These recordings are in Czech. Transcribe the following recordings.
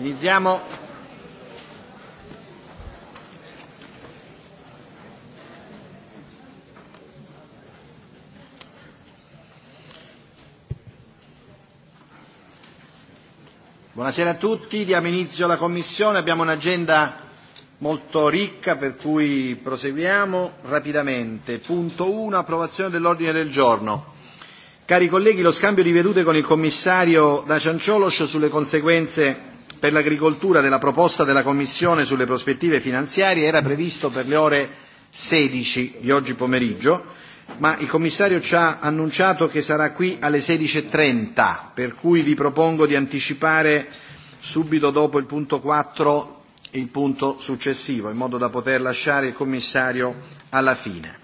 Iniziamo. Buonasera a tutti, diamo inizio alla Commissione, abbiamo un'agenda molto ricca per cui proseguiamo rapidamente. Punto 1, approvazione dell'ordine del giorno. Cari colleghi, lo scambio di vedute con il commissario da Cianciolos sulle conseguenze per l'agricoltura della proposta della Commissione sulle prospettive finanziarie era previsto per le ore 16 di oggi pomeriggio, ma il commissario ci ha annunciato che sarà qui alle 16.30, e per cui vi propongo di anticipare subito dopo il punto 4 il punto successivo, in modo da poter lasciare il commissario alla fine.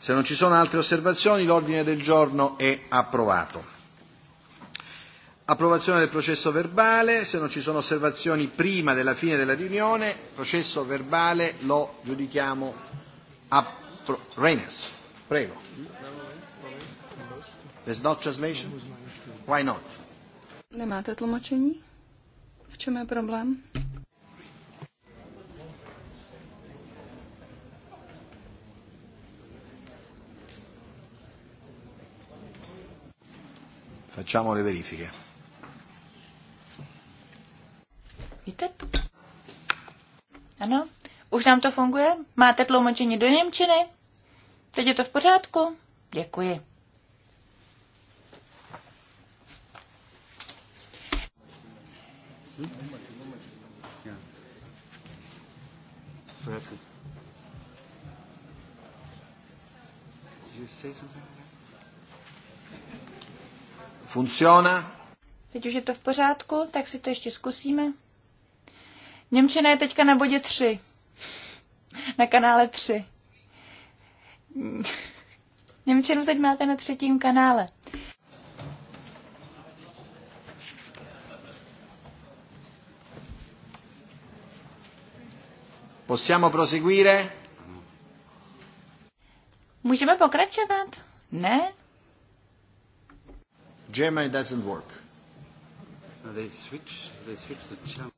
Se non ci sono altre osservazioni, l'ordine del giorno è approvato. Approvazione del processo verbale, se non ci sono osservazioni prima della fine della riunione, processo verbale lo giudichiamo a pro- Reyners. Prego. There's no translation? Why not? Nemáte tlumočení? V čem je problém? Facciamo le verifiche. Víte? Ano? Už nám to funguje? Máte tlumočení do Němčiny? Teď je to v pořádku? Děkuji. Funciona. Teď už je to v pořádku, tak si to ještě zkusíme. Němčina je teďka na bodě 3. Na kanále 3. Němčinu teď máte na třetím kanále. Possiamo proseguire? Můžeme pokračovat? Ne? Germany doesn't work. they switch, they switch the channel.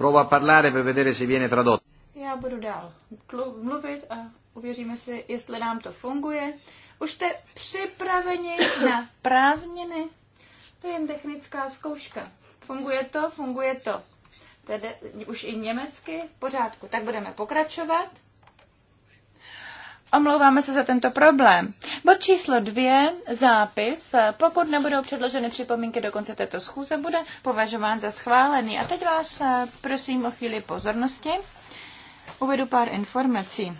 Prova a parlare per vedere se viene tradotto. Já budu dál mluvit a uvěříme si, jestli nám to funguje. Už jste připraveni na prázdniny? To je jen technická zkouška. Funguje to? Funguje to. Tedy už i německy? V pořádku. Tak budeme pokračovat. Omlouváme se za tento problém. Bod číslo dvě, zápis, pokud nebudou předloženy připomínky do konce této schůze, bude považován za schválený. A teď vás eh, prosím o chvíli pozornosti. Uvedu pár informací.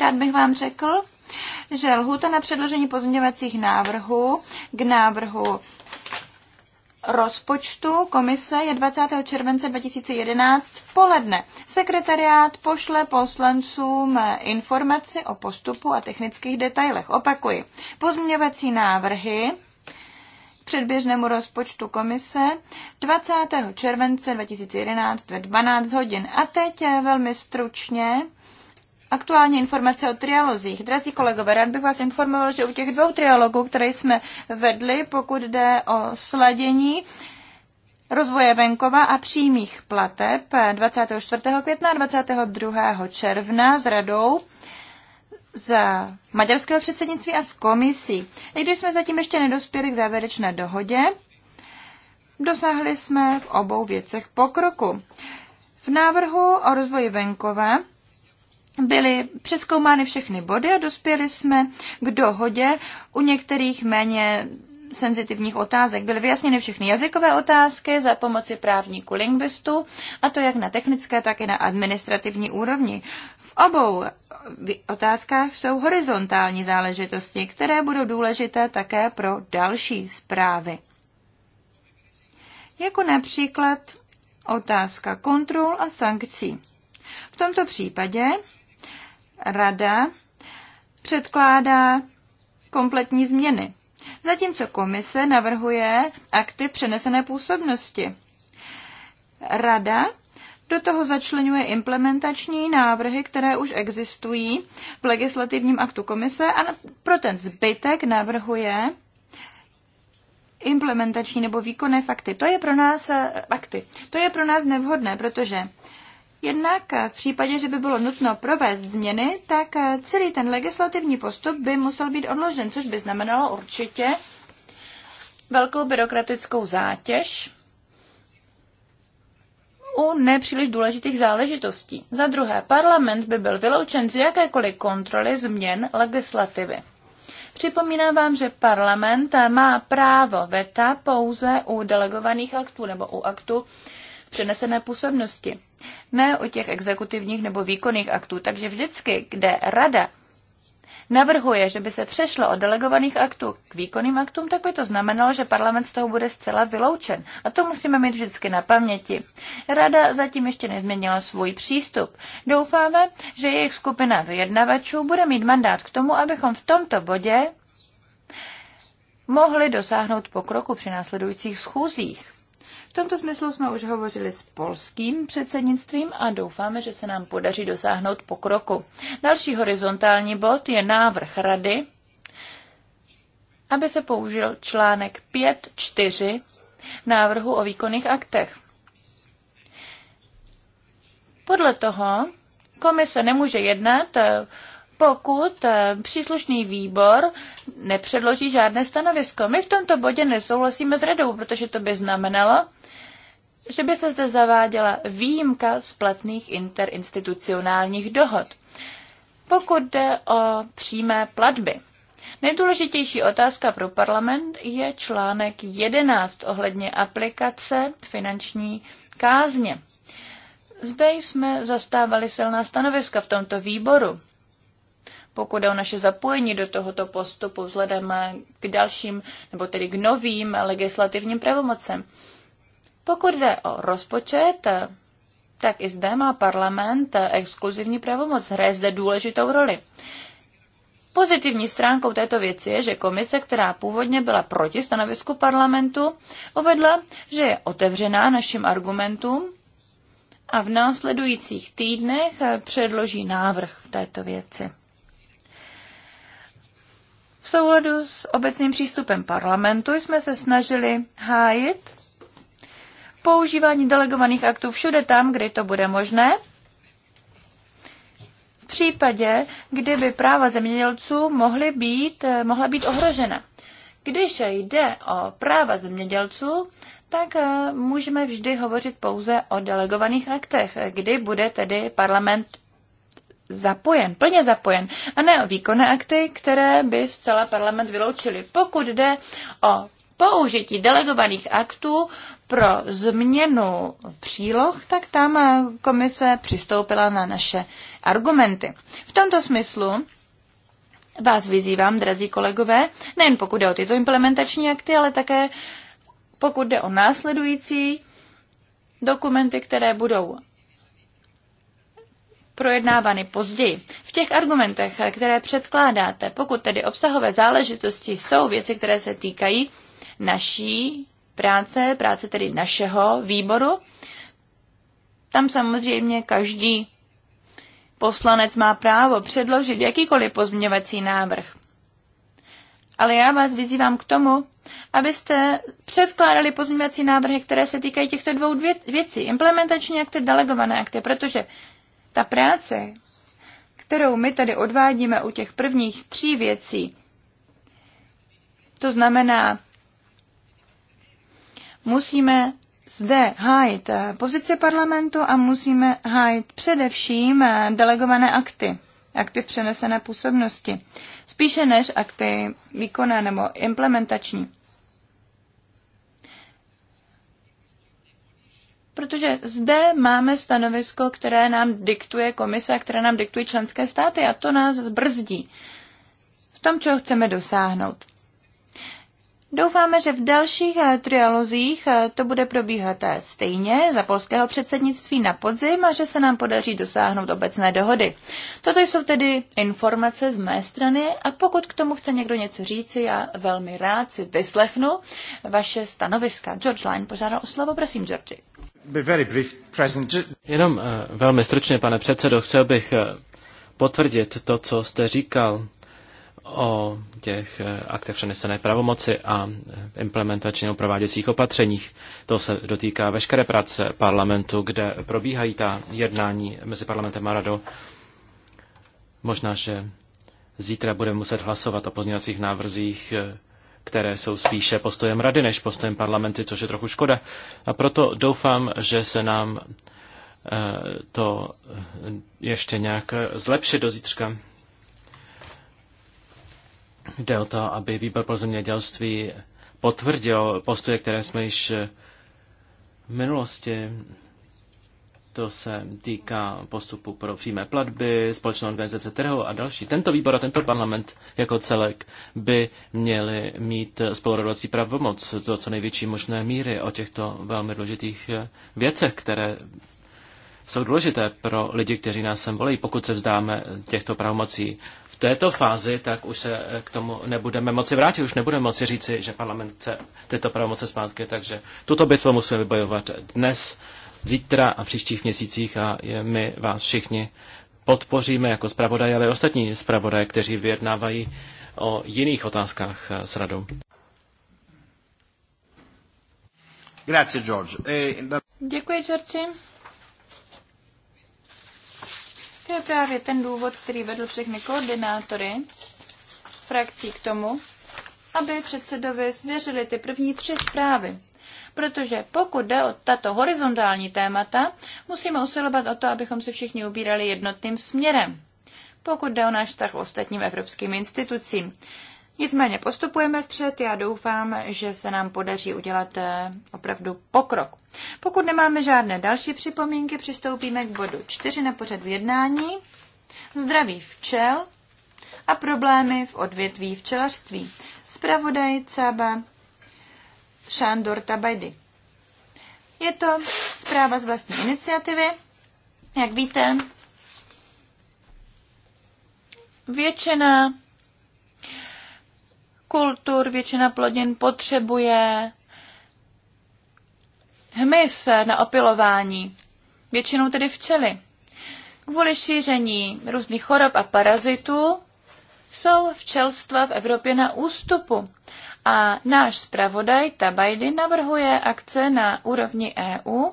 Rád bych vám řekl, že lhůta na předložení pozměňovacích návrhů k návrhu rozpočtu komise je 20. července 2011 v poledne. Sekretariát pošle poslancům informaci o postupu a technických detailech. Opakuji. Pozměňovací návrhy předběžnému rozpočtu komise 20. července 2011 ve 12 hodin. A teď eh, velmi stručně Aktuální informace o trialozích. Drazí kolegové, rád bych vás informoval, že u těch dvou trialogů, které jsme vedli, pokud jde o sladění rozvoje venkova a přímých plateb 24. května a 22. června s radou, z maďarského předsednictví a z komisí. I když jsme zatím ještě nedospěli k závěrečné dohodě, dosáhli jsme v obou věcech pokroku. V návrhu o rozvoji venkova byly přeskoumány všechny body a dospěli jsme k dohodě u některých méně senzitivních otázek. Byly vyjasněny všechny jazykové otázky za pomoci právníku lingvistu, a to jak na technické, tak i na administrativní úrovni. V obou otázkách jsou horizontální záležitosti, které budou důležité také pro další zprávy. Jako například otázka kontrol a sankcí. V tomto případě rada předkládá kompletní změny, zatímco komise navrhuje akty přenesené působnosti. Rada do toho začlenuje implementační návrhy, které už existují v legislativním aktu komise a pro ten zbytek navrhuje implementační nebo výkonné fakty. To je pro nás eh, akty. To je pro nás nevhodné, protože Jednak v případě, že by bylo nutno provést změny, tak celý ten legislativní postup by musel být odložen, což by znamenalo určitě velkou byrokratickou zátěž u nepříliš důležitých záležitostí. Za druhé, parlament by byl vyloučen z jakékoliv kontroly změn legislativy. Připomínám vám, že parlament má právo veta pouze u delegovaných aktů nebo u aktů přenesené působnosti ne o těch exekutivních nebo výkonných aktů. Takže vždycky, kde rada navrhuje, že by se přešlo od delegovaných aktů k výkonným aktům, tak by to znamenalo, že parlament z toho bude zcela vyloučen. A to musíme mít vždycky na paměti. Rada zatím ještě nezměnila svůj přístup. Doufáme, že jejich skupina vyjednavačů bude mít mandát k tomu, abychom v tomto bodě mohli dosáhnout pokroku při následujících schůzích tomto smyslu jsme už hovořili s polským předsednictvím a doufáme, že se nám podaří dosáhnout pokroku. Další horizontální bod je návrh rady, aby se použil článek 5.4 návrhu o výkonných aktech. Podle toho komise nemůže jednat, eh, pokud eh, příslušný výbor nepředloží žádné stanovisko. My v tomto bodě nesouhlasíme s radou, protože to by znamenalo, že by se zde zaváděla výjimka z platných interinstitucionálních dohod, pokud jde o přímé platby. Nejdůležitější otázka pro parlament je článek 11 ohledně aplikace finanční kázně. Zde jsme zastávali silná stanoviska v tomto výboru. Pokud je o naše zapojení do tohoto postupu vzhledem k dalším, nebo tedy k novým legislativním pravomocem. Pokud jde o rozpočet, tak i zde má parlament exkluzivní pravomoc, hraje zde důležitou roli. Pozitivní stránkou této věci je, že komise, která původně byla proti stanovisku parlamentu, uvedla, že je otevřená našim argumentům a v následujících týdnech předloží návrh v této věci. V souladu s obecným přístupem parlamentu jsme se snažili hájit používání delegovaných aktů všude tam, kde to bude možné. V případě, kdyby práva zemědělců mohly být, eh, mohla být ohrožena. Když jde o práva zemědělců, tak eh, můžeme vždy hovořit pouze o delegovaných aktech, eh, kdy bude tedy parlament zapojen, plně zapojen, a ne o výkonné akty, které by zcela parlament vyloučili. Pokud jde o použití delegovaných aktů pro změnu příloh, tak tam komise přistoupila na naše argumenty. V tomto smyslu vás vyzývám, drazí kolegové, nejen pokud jde o tyto implementační akty, ale také pokud jde o následující dokumenty, které budou projednávány později. V těch argumentech, které předkládáte, pokud tedy obsahové záležitosti jsou věci, které se týkají naší práce, práce tedy našeho výboru. Tam samozřejmě každý poslanec má právo předložit jakýkoliv pozměňovací návrh. Ale já vás vyzývám k tomu, abyste předkládali pozměňovací návrhy, které se týkají těchto dvou věcí, implementační akty, delegované akty, protože ta práce, kterou my tady odvádíme u těch prvních tří věcí, to znamená Musíme zde hájit eh, pozici parlamentu a musíme hájit především eh, delegované akty, akty v přenesené působnosti, spíše než akty výkonné nebo implementační. Protože zde máme stanovisko, které nám diktuje komise, které nám diktují členské státy a to nás brzdí v tom, čeho chceme dosáhnout. Doufáme, že v dalších eh, trialozích eh, to bude probíhat eh, stejně za polského předsednictví na podzim a že se nám podaří dosáhnout obecné dohody. Toto jsou tedy informace z mé strany a pokud k tomu chce někdo něco říci, já velmi rád si vyslechnu vaše stanoviska. George Line požádal o slovo, prosím, George. Jenom velmi stručně, pane předsedo, chtěl bych potvrdit to, co jste říkal o těch eh, aktech přenesené pravomoci a eh, implementačně prováděcích opatřeních. To se dotýká veškeré práce parlamentu, kde probíhají ta jednání mezi parlamentem a radou. Možná, že zítra budeme muset hlasovat o pozměňovacích návrzích, eh, které jsou spíše postojem rady než postojem parlamenty, což je trochu škoda. A proto doufám, že se nám to ještě nějak zlepší do zítřka. Jde o to, aby výbor pro zemědělství potvrdil postoje, které jsme již v minulosti. To se týká postupu pro přímé platby, společné organizace trhu a další. Tento výbor a tento parlament jako celek by měli mít spolurodovací pravomoc do co největší možné míry o těchto velmi důležitých věcech, které jsou důležité pro lidi, kteří nás sem volí. Pokud se vzdáme těchto pravomocí, této fázi, tak už se eh, k tomu nebudeme moci vrátit, už nebudeme moci říci, že parlament chce tyto pravomoce zpátky, takže tuto bitvu musíme vybojovat dnes, zítra a v příštích měsících a my vás všichni podpoříme jako zpravodaj, ale i ostatní zpravodaj, kteří vyjednávají o jiných otázkách eh, s radou. George. Eh, Děkuji, George. To je právě ten důvod, který vedl všechny koordinátory frakcí k tomu, aby předsedovi svěřili ty první tři zprávy. Protože pokud jde o tato horizontální témata, musíme usilovat o to, abychom se všichni ubírali jednotným směrem. Pokud jde o náš vztah ostatním evropským institucím, Nicméně postupujeme vpřed, já doufám, že se nám podaří udělat eh, opravdu pokrok. Pokud nemáme žádné další připomínky, přistoupíme k bodu 4 na v jednání. Zdraví včel a problémy v odvětví včelařství. Spravodaj Caba Šándor Tabajdy. Je to zpráva z vlastní iniciativy. Jak víte, většina kultur většina plodin potřebuje hmyz na opilování, většinou tedy včely. Kvůli šíření různých chorob a parazitů jsou včelstva v Evropě na ústupu a náš zpravodaj Tabajdy navrhuje akce na úrovni EU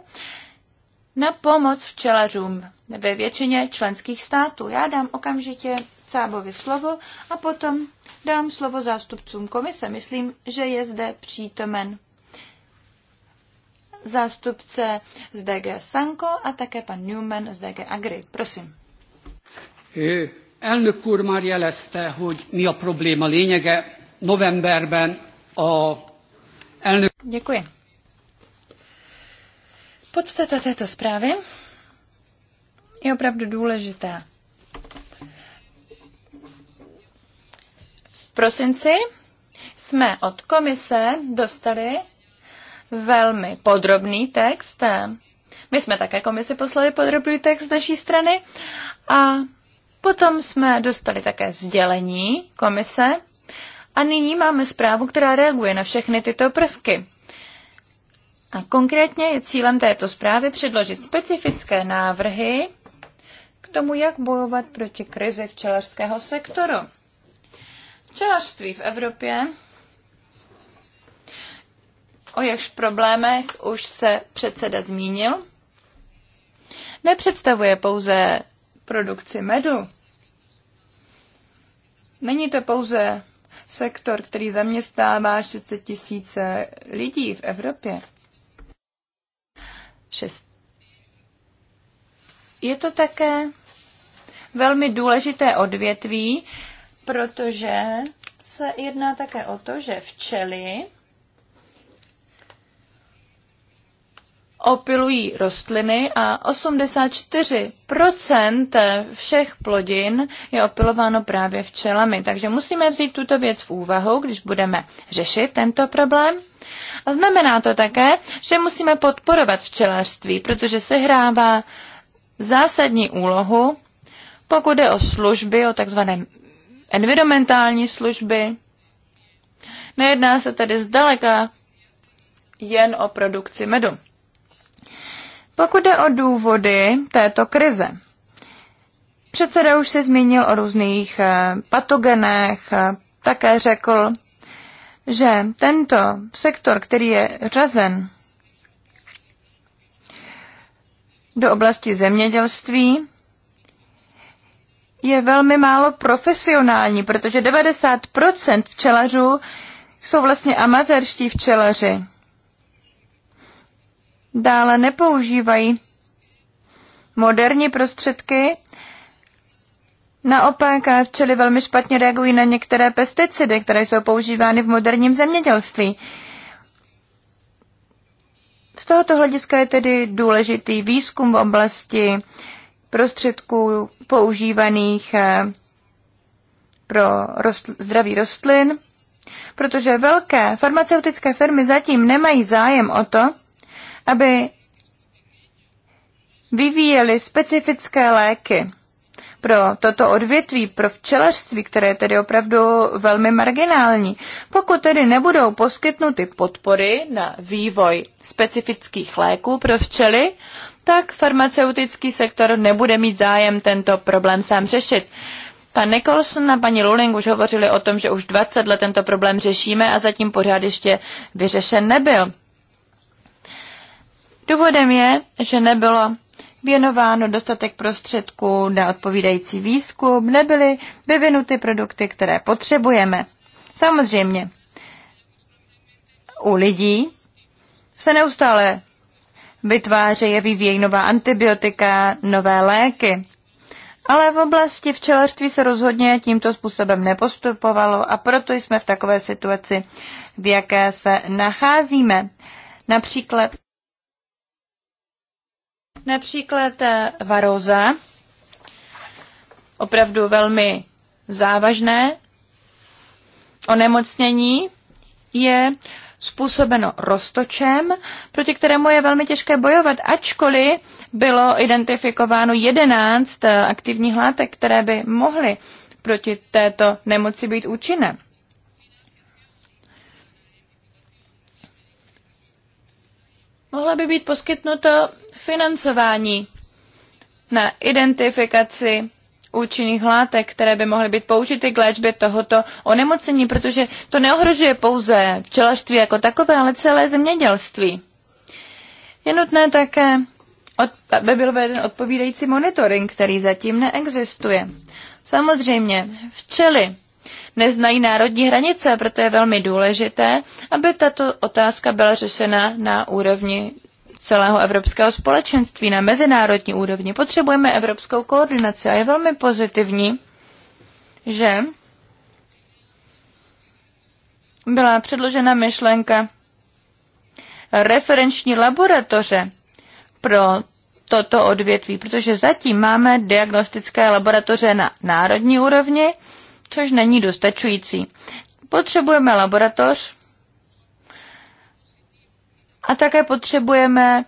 na pomoc včelařům ve většině členských států. Já dám okamžitě Cábovi slovo a potom dám slovo zástupcům komise. Myslím, že je zde přítomen zástupce z DG Sanko a také pan Newman z DG Agri. Prosím. Elnök úr már jelezte, hogy mi a probléma lényege. Novemberben a elnök... Děkuji. Podstata této zprávy je opravdu důležitá. prosinci jsme od komise dostali velmi podrobný text. My jsme také komisi poslali podrobný text z naší strany a potom jsme dostali také sdělení komise a nyní máme zprávu, která reaguje na všechny tyto prvky. A konkrétně je cílem této zprávy předložit specifické návrhy k tomu, jak bojovat proti krizi včelařského sektoru. Včelařství v Evropě, o jehož problémech už se předseda zmínil, nepředstavuje pouze produkci medu. Není to pouze sektor, který zaměstnává 600 tisíce lidí v Evropě. Šest. Je to také velmi důležité odvětví, protože se jedná také o to, že včely opilují rostliny a 84% všech plodin je opilováno právě včelami. Takže musíme vzít tuto věc v úvahu, když budeme řešit tento problém. A znamená to také, že musíme podporovat včelařství, protože se hrává zásadní úlohu, pokud je o služby, o takzvané environmentální služby. Nejedná se tedy zdaleka jen o produkci medu. Pokud jde o důvody této krize, předseda už se zmínil o různých eh, patogenech, eh, také řekl, že tento sektor, který je řazen do oblasti zemědělství, je velmi málo profesionální, protože 90% včelařů jsou vlastně amatérští včelaři. Dále nepoužívají moderní prostředky. Naopak včely velmi špatně reagují na některé pesticidy, které jsou používány v moderním zemědělství. Z tohoto hlediska je tedy důležitý výzkum v oblasti prostředků používaných eh, pro rostl, zdraví rostlin, protože velké farmaceutické firmy zatím nemají zájem o to, aby vyvíjeli specifické léky pro toto odvětví, pro včelařství, které je tedy opravdu velmi marginální. Pokud tedy nebudou poskytnuty podpory na vývoj specifických léků pro včely, tak farmaceutický sektor nebude mít zájem tento problém sám řešit. Pan Nicholson a paní Luling už hovořili o tom, že už 20 let tento problém řešíme a zatím pořád ještě vyřešen nebyl. Důvodem je, že nebylo věnováno dostatek prostředků na odpovídající výzkum, nebyly vyvinuty produkty, které potřebujeme. Samozřejmě, u lidí se neustále vytvářejí a vyvíjejí nová antibiotika, nové léky. Ale v oblasti včelařství se rozhodně tímto způsobem nepostupovalo a proto jsme v takové situaci, v jaké se nacházíme. Například, například eh, varoza, opravdu velmi závažné onemocnění, je způsobeno roztočem, proti kterému je velmi těžké bojovat, ačkoliv bylo identifikováno 11 eh, aktivních látek, které by mohly proti této nemoci být účinné. Mohla by být poskytnuto financování na identifikaci účinných látek, které by mohly být použity k léčbě tohoto onemocnění, protože to neohrožuje pouze včelařství jako takové, ale celé zemědělství. Je nutné také, aby byl veden odpovídající monitoring, který zatím neexistuje. Samozřejmě, včely neznají národní hranice, proto je velmi důležité, aby tato otázka byla řešena na úrovni celého evropského společenství na mezinárodní úrovni. Potřebujeme evropskou koordinaci a je velmi pozitivní, že byla předložena myšlenka referenční laboratoře pro toto odvětví, protože zatím máme diagnostické laboratoře na národní úrovni, což není dostačující. Potřebujeme laboratoř, a také potřebujeme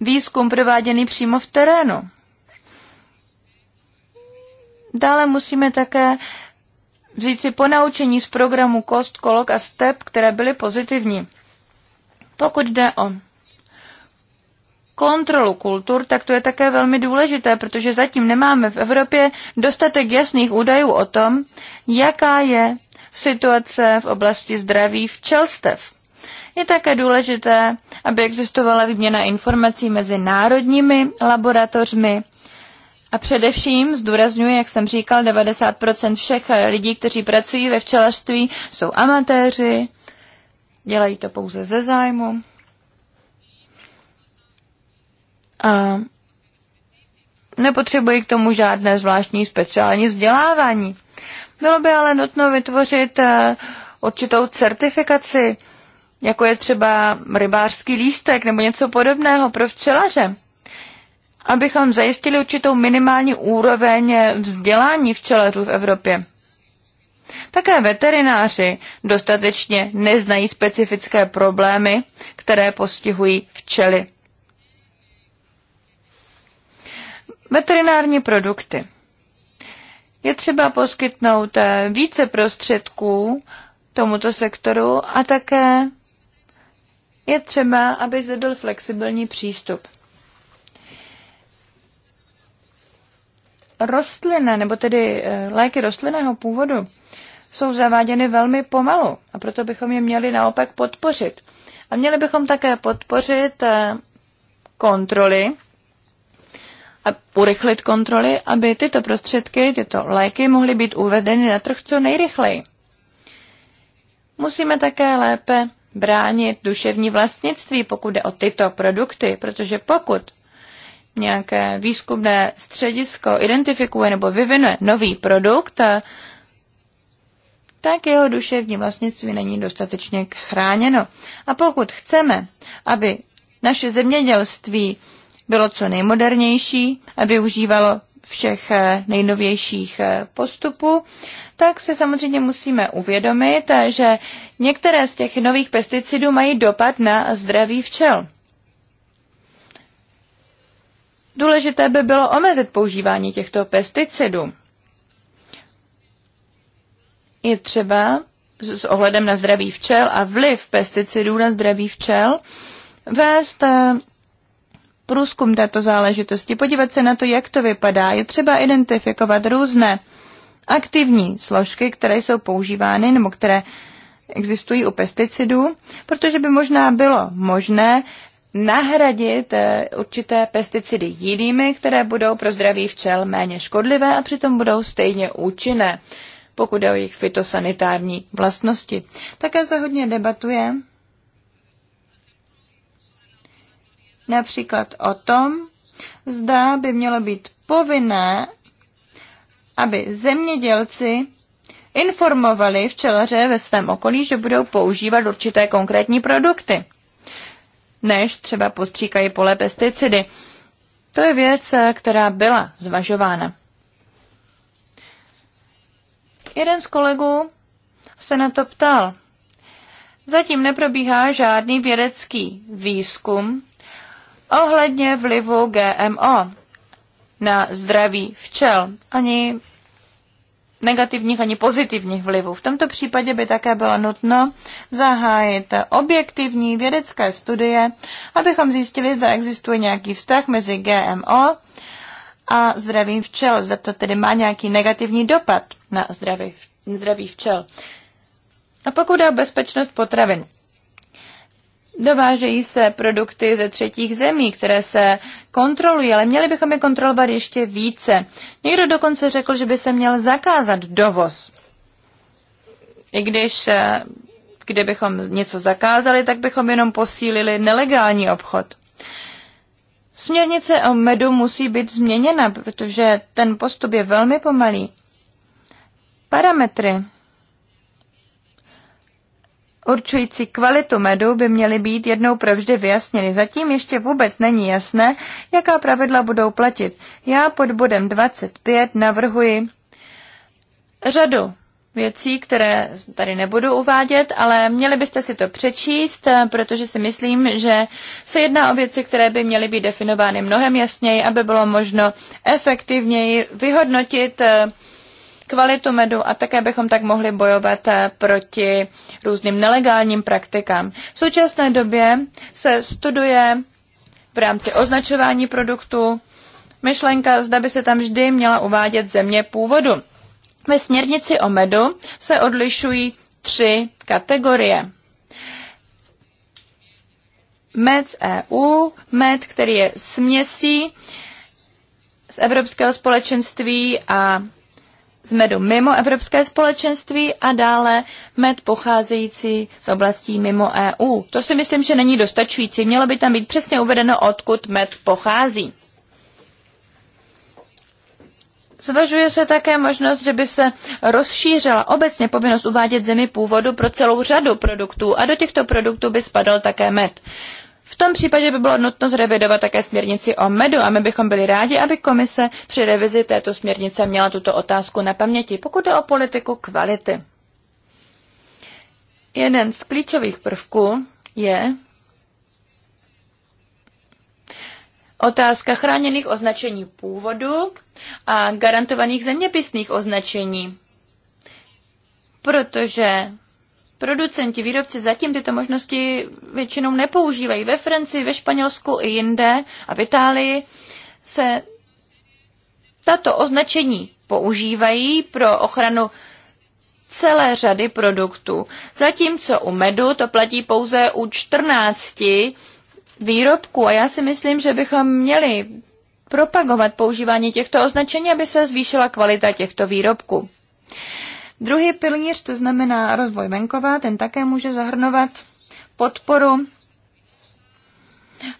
výzkum prováděný přímo v terénu. Dále musíme také vzít si ponaučení z programu Kost, Kolok a Step, které byly pozitivní. Pokud jde o kontrolu kultur, tak to je také velmi důležité, protože zatím nemáme v Evropě dostatek jasných údajů o tom, jaká je situace v oblasti zdraví včelstev. Je také důležité, aby existovala výměna informací mezi národními laboratořmi a především, zdůrazňuji, jak jsem říkal, 90% všech lidí, kteří pracují ve včelařství, jsou amatéři, dělají to pouze ze zájmu. A nepotřebují k tomu žádné zvláštní speciální vzdělávání. Bylo by ale nutno vytvořit eh, určitou certifikaci jako je třeba rybářský lístek nebo něco podobného pro včelaře, abychom zajistili určitou minimální úroveň vzdělání včelařů v Evropě. Také veterináři dostatečně neznají specifické problémy, které postihují včely. Veterinární produkty. Je třeba poskytnout eh, více prostředků tomuto sektoru a také je třeba, aby zde byl flexibilní přístup. Rostlina, nebo tedy eh, léky rostlinného původu, jsou zaváděny velmi pomalu a proto bychom je měli naopak podpořit. A měli bychom také podpořit eh, kontroly a urychlit kontroly, aby tyto prostředky, tyto léky mohly být uvedeny na trh co nejrychleji. Musíme také lépe bránit duševní vlastnictví, pokud jde o tyto produkty, protože pokud nějaké výzkumné středisko identifikuje nebo vyvinuje nový produkt, tak jeho duševní vlastnictví není dostatečně chráněno. A pokud chceme, aby naše zemědělství bylo co nejmodernější aby užívalo všech eh, nejnovějších eh, postupů, tak si samozřejmě musíme uvědomit, že některé z těch nových pesticidů mají dopad na zdraví včel. Důležité by bylo omezit používání těchto pesticidů. Je třeba s ohledem na zdraví včel a vliv pesticidů na zdraví včel vést eh, průzkum této záležitosti, podívat se na to, jak to vypadá. Je třeba identifikovat různé aktivní složky, které jsou používány nebo které existují u pesticidů, protože by možná bylo možné nahradit eh, určité pesticidy jinými, které budou pro zdraví včel méně škodlivé a přitom budou stejně účinné, pokud je o jejich fitosanitární vlastnosti. Také se hodně debatuje například o tom, zda by mělo být povinné aby zemědělci informovali včelaře ve svém okolí, že budou používat určité konkrétní produkty, než třeba postříkají pole pesticidy. To je věc, která byla zvažována. Jeden z kolegů se na to ptal. Zatím neprobíhá žádný vědecký výzkum ohledně vlivu GMO na zdraví včel, ani negativních ani pozitivních vlivů. V tomto případě by také bylo nutno zahájit objektivní vědecké studie, abychom zjistili, zda existuje nějaký vztah mezi GMO a zdravím včel, zda to tedy má nějaký negativní dopad na zdraví, zdraví včel. A pokud je o bezpečnost potravin, Dovážejí se produkty ze třetích zemí, které se kontrolují, ale měli bychom je kontrolovat ještě více. Někdo dokonce řekl, že by se měl zakázat dovoz. I když eh, kdybychom něco zakázali, tak bychom jenom posílili nelegální obchod. Směrnice o medu musí být změněna, protože ten postup je velmi pomalý. Parametry určující kvalitu medu by měly být jednou provždy vyjasněny. Zatím ještě vůbec není jasné, jaká pravidla budou platit. Já pod bodem 25 navrhuji řadu věcí, které tady nebudu uvádět, ale měli byste si to přečíst, protože si myslím, že se jedná o věci, které by měly být definovány mnohem jasněji, aby bylo možno efektivněji vyhodnotit eh, kvalitu medu a také bychom tak mohli bojovat eh, proti různým nelegálním praktikám. V současné době se studuje v rámci označování produktů myšlenka, zda by se tam vždy měla uvádět země původu. Ve směrnici o medu se odlišují tři kategorie. Med z EU, med, který je směsí z Evropského společenství a z medu mimo Evropské společenství a dále med pocházející z oblastí mimo EU. To si myslím, že není dostačující. Mělo by tam být přesně uvedeno, odkud med pochází. Zvažuje se také možnost, že by se rozšířila obecně povinnost uvádět zemi původu pro celou řadu produktů a do těchto produktů by spadal také med. V tom případě by bylo nutno zrevidovat také směrnici o medu a my bychom byli rádi, aby komise při revizi této směrnice měla tuto otázku na paměti, pokud je o politiku kvality. Jeden z klíčových prvků je otázka chráněných označení původu a garantovaných zeměpisných označení, protože producenti, výrobci zatím tyto možnosti většinou nepoužívají. Ve Francii, ve Španělsku i jinde a v Itálii se tato označení používají pro ochranu celé řady produktů. Zatímco u medu to platí pouze u 14 výrobků a já si myslím, že bychom měli propagovat používání těchto označení, aby se zvýšila kvalita těchto výrobků. Druhý pilíř, to znamená rozvoj venkova, ten také může zahrnovat podporu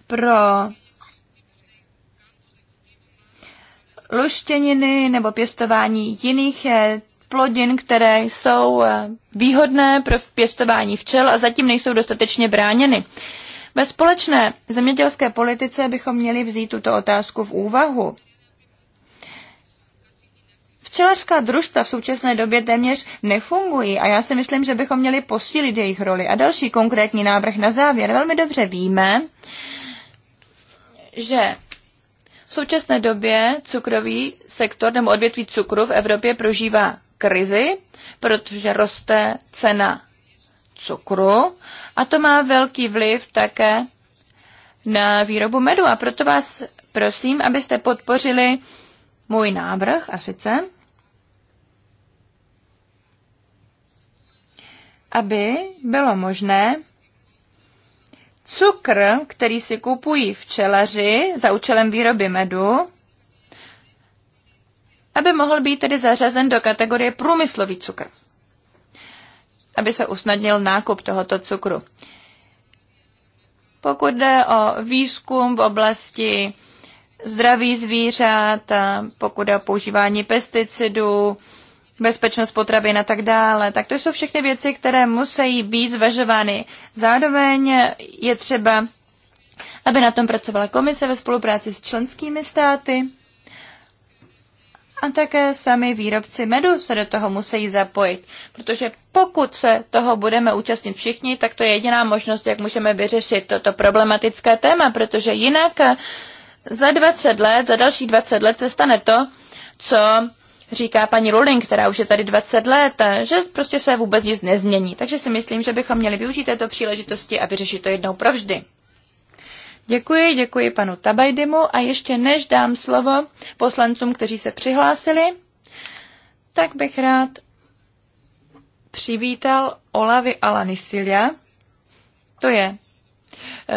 pro luštěniny nebo pěstování jiných eh, plodin, které jsou eh, výhodné pro pěstování včel a zatím nejsou dostatečně bráněny. Ve společné zemědělské politice bychom měli vzít tuto otázku v úvahu. Včelařská družstva v současné době téměř nefungují a já si myslím, že bychom měli posílit jejich roli. A další konkrétní návrh na závěr. Velmi dobře víme, že v současné době cukrový sektor nebo odvětví cukru v Evropě prožívá krizi, protože roste cena cukru a to má velký vliv také na výrobu medu. A proto vás prosím, abyste podpořili můj návrh a sice, aby bylo možné cukr, který si kupují včelaři za účelem výroby medu, aby mohl být tedy zařazen do kategorie průmyslový cukr, aby se usnadnil nákup tohoto cukru. Pokud jde o výzkum v oblasti zdraví zvířat, pokud jde o používání pesticidů, bezpečnost potravin a tak dále, tak to jsou všechny věci, které musí být zvažovány. Zároveň je třeba, aby na tom pracovala komise ve spolupráci s členskými státy. A také sami výrobci medu se do toho musí zapojit, protože pokud se toho budeme účastnit všichni, tak to je jediná možnost, jak můžeme vyřešit toto problematické téma, protože jinak za 20 let, za další 20 let se stane to, co říká paní Rowling, která už je tady 20 let, že prostě se vůbec nic nezmění. Takže si myslím, že bychom měli využít této příležitosti a vyřešit to jednou provždy. Děkuji, děkuji panu Tabajdimu a ještě než dám slovo poslancům, kteří se přihlásili, tak bych rád přivítal Olavy Alanisilia. To je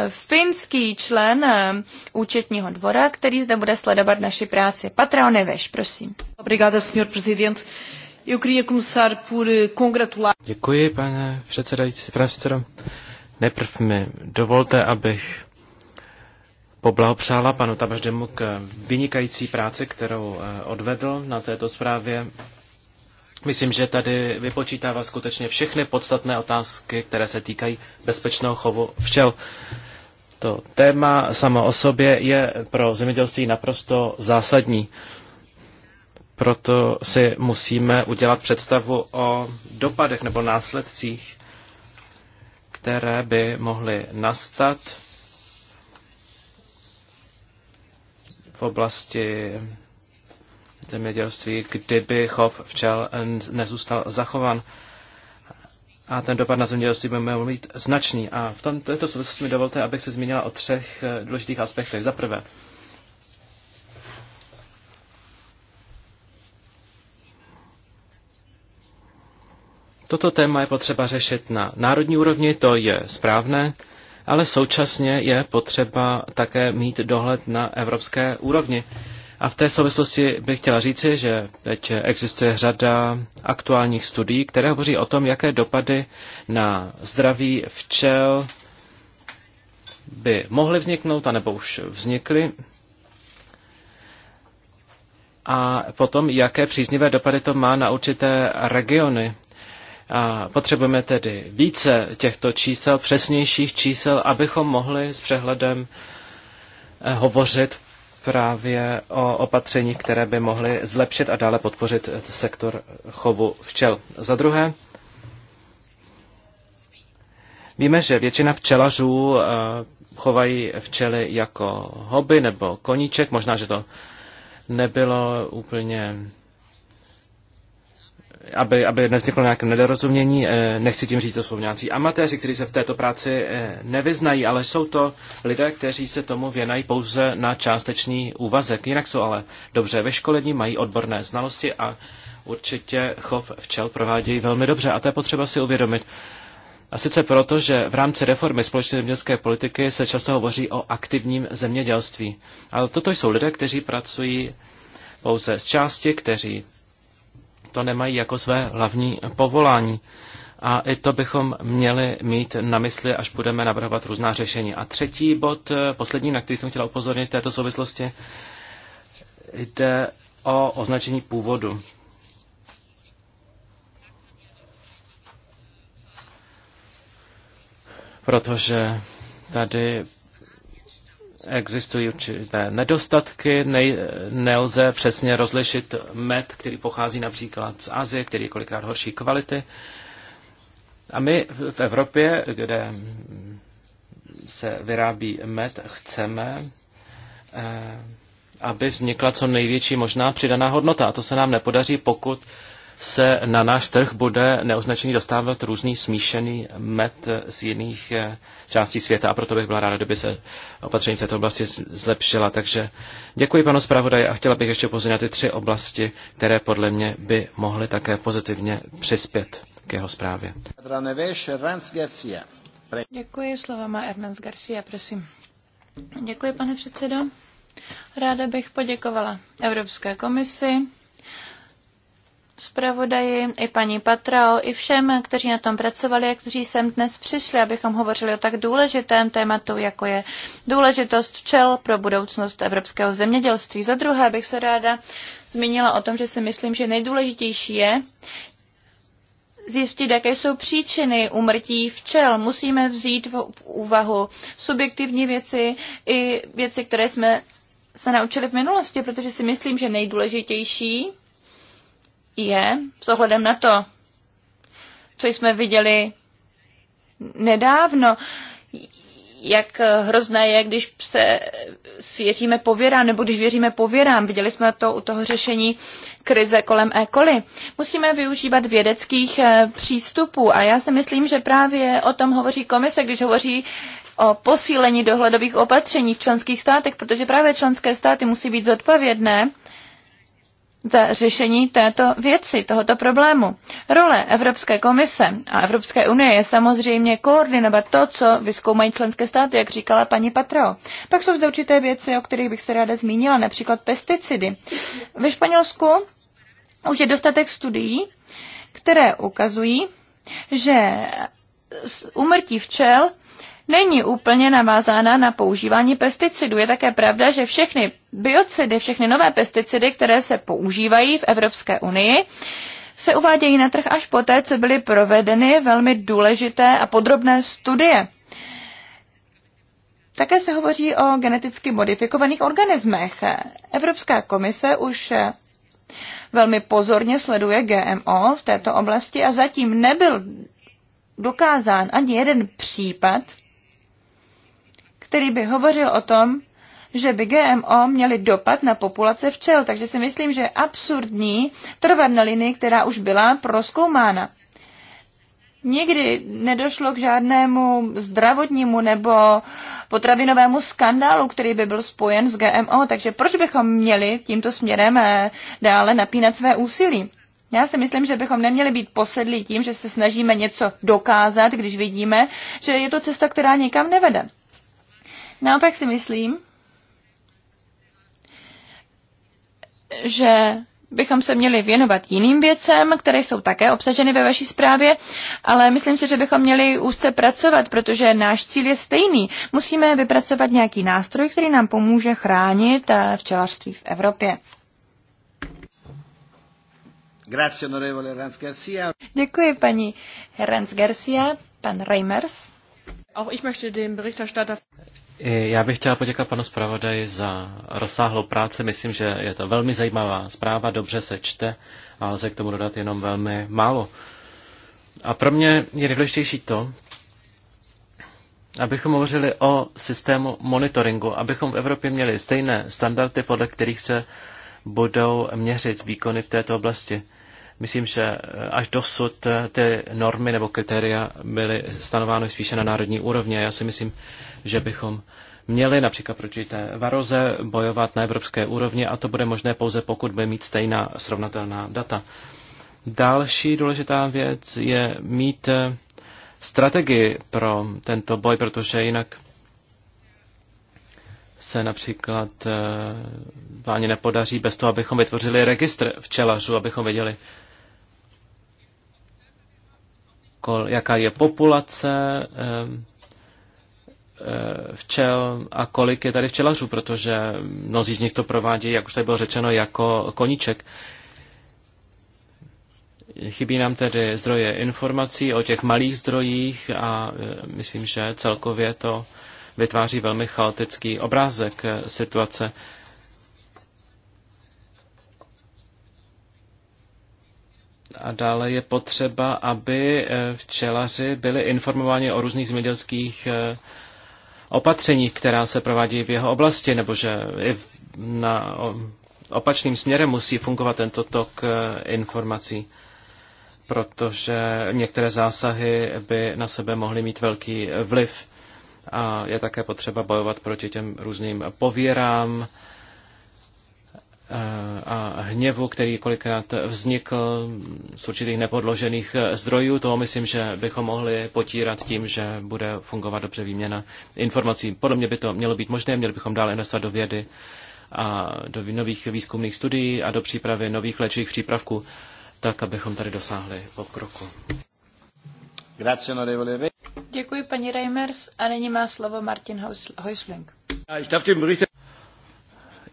finský člen eh, účetního dvora, který zde bude sledovat naši práci. Patrao Neveš, prosím. Obrigada, senhor Eu queria começar por eh, congratular. Děkuji, pane předsedající, pane Neprv mi dovolte, abych poblahopřála panu Tabaždemu k vynikající práci, kterou eh, odvedl na této zprávě Myslím, že tady vypočítává skutečně všechny podstatné otázky, které se týkají bezpečného chovu včel. To téma samo o sobě je pro zemědělství naprosto zásadní. Proto si musíme udělat představu o dopadech nebo následcích, které by mohly nastat v oblasti zemědělství, kdyby chov včel nezůstal zachovan. A ten dopad na zemědělství by měl být značný. A v tom, této souvislosti mi dovolte, abych se zmínila o třech eh, důležitých aspektech. Za prvé, Toto téma je potřeba řešit na národní úrovni, to je správné, ale současně je potřeba také mít dohled na evropské úrovni. A v té souvislosti bych chtěla říci, že teď existuje řada aktuálních studií, které hovoří o tom, jaké dopady na zdraví včel by mohly vzniknout, anebo už vznikly. A potom, jaké příznivé dopady to má na určité regiony. A potřebujeme tedy více těchto čísel, přesnějších čísel, abychom mohli s přehledem eh, hovořit právě o opatření, které by mohly zlepšit a dále podpořit sektor chovu včel. Za druhé, víme, že většina včelařů eh, chovají včely jako hobby nebo koníček. Možná, že to nebylo úplně aby, aby nevzniklo nějaké nedorozumění, eh, nechci tím říct, to jsou nějací amatéři, kteří se v této práci eh, nevyznají, ale jsou to lidé, kteří se tomu věnají pouze na částečný úvazek. Jinak jsou ale dobře školení, mají odborné znalosti a určitě chov včel provádějí velmi dobře a to je potřeba si uvědomit. A sice proto, že v rámci reformy společné zemědělské politiky se často hovoří o aktivním zemědělství. Ale toto jsou lidé, kteří pracují pouze z části, kteří to nemají jako své hlavní povolání. A i to bychom měli mít na mysli, až budeme navrhovat různá řešení. A třetí bod, eh, poslední, na který jsem chtěla upozornit v této souvislosti, jde o označení původu. Protože tady existují určité nedostatky, ne, nelze přesně rozlišit med, který pochází například z Azie, který je kolikrát horší kvality. A my v Evropě, kde se vyrábí med, chceme, eh, aby vznikla co největší možná přidaná hodnota. A to se nám nepodaří, pokud se na náš trh bude neoznačený dostávat různý smíšený med z jiných eh, části světa a proto bych byla ráda, kdyby se opatření v této oblasti zlepšila. Takže děkuji panu zpravodaji a chtěla bych ještě upozornit ty tři oblasti, které podle mě by mohly také pozitivně přispět k jeho zprávě. Děkuji, slova má Ernest Garcia, prosím. Děkuji, pane předsedo. Ráda bych poděkovala Evropské komisi zpravodaji, i paní Patrao, i všem, kteří na tom pracovali a kteří sem dnes přišli, abychom hovořili o tak důležitém tématu, jako je důležitost včel pro budoucnost evropského zemědělství. Za druhé bych se ráda zmínila o tom, že si myslím, že nejdůležitější je zjistit, jaké jsou příčiny umrtí včel. Musíme vzít v úvahu subjektivní věci i věci, které jsme se naučili v minulosti, protože si myslím, že nejdůležitější je, s ohledem na to, co jsme viděli nedávno, jak hrozné je, když se svěříme pověrám, nebo když věříme pověrám. Viděli jsme to u toho řešení krize kolem E. coli. Musíme využívat vědeckých eh, přístupů a já si myslím, že právě o tom hovoří komise, když hovoří o posílení dohledových opatření v členských státech, protože právě členské státy musí být zodpovědné za řešení této věci, tohoto problému. Role Evropské komise a Evropské unie je samozřejmě koordinovat to, co vyskoumají členské státy, jak říkala paní Patrao. Pak jsou zde určité věci, o kterých bych se ráda zmínila, například pesticidy. Ve Španělsku už je dostatek studií, které ukazují, že umrtí včel není úplně navázána na používání pesticidů. Je také pravda, že všechny biocidy, všechny nové pesticidy, které se používají v Evropské unii, se uvádějí na trh až poté, co byly provedeny velmi důležité a podrobné studie. Také se hovoří o geneticky modifikovaných organismech. Evropská komise už velmi pozorně sleduje GMO v této oblasti a zatím nebyl dokázán ani jeden případ který by hovořil o tom, že by GMO měly dopad na populace včel, takže si myslím, že je absurdní trvat na linii, která už byla proskoumána. Nikdy nedošlo k žádnému zdravotnímu nebo potravinovému skandálu, který by byl spojen s GMO, takže proč bychom měli tímto směrem eh, dále napínat své úsilí? Já si myslím, že bychom neměli být posedlí tím, že se snažíme něco dokázat, když vidíme, že je to cesta, která nikam nevede. Naopak si myslím, že bychom se měli věnovat jiným věcem, které jsou také obsaženy ve vaší zprávě, ale myslím si, že bychom měli úzce pracovat, protože náš cíl je stejný. Musíme vypracovat nějaký nástroj, který nám pomůže chránit eh, včelařství v Evropě. Děkuji, paní Rans Garcia. Pan Reimers. Auch ich möchte den Berichterstatter já bych chtěla poděkat panu zpravodaji za rozsáhlou práci. Myslím, že je to velmi zajímavá zpráva, dobře se čte ale lze k tomu dodat jenom velmi málo. A pro mě je nejdůležitější to, abychom hovořili o systému monitoringu, abychom v Evropě měli stejné standardy, podle kterých se budou měřit výkony v této oblasti. Myslím, že eh, až dosud eh, ty normy nebo kritéria byly stanovány spíše na národní úrovni. Já si myslím, že bychom měli například proti té varoze bojovat na evropské úrovni a to bude možné pouze pokud bude mít stejná srovnatelná data. Další důležitá věc je mít eh, strategii pro tento boj, protože jinak se například ani nepodaří bez toho, abychom vytvořili registr včelařů, abychom věděli, kol, jaká je populace eh, včel a kolik je tady včelařů, protože mnozí z nich to provádějí, jak už tady bylo řečeno, jako koníček. Chybí nám tedy zdroje informací o těch malých zdrojích a eh, myslím, že celkově to vytváří velmi chaotický obrázek eh, situace. A dále je potřeba, aby eh, včelaři byli informováni o různých zemědělských eh, opatřeních, která se provádí v jeho oblasti, nebo že i na opačným směrem musí fungovat tento tok eh, informací, protože některé zásahy by na sebe mohly mít velký vliv. A je také potřeba bojovat proti těm různým pověrám, Eh, a hněvu, který kolikrát vznikl z určitých nepodložených eh, zdrojů. To myslím, že bychom mohli potírat tím, že bude fungovat dobře výměna informací. Podle mě by to mělo být možné, měli bychom dále investovat do vědy a do nových výzkumných studií a do přípravy nových léčivých přípravků, tak abychom tady dosáhli pokroku. Děkuji paní Reimers a nyní má slovo Martin Heusling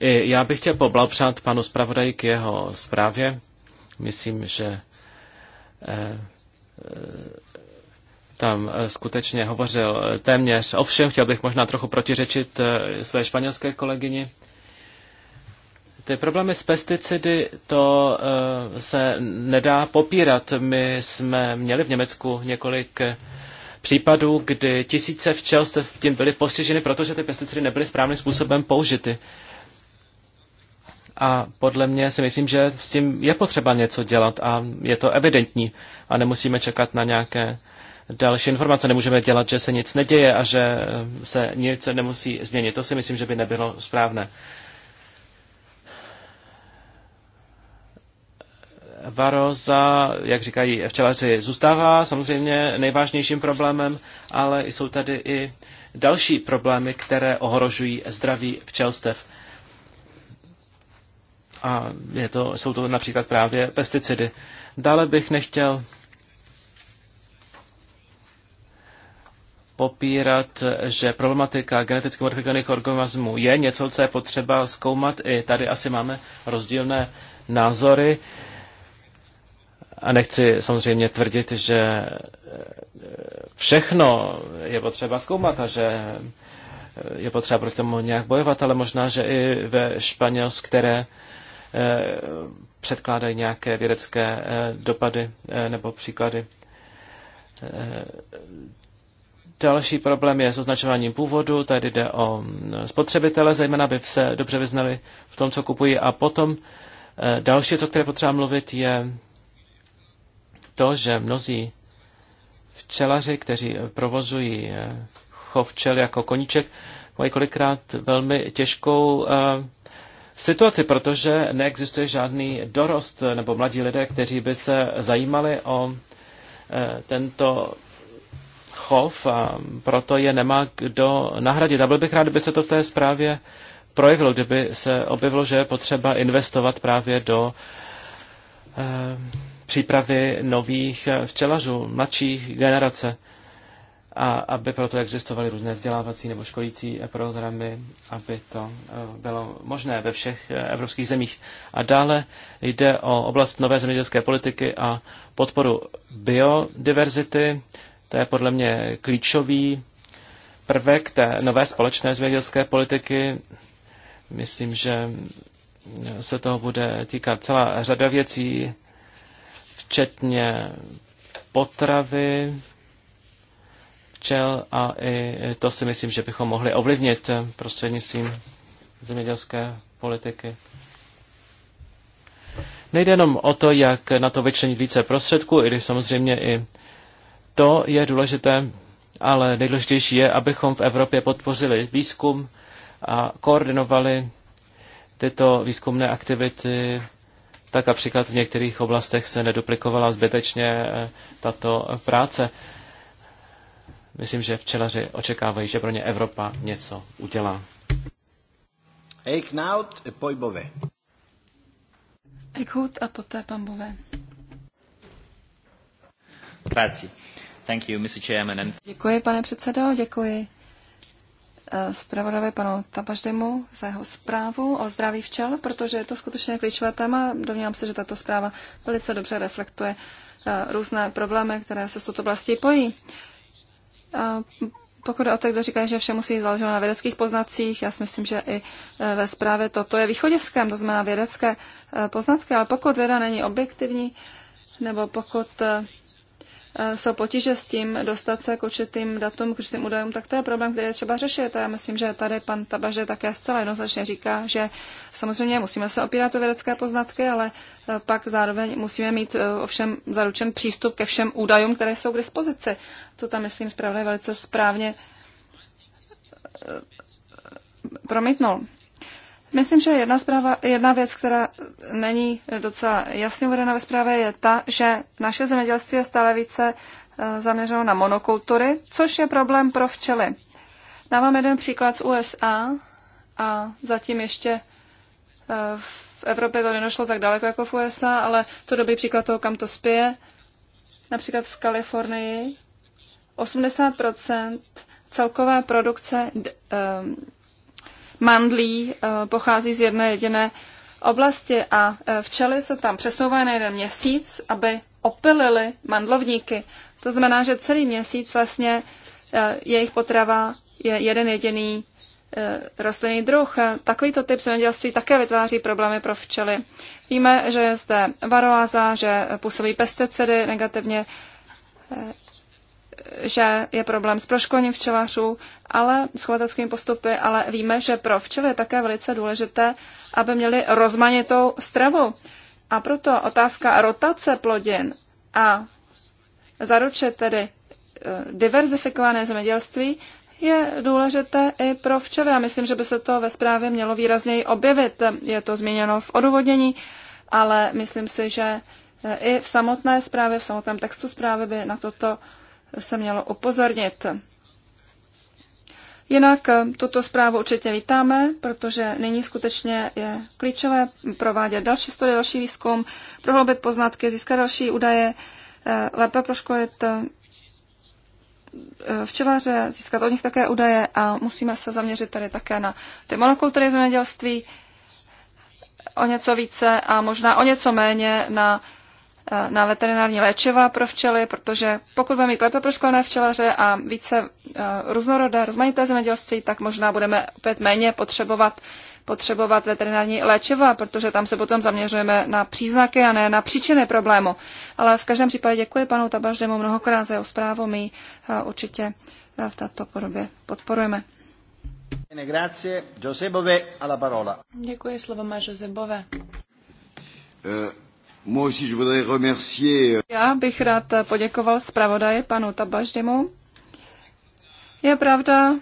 já bych chtěl poblahopřát panu zpravodaji k jeho zprávě. Myslím, že eh, eh, tam eh, skutečně hovořil téměř Ovšem, Chtěl bych možná trochu protiřečit své španělské kolegyni. Ty problémy s pesticidy, to se nedá popírat. My jsme měli v Německu několik případů, kdy tisíce včelstev tím byly postiženy, protože ty pesticidy nebyly správným způsobem použity. A podle mě si myslím, že s tím je potřeba něco dělat a je to evidentní a nemusíme čekat na nějaké další informace. Nemůžeme dělat, že se nic neděje a že eh, se nic nemusí změnit. To si myslím, že by nebylo správné. Varoza, jak říkají včelaři, zůstává samozřejmě nejvážnějším problémem, ale jsou tady i další problémy, které ohrožují zdraví včelstev. A je to, jsou to například právě pesticidy. Dále bych nechtěl popírat, že problematika geneticky modifikovaných organismů je něco, co je potřeba zkoumat. I tady asi máme rozdílné názory. A nechci samozřejmě tvrdit, že všechno je potřeba zkoumat a že je potřeba proti tomu nějak bojovat, ale možná, že i ve Španělsku, které Eh, předkládají nějaké vědecké eh, dopady eh, nebo příklady. Další problém je s označováním původu, tady jde o mm, spotřebitele, zejména by se dobře vyznali v tom, co kupují. A potom další, co které potřeba mluvit, je to, že mnozí včelaři, kteří provozují chov včel jako koníček, mají kolikrát velmi těžkou situaci, protože neexistuje žádný dorost nebo mladí lidé, kteří by se zajímali o eh, tento chov a proto je nemá kdo nahradit. A byl bych rád, kdyby se to v té zprávě projevilo, kdyby se objevilo, že je potřeba investovat právě do eh, přípravy nových eh, včelařů, mladší generace a aby proto existovaly různé vzdělávací nebo školící programy, aby to eh, bylo možné ve všech eh, evropských zemích. A dále jde o oblast nové zemědělské politiky a podporu biodiverzity. To je podle mě klíčový prvek té nové společné zemědělské politiky. Myslím, že se toho bude týkat celá řada věcí, včetně potravy, včel a i to si myslím, že bychom mohli ovlivnit eh, prostřednictvím zemědělské politiky. Nejde jenom o to, jak na to vyčlenit více prostředků, i když samozřejmě i to je důležité, ale nejdůležitější je, abychom v Evropě podpořili výzkum a koordinovali tyto výzkumné aktivity, tak například v některých oblastech se neduplikovala zbytečně eh, tato práce myslím, že včelaři očekávají, že pro ně Evropa něco udělá. Eichnaut, pojbové. Eichhout a poté pambové. Bové. Práci. Thank you, Mr. Chairman. Děkuji, pane předsedo, děkuji eh, zpravodavi panu Tabaždemu za jeho zprávu o zdraví včel, protože je to skutečně klíčové téma. Domnívám se, že tato zpráva velice dobře reflektuje eh, různé problémy, které se s touto oblastí pojí. Pokud o to, kdo říká, že vše musí být založeno na vědeckých poznacích, já si myslím, že i e, ve zprávě toto je východiskem, to znamená vědecké e, poznatky, ale pokud věda není objektivní, nebo pokud e, Eh, jsou potíže s tím dostat se k určitým datům, k určitým údajům, tak to je problém, který je třeba řešit. A já myslím, že tady pan Tabaže také zcela jednoznačně říká, že samozřejmě musíme se opírat o vědecké poznatky, ale eh, pak zároveň musíme mít eh, ovšem zaručen přístup ke všem údajům, které jsou k dispozici. To tam, myslím, zpravodaj velice správně promítnul. Myslím, že jedna, zpráva, jedna věc, která není docela jasně uvedena ve zprávě, je ta, že naše zemědělství je stále více eh, zaměřeno na monokultury, což je problém pro včely. Dávám jeden příklad z USA a zatím ještě eh, v Evropě to nenošlo tak daleko jako v USA, ale to dobrý příklad toho, kam to spěje. Například v Kalifornii 80 celkové produkce eh, mandlí eh, pochází z jedné jediné oblasti a eh, včely se tam přesouvají na jeden měsíc, aby opilili mandlovníky. To znamená, že celý měsíc vlastně eh, jejich potrava je jeden jediný rostlinný druh. Takovýto typ zemědělství také vytváří problémy pro včely. Víme, že je zde varoáza, že působí pesticidy negativně že je problém s proškolním včelařů, ale s chovatelskými postupy, ale víme, že pro včely je také velice důležité, aby měli rozmanitou stravu. A proto otázka rotace plodin a zaručit tedy eh, diverzifikované zemědělství je důležité i pro včely. Já myslím, že by se to ve zprávě mělo výrazněji objevit. Je to změněno v odůvodnění, ale myslím si, že eh, i v samotné zprávě, v samotném textu zprávy by na toto se mělo upozornit. Jinak eh, tuto zprávu určitě vítáme, protože nyní skutečně je klíčové provádět další studie, další výzkum, prohloubit poznatky, získat další údaje, eh, lépe proškolit eh, včelaře, získat od nich také údaje a musíme se zaměřit tady také na ty monokultury zemědělství o něco více a možná o něco méně na Eh, na veterinární léčiva pro včely, protože pokud budeme mít lépe proškolené včelaře a více eh, různorodé, rozmanité zemědělství, tak možná budeme opět méně potřebovat, potřebovat veterinární léčiva, protože tam se potom zaměřujeme na příznaky a ne na příčiny problému. Ale v každém případě děkuji panu Tabaždemu mnohokrát za jeho zprávu. My eh, určitě v této podobě podporujeme. Děkuji, slovo má Josebové. Euh, Já bych rád poděkoval zpravodaji panu Tabaždimu. Je pravda,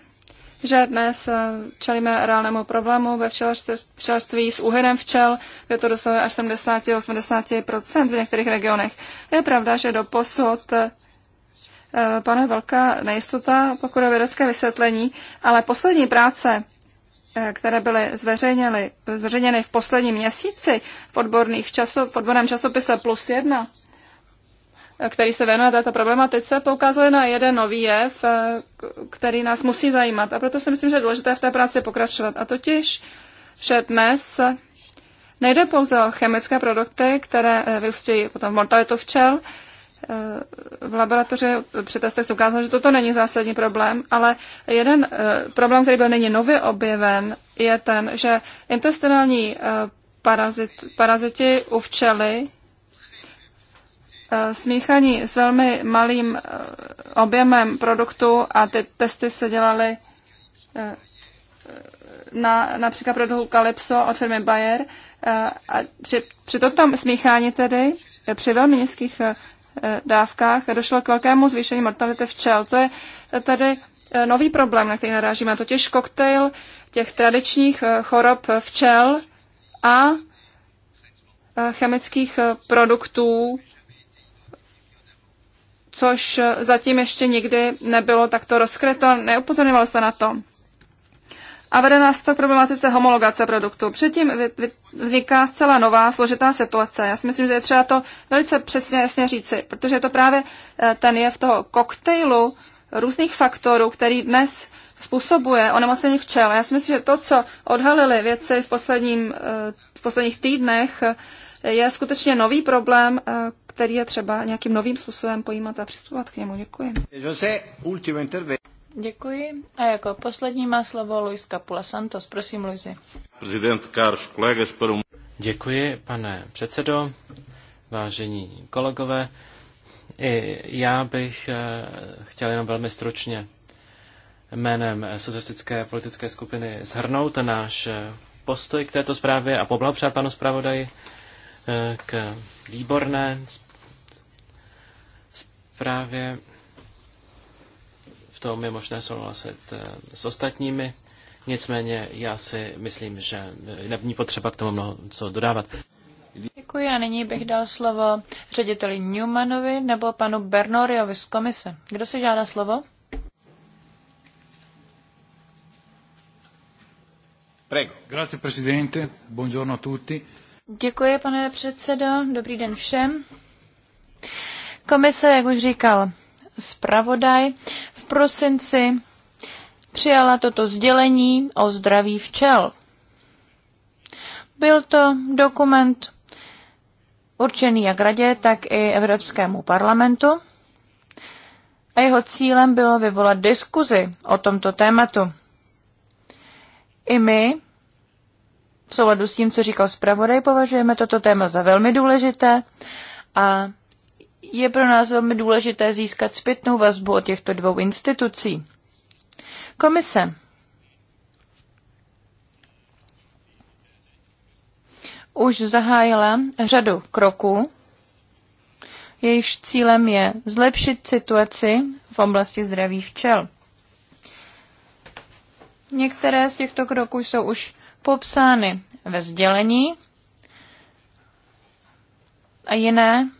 že dnes eh, čelíme reálnému problému ve včelařství s úhynem včel, kde to dosahuje až 70-80% v některých regionech. Je pravda, že do posud eh, panuje velká nejistota, pokud je vědecké vysvětlení, ale poslední práce Eh, které byly zveřejněny, zveřejněny v posledním měsíci v, odborných časo, v odborném časopise Plus 1, eh, který se věnuje této problematice, poukázali na jeden nový jev, eh, který nás musí zajímat. A proto si myslím, že je důležité v té práci pokračovat. A totiž, že dnes nejde pouze o chemické produkty, které vyústějí potom mortalitu včel, v laboratoři při testech se ukázalo, že toto není zásadní problém, ale jeden eh, problém, který byl nyní nově objeven, je ten, že intestinální eh, parazit, paraziti u včely eh, smíchaní s velmi malým objemem produktu a ty testy se dělaly na například produktu Calypso od firmy Bayer. A při, při tom smíchání tedy, při velmi nízkých Eh, dávkách došlo k velkému zvýšení mortality včel. To je eh, tedy eh, nový problém, na který narážíme, totiž koktejl těch tradičních chorob včel a chemických produktů, což zatím ještě nikdy nebylo takto rozkryto, neupozorňovalo se na to a vede nás to k problematice homologace produktů. Předtím vzniká zcela nová složitá situace. Já si myslím, že je třeba to velice přesně jasně říci, protože je to právě eh, ten je v toho koktejlu různých faktorů, který dnes způsobuje onemocnění včel. Já si myslím, že to, co odhalili věci v, posledním, eh, v posledních týdnech, je skutečně nový problém, eh, který je třeba nějakým novým způsobem pojímat a přistupovat k němu. Děkuji. Děkuji. A jako poslední má slovo Luis Capula Santos. Prosím, Luisi. Prezident Karš, kolegas, um- Děkuji, pane předsedo, vážení kolegové. I já bych eh, chtěl jenom velmi stručně jménem socialistické politické skupiny zhrnout náš eh, postoj k této zprávě a poblahopřát panu zpravodaji eh, k výborné zprávě tom je možné souhlasit eh, s ostatními. Nicméně já si myslím, že není eh, potřeba k tomu mnoho co dodávat. Děkuji a nyní bych dal slovo řediteli Newmanovi nebo panu Bernoriovi z komise. Kdo si žádá slovo? Prego. Grazie, presidente. Buongiorno a tutti. Děkuji, pane předsedo. Dobrý den všem. Komise, jak už říkal zpravodaj, prosinci přijala toto sdělení o zdraví včel. Byl to dokument určený jak radě, tak i Evropskému parlamentu a jeho cílem bylo vyvolat diskuzi o tomto tématu. I my, v souladu s tím, co říkal zpravodaj, považujeme toto téma za velmi důležité a je pro nás velmi důležité získat zpětnou vazbu od těchto dvou institucí. Komise. Už zahájila řadu kroků, jejichž cílem je zlepšit situaci v oblasti zdraví včel. Některé z těchto kroků jsou už popsány ve sdělení a jiné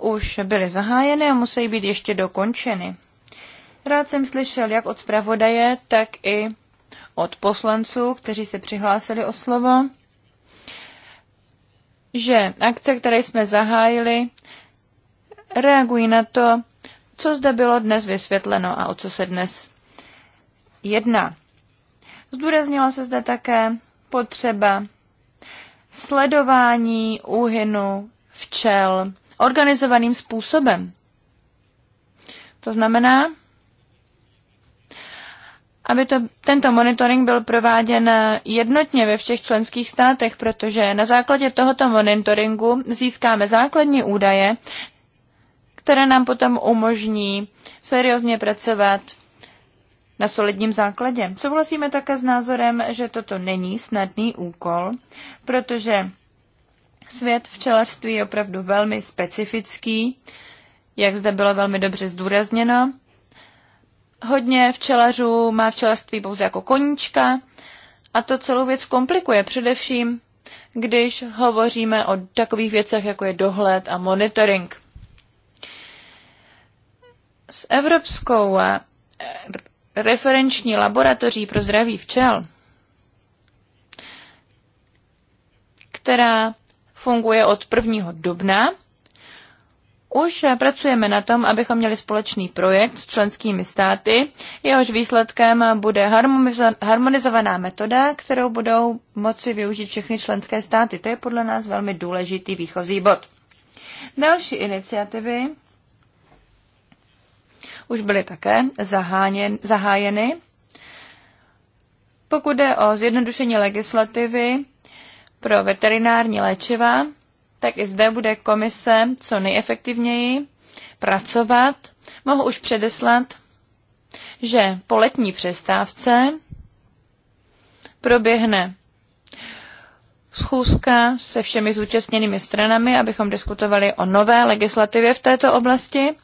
už byly zahájeny a musí být ještě dokončeny. Rád jsem slyšel jak od zpravodaje, tak i od poslanců, kteří se přihlásili o slovo, že akce, které jsme zahájili, reagují na to, co zde bylo dnes vysvětleno a o co se dnes jedná. Zdůraznila se zde také potřeba sledování úhynu včel organizovaným způsobem. To znamená, aby to, tento monitoring byl prováděn jednotně ve všech členských státech, protože na základě tohoto monitoringu získáme základní údaje, které nám potom umožní seriózně pracovat na solidním základě. Souhlasíme také s názorem, že toto není snadný úkol, protože Svět včelařství je opravdu velmi specifický, jak zde bylo velmi dobře zdůrazněno. Hodně včelařů má včelařství pouze jako koníčka a to celou věc komplikuje především, když hovoříme o takových věcech, jako je dohled a monitoring. S Evropskou eh, referenční laboratoří pro zdraví včel, která funguje od 1. dubna. Už pracujeme na tom, abychom měli společný projekt s členskými státy. Jehož výsledkem bude harmonizovaná metoda, kterou budou moci využít všechny členské státy. To je podle nás velmi důležitý výchozí bod. Další iniciativy už byly také zahájen, zahájeny. Pokud jde o zjednodušení legislativy, pro veterinární léčiva, tak i zde bude komise co nejefektivněji pracovat. Mohu už předeslat, že po letní přestávce proběhne schůzka se všemi zúčastněnými stranami, abychom diskutovali o nové legislativě v této oblasti.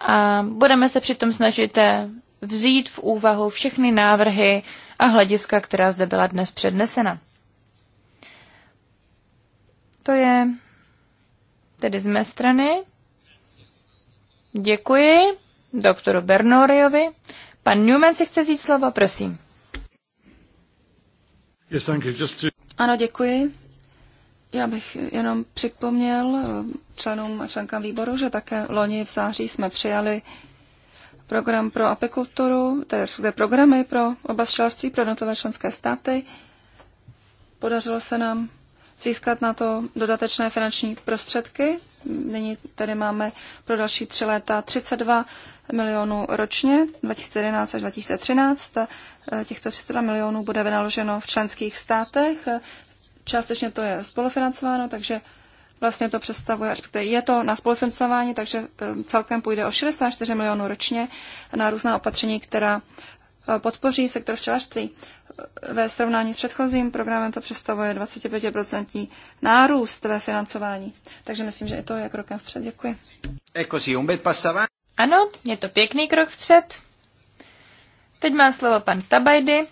A budeme se přitom snažit vzít v úvahu všechny návrhy a hlediska, která zde byla dnes přednesena. To je tedy z mé strany. Děkuji doktoru Bernoriovi. Pan Newman si chce vzít slovo, prosím. Yes, thank you. Just to... Ano, děkuji. Já bych jenom připomněl eh, členům a členkám výboru, že také loni v září jsme přijali program pro apikulturu, tedy programy pro oblast pro jednotlivé členské státy. Podařilo se nám získat na to dodatečné finanční prostředky. Nyní tady máme pro další tři léta 32 milionů ročně, 2011 až 2013. Těchto 32 milionů bude vynaloženo v členských státech. Částečně to je spolufinancováno, takže vlastně to představuje, respektive je to na spolufinancování, takže eh, celkem půjde o 64 milionů ročně na různá opatření, která eh, podpoří sektor včelařství ve srovnání s předchozím programem to představuje 25% nárůst ve financování. Takže myslím, že i to je krokem vpřed. Děkuji. Ano, je to pěkný krok vpřed. Teď má slovo pan Tabajdy,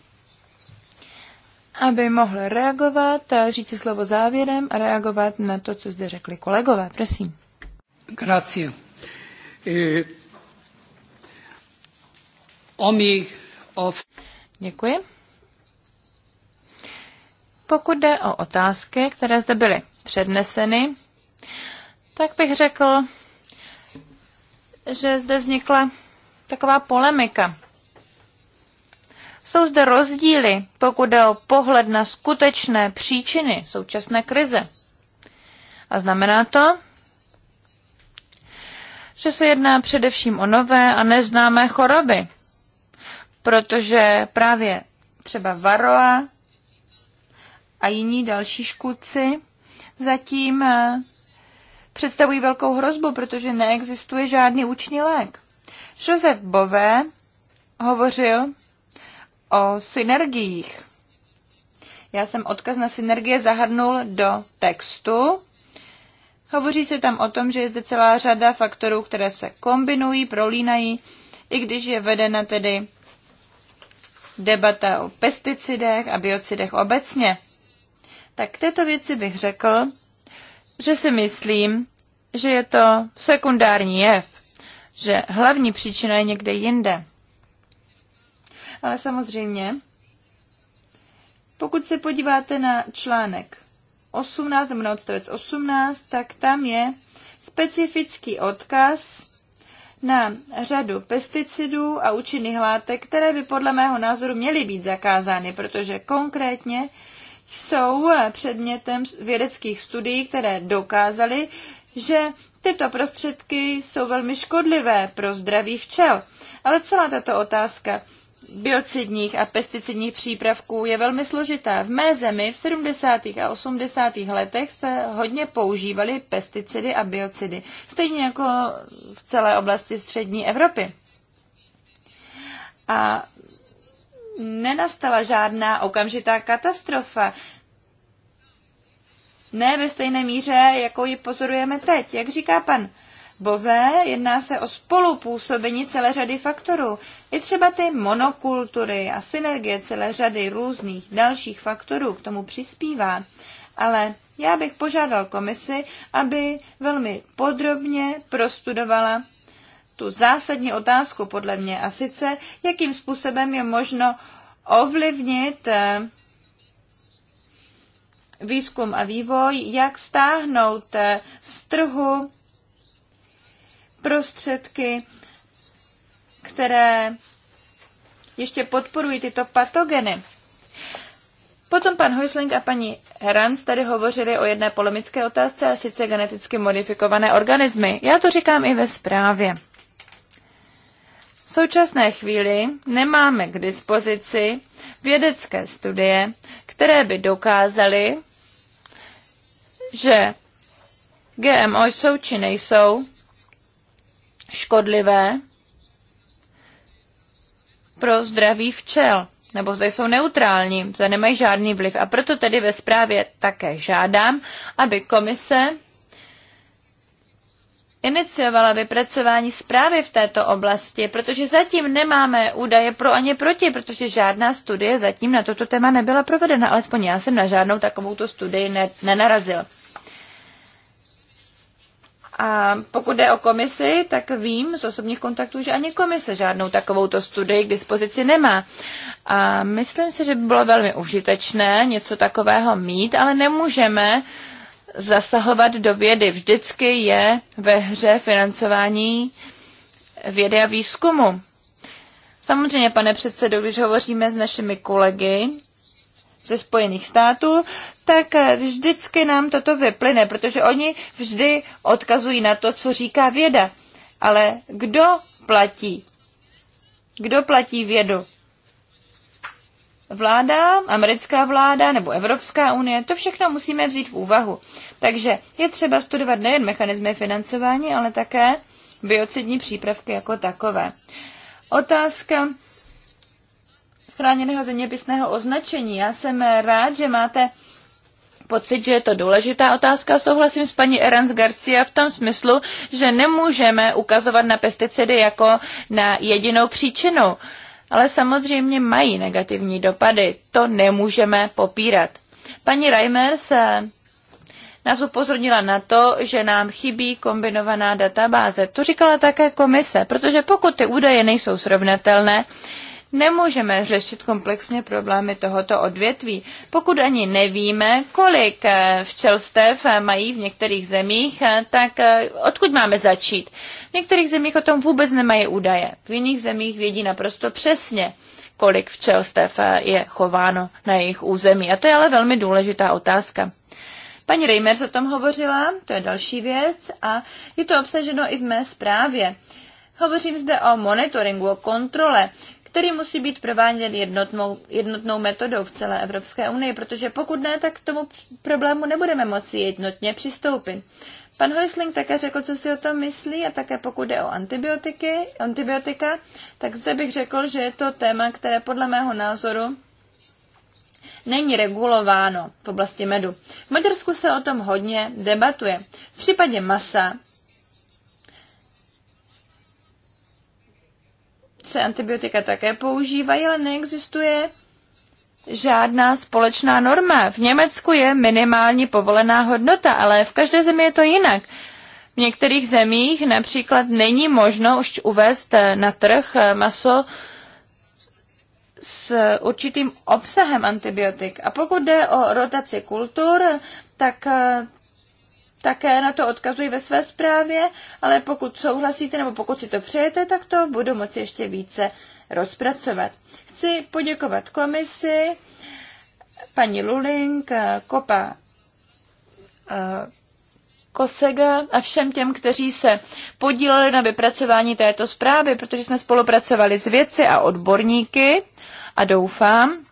aby mohl reagovat, říct slovo závěrem a reagovat na to, co zde řekli kolegové. Prosím. Grazie. Eh, omi of... Děkuji. Pokud jde o otázky, které zde byly předneseny, tak bych řekl, že zde vznikla taková polemika. Jsou zde rozdíly, pokud jde o pohled na skutečné příčiny současné krize. A znamená to, že se jedná především o nové a neznámé choroby, protože právě třeba varoa a jiní další škůdci zatím eh, představují velkou hrozbu, protože neexistuje žádný účinný lék. Josef Bové hovořil o synergiích. Já jsem odkaz na synergie zahrnul do textu. Hovoří se tam o tom, že je zde celá řada faktorů, které se kombinují, prolínají, i když je vedena tedy debata o pesticidech a biocidech obecně tak k této věci bych řekl, že si myslím, že je to sekundární jev, že hlavní příčina je někde jinde. Ale samozřejmě, pokud se podíváte na článek 18, nebo odstavec 18, tak tam je specifický odkaz na řadu pesticidů a účinných látek, které by podle mého názoru měly být zakázány, protože konkrétně jsou eh, předmětem vědeckých studií, které dokázaly, že tyto prostředky jsou velmi škodlivé pro zdraví včel. Ale celá tato otázka biocidních a pesticidních přípravků je velmi složitá. V mé zemi v 70. a 80. letech se hodně používaly pesticidy a biocidy, stejně jako v celé oblasti střední Evropy. A nenastala žádná okamžitá katastrofa. Ne ve stejné míře, jakou ji pozorujeme teď. Jak říká pan Bové, jedná se o spolupůsobení celé řady faktorů. I třeba ty monokultury a synergie celé řady různých dalších faktorů k tomu přispívá. Ale já bych požádal komisi, aby velmi podrobně prostudovala tu zásadní otázku podle mě a sice, jakým způsobem je možno ovlivnit eh, výzkum a vývoj, jak stáhnout eh, z trhu prostředky, které ještě podporují tyto patogeny. Potom pan Hojsling a paní Herans tady hovořili o jedné polemické otázce, a sice geneticky modifikované organismy. Já to říkám i ve zprávě. V současné chvíli nemáme k dispozici vědecké studie, které by dokázaly, že GMO jsou či nejsou škodlivé pro zdraví včel, nebo zde jsou neutrální, zde nemají žádný vliv. A proto tedy ve zprávě také žádám, aby komise iniciovala vypracování zprávy v této oblasti, protože zatím nemáme údaje pro ani proti, protože žádná studie zatím na toto téma nebyla provedena, alespoň já jsem na žádnou takovou studii nenarazil. A pokud jde o komisi, tak vím z osobních kontaktů, že ani komise žádnou takovouto studii k dispozici nemá. A myslím si, že by bylo velmi užitečné něco takového mít, ale nemůžeme uh, zasahovat do vědy. Vždycky je ve hře financování vědy a výzkumu. Samozřejmě, pane předsedo, když hovoříme s našimi kolegy ze Spojených států, tak vždycky nám toto vyplyne, protože oni vždy odkazují na to, co říká věda. Ale kdo platí? Kdo platí vědu? vláda, americká vláda nebo Evropská unie, to všechno musíme vzít v úvahu. Takže je třeba studovat nejen mechanizmy financování, ale také biocidní přípravky jako takové. Otázka chráněného zeměpisného označení. Já jsem rád, že máte pocit, že je to důležitá otázka. Souhlasím s paní Erans Garcia v tom smyslu, že nemůžeme ukazovat na pesticidy jako na jedinou příčinu ale samozřejmě mají negativní dopady. To nemůžeme popírat. Paní Reimer se nás upozornila na to, že nám chybí kombinovaná databáze. To říkala také komise, protože pokud ty údaje nejsou srovnatelné, nemůžeme řešit komplexně problémy tohoto odvětví, pokud ani nevíme, kolik eh, včelstev eh, mají v některých zemích, eh, tak odkud máme začít. V některých zemích o tom vůbec nemají údaje, v jiných zemích vědí naprosto přesně, kolik včelstev je chováno na jejich území. A to je ale velmi důležitá otázka. Paní Reimers o tom hovořila, to je další věc a je to obsaženo i v mé zprávě. Hovořím zde o monitoringu, o kontrole který musí být prováděn jednotnou, jednotnou metodou v celé Evropské unii, protože pokud ne, tak k tomu problému nebudeme moci jednotně přistoupit. Pan Heusling také řekl, co si o tom myslí a také pokud jde o antibiotiky, antibiotika, tak zde bych řekl, že je to téma, které podle mého názoru není regulováno v oblasti medu. V Maďarsku se o tom hodně debatuje. V případě masa se antibiotika také používají, ale neexistuje žádná společná norma. V Německu je minimální povolená hodnota, ale v každé zemi je to jinak. V některých zemích například není možno už uvést eh, na trh eh, maso s určitým obsahem antibiotik. A pokud jde o rotaci kultur, tak eh, také na to odkazuji ve své zprávě, ale pokud souhlasíte nebo pokud si to přejete, tak to budu moci ještě více rozpracovat. Chci poděkovat komisi, paní Luling, Kopa eh, Kosega a všem těm, kteří se podíleli na vypracování této zprávy, protože jsme spolupracovali s věci a odborníky a doufám,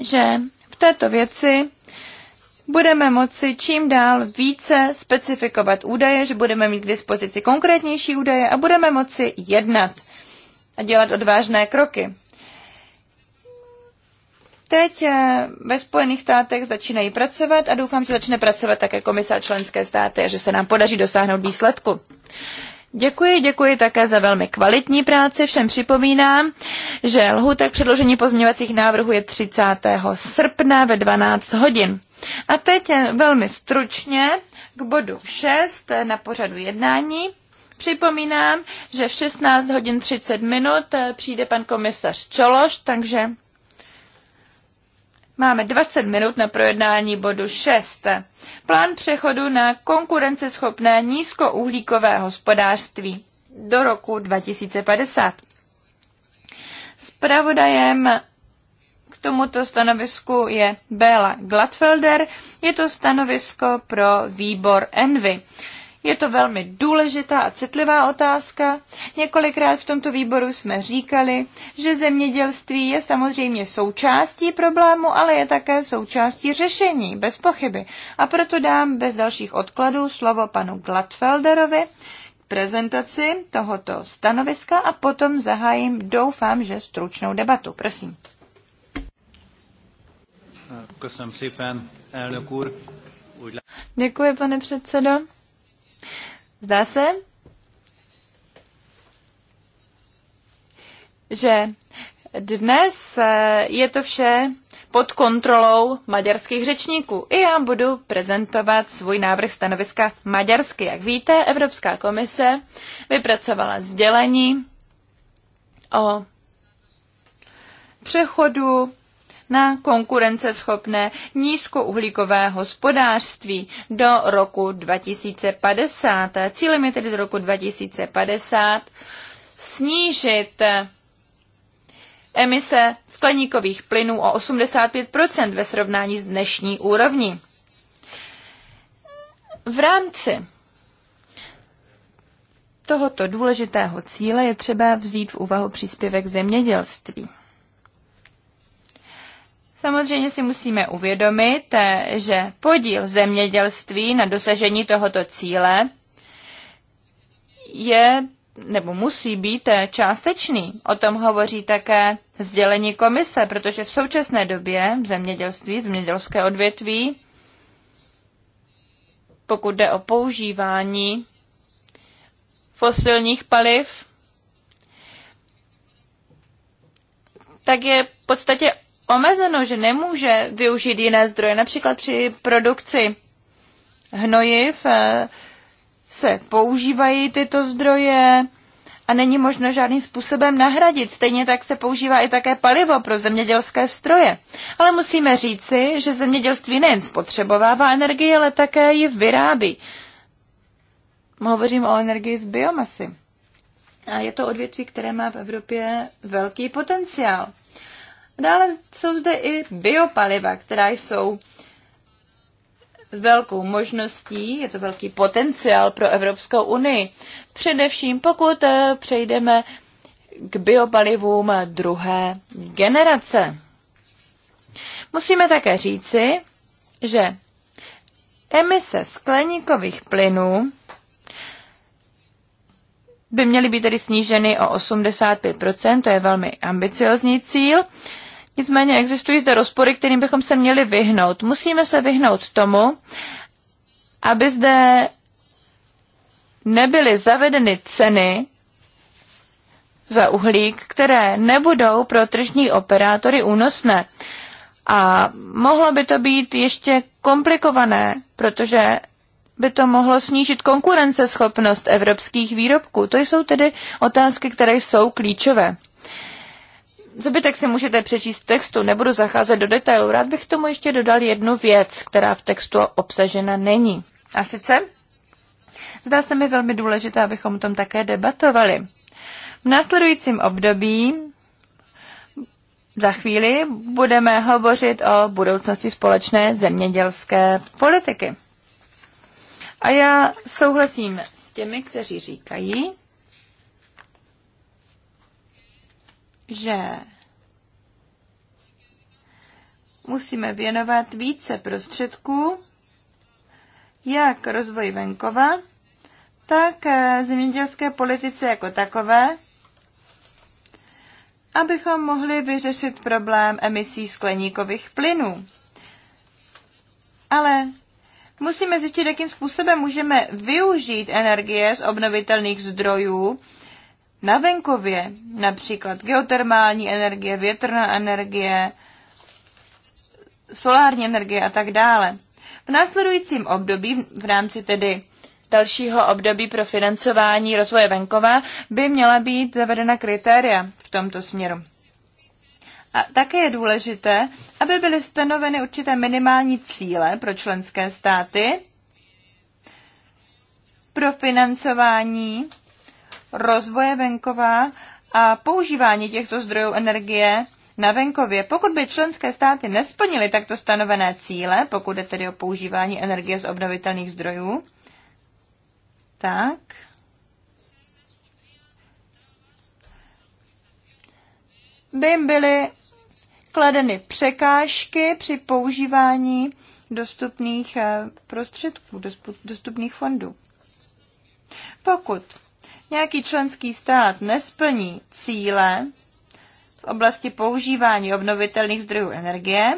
že v této věci budeme moci čím dál více specifikovat údaje, že budeme mít k dispozici konkrétnější údaje a budeme moci jednat a dělat odvážné kroky. Teď eh, ve Spojených státech začínají pracovat a doufám, že začne pracovat také komisa členské státy a že se nám podaří dosáhnout výsledku. Děkuji, děkuji také za velmi kvalitní práci. Všem připomínám, že lhůta k předložení pozměňovacích návrhů je 30. srpna ve 12 hodin. A teď velmi stručně k bodu 6 na pořadu jednání. Připomínám, že v 16 hodin 30 minut přijde pan komisař Čološ, takže máme 20 minut na projednání bodu 6 plán přechodu na konkurenceschopné nízkouhlíkové hospodářství do roku 2050. Spravodajem k tomuto stanovisku je Béla Gladfelder. Je to stanovisko pro výbor Envy. Je to velmi důležitá a citlivá otázka. Několikrát v tomto výboru jsme říkali, že zemědělství je samozřejmě součástí problému, ale je také součástí řešení, bez pochyby. A proto dám bez dalších odkladů slovo panu Gladfelderovi, prezentaci tohoto stanoviska a potom zahájím, doufám, že stručnou debatu. Prosím. Děkuji, pane předsedo. Zdá se, že dnes eh, je to vše pod kontrolou maďarských řečníků. I já budu prezentovat svůj návrh stanoviska maďarsky. Jak víte, Evropská komise vypracovala sdělení o přechodu na konkurenceschopné nízkouhlíkové hospodářství do roku 2050. Cílem je tedy do roku 2050 snížit emise skleníkových plynů o 85 ve srovnání s dnešní úrovní. V rámci tohoto důležitého cíle je třeba vzít v úvahu příspěvek zemědělství. Samozřejmě si musíme uvědomit, eh, že podíl zemědělství na dosažení tohoto cíle je nebo musí být eh, částečný. O tom hovoří také sdělení komise, protože v současné době zemědělství, zemědělské odvětví, pokud jde o používání fosilních paliv, tak je v podstatě omezeno, že nemůže využít jiné zdroje. Například při produkci hnojiv eh, se používají tyto zdroje a není možno žádným způsobem nahradit. Stejně tak se používá i také palivo pro zemědělské stroje. Ale musíme říci, že zemědělství nejen spotřebovává energii, ale také ji vyrábí. Hovořím o energii z biomasy. A je to odvětví, které má v Evropě velký potenciál. A dále jsou zde i biopaliva, která jsou velkou možností, je to velký potenciál pro Evropskou unii. Především pokud eh, přejdeme k biopalivům druhé generace. Musíme také říci, že emise skleníkových plynů by měly být tedy sníženy o 85%, to je velmi ambiciozní cíl. Nicméně existují zde rozpory, kterým bychom se měli vyhnout. Musíme se vyhnout tomu, aby zde nebyly zavedeny ceny za uhlík, které nebudou pro tržní operátory únosné. A mohlo by to být ještě komplikované, protože by to mohlo snížit konkurenceschopnost evropských výrobků. To jsou tedy otázky, které jsou klíčové. Zbytek si můžete přečíst textu, nebudu zacházet do detailů. Rád bych tomu ještě dodal jednu věc, která v textu obsažena není. A sice? Zdá se mi velmi důležité, abychom o tom také debatovali. V následujícím období za chvíli budeme hovořit o budoucnosti společné zemědělské politiky. A já souhlasím s těmi, kteří říkají, že musíme věnovat více prostředků jak rozvoji venkova, tak eh, zemědělské politice jako takové, abychom mohli vyřešit problém emisí skleníkových plynů. Ale musíme zjistit, jakým způsobem můžeme využít energie z obnovitelných zdrojů na venkově, například geotermální energie, větrná energie, solární energie a tak dále. V následujícím období, v rámci tedy dalšího období pro financování rozvoje venkova, by měla být zavedena kritéria v tomto směru. A také je důležité, aby byly stanoveny určité minimální cíle pro členské státy pro financování rozvoje venkova a používání těchto zdrojů energie na venkově. Pokud by členské státy nesplnily takto stanovené cíle, pokud je tedy o používání energie z obnovitelných zdrojů, tak by jim byly kladeny překážky při používání dostupných eh, prostředků, dostupných fondů. Pokud nějaký členský stát nesplní cíle v oblasti používání obnovitelných zdrojů energie,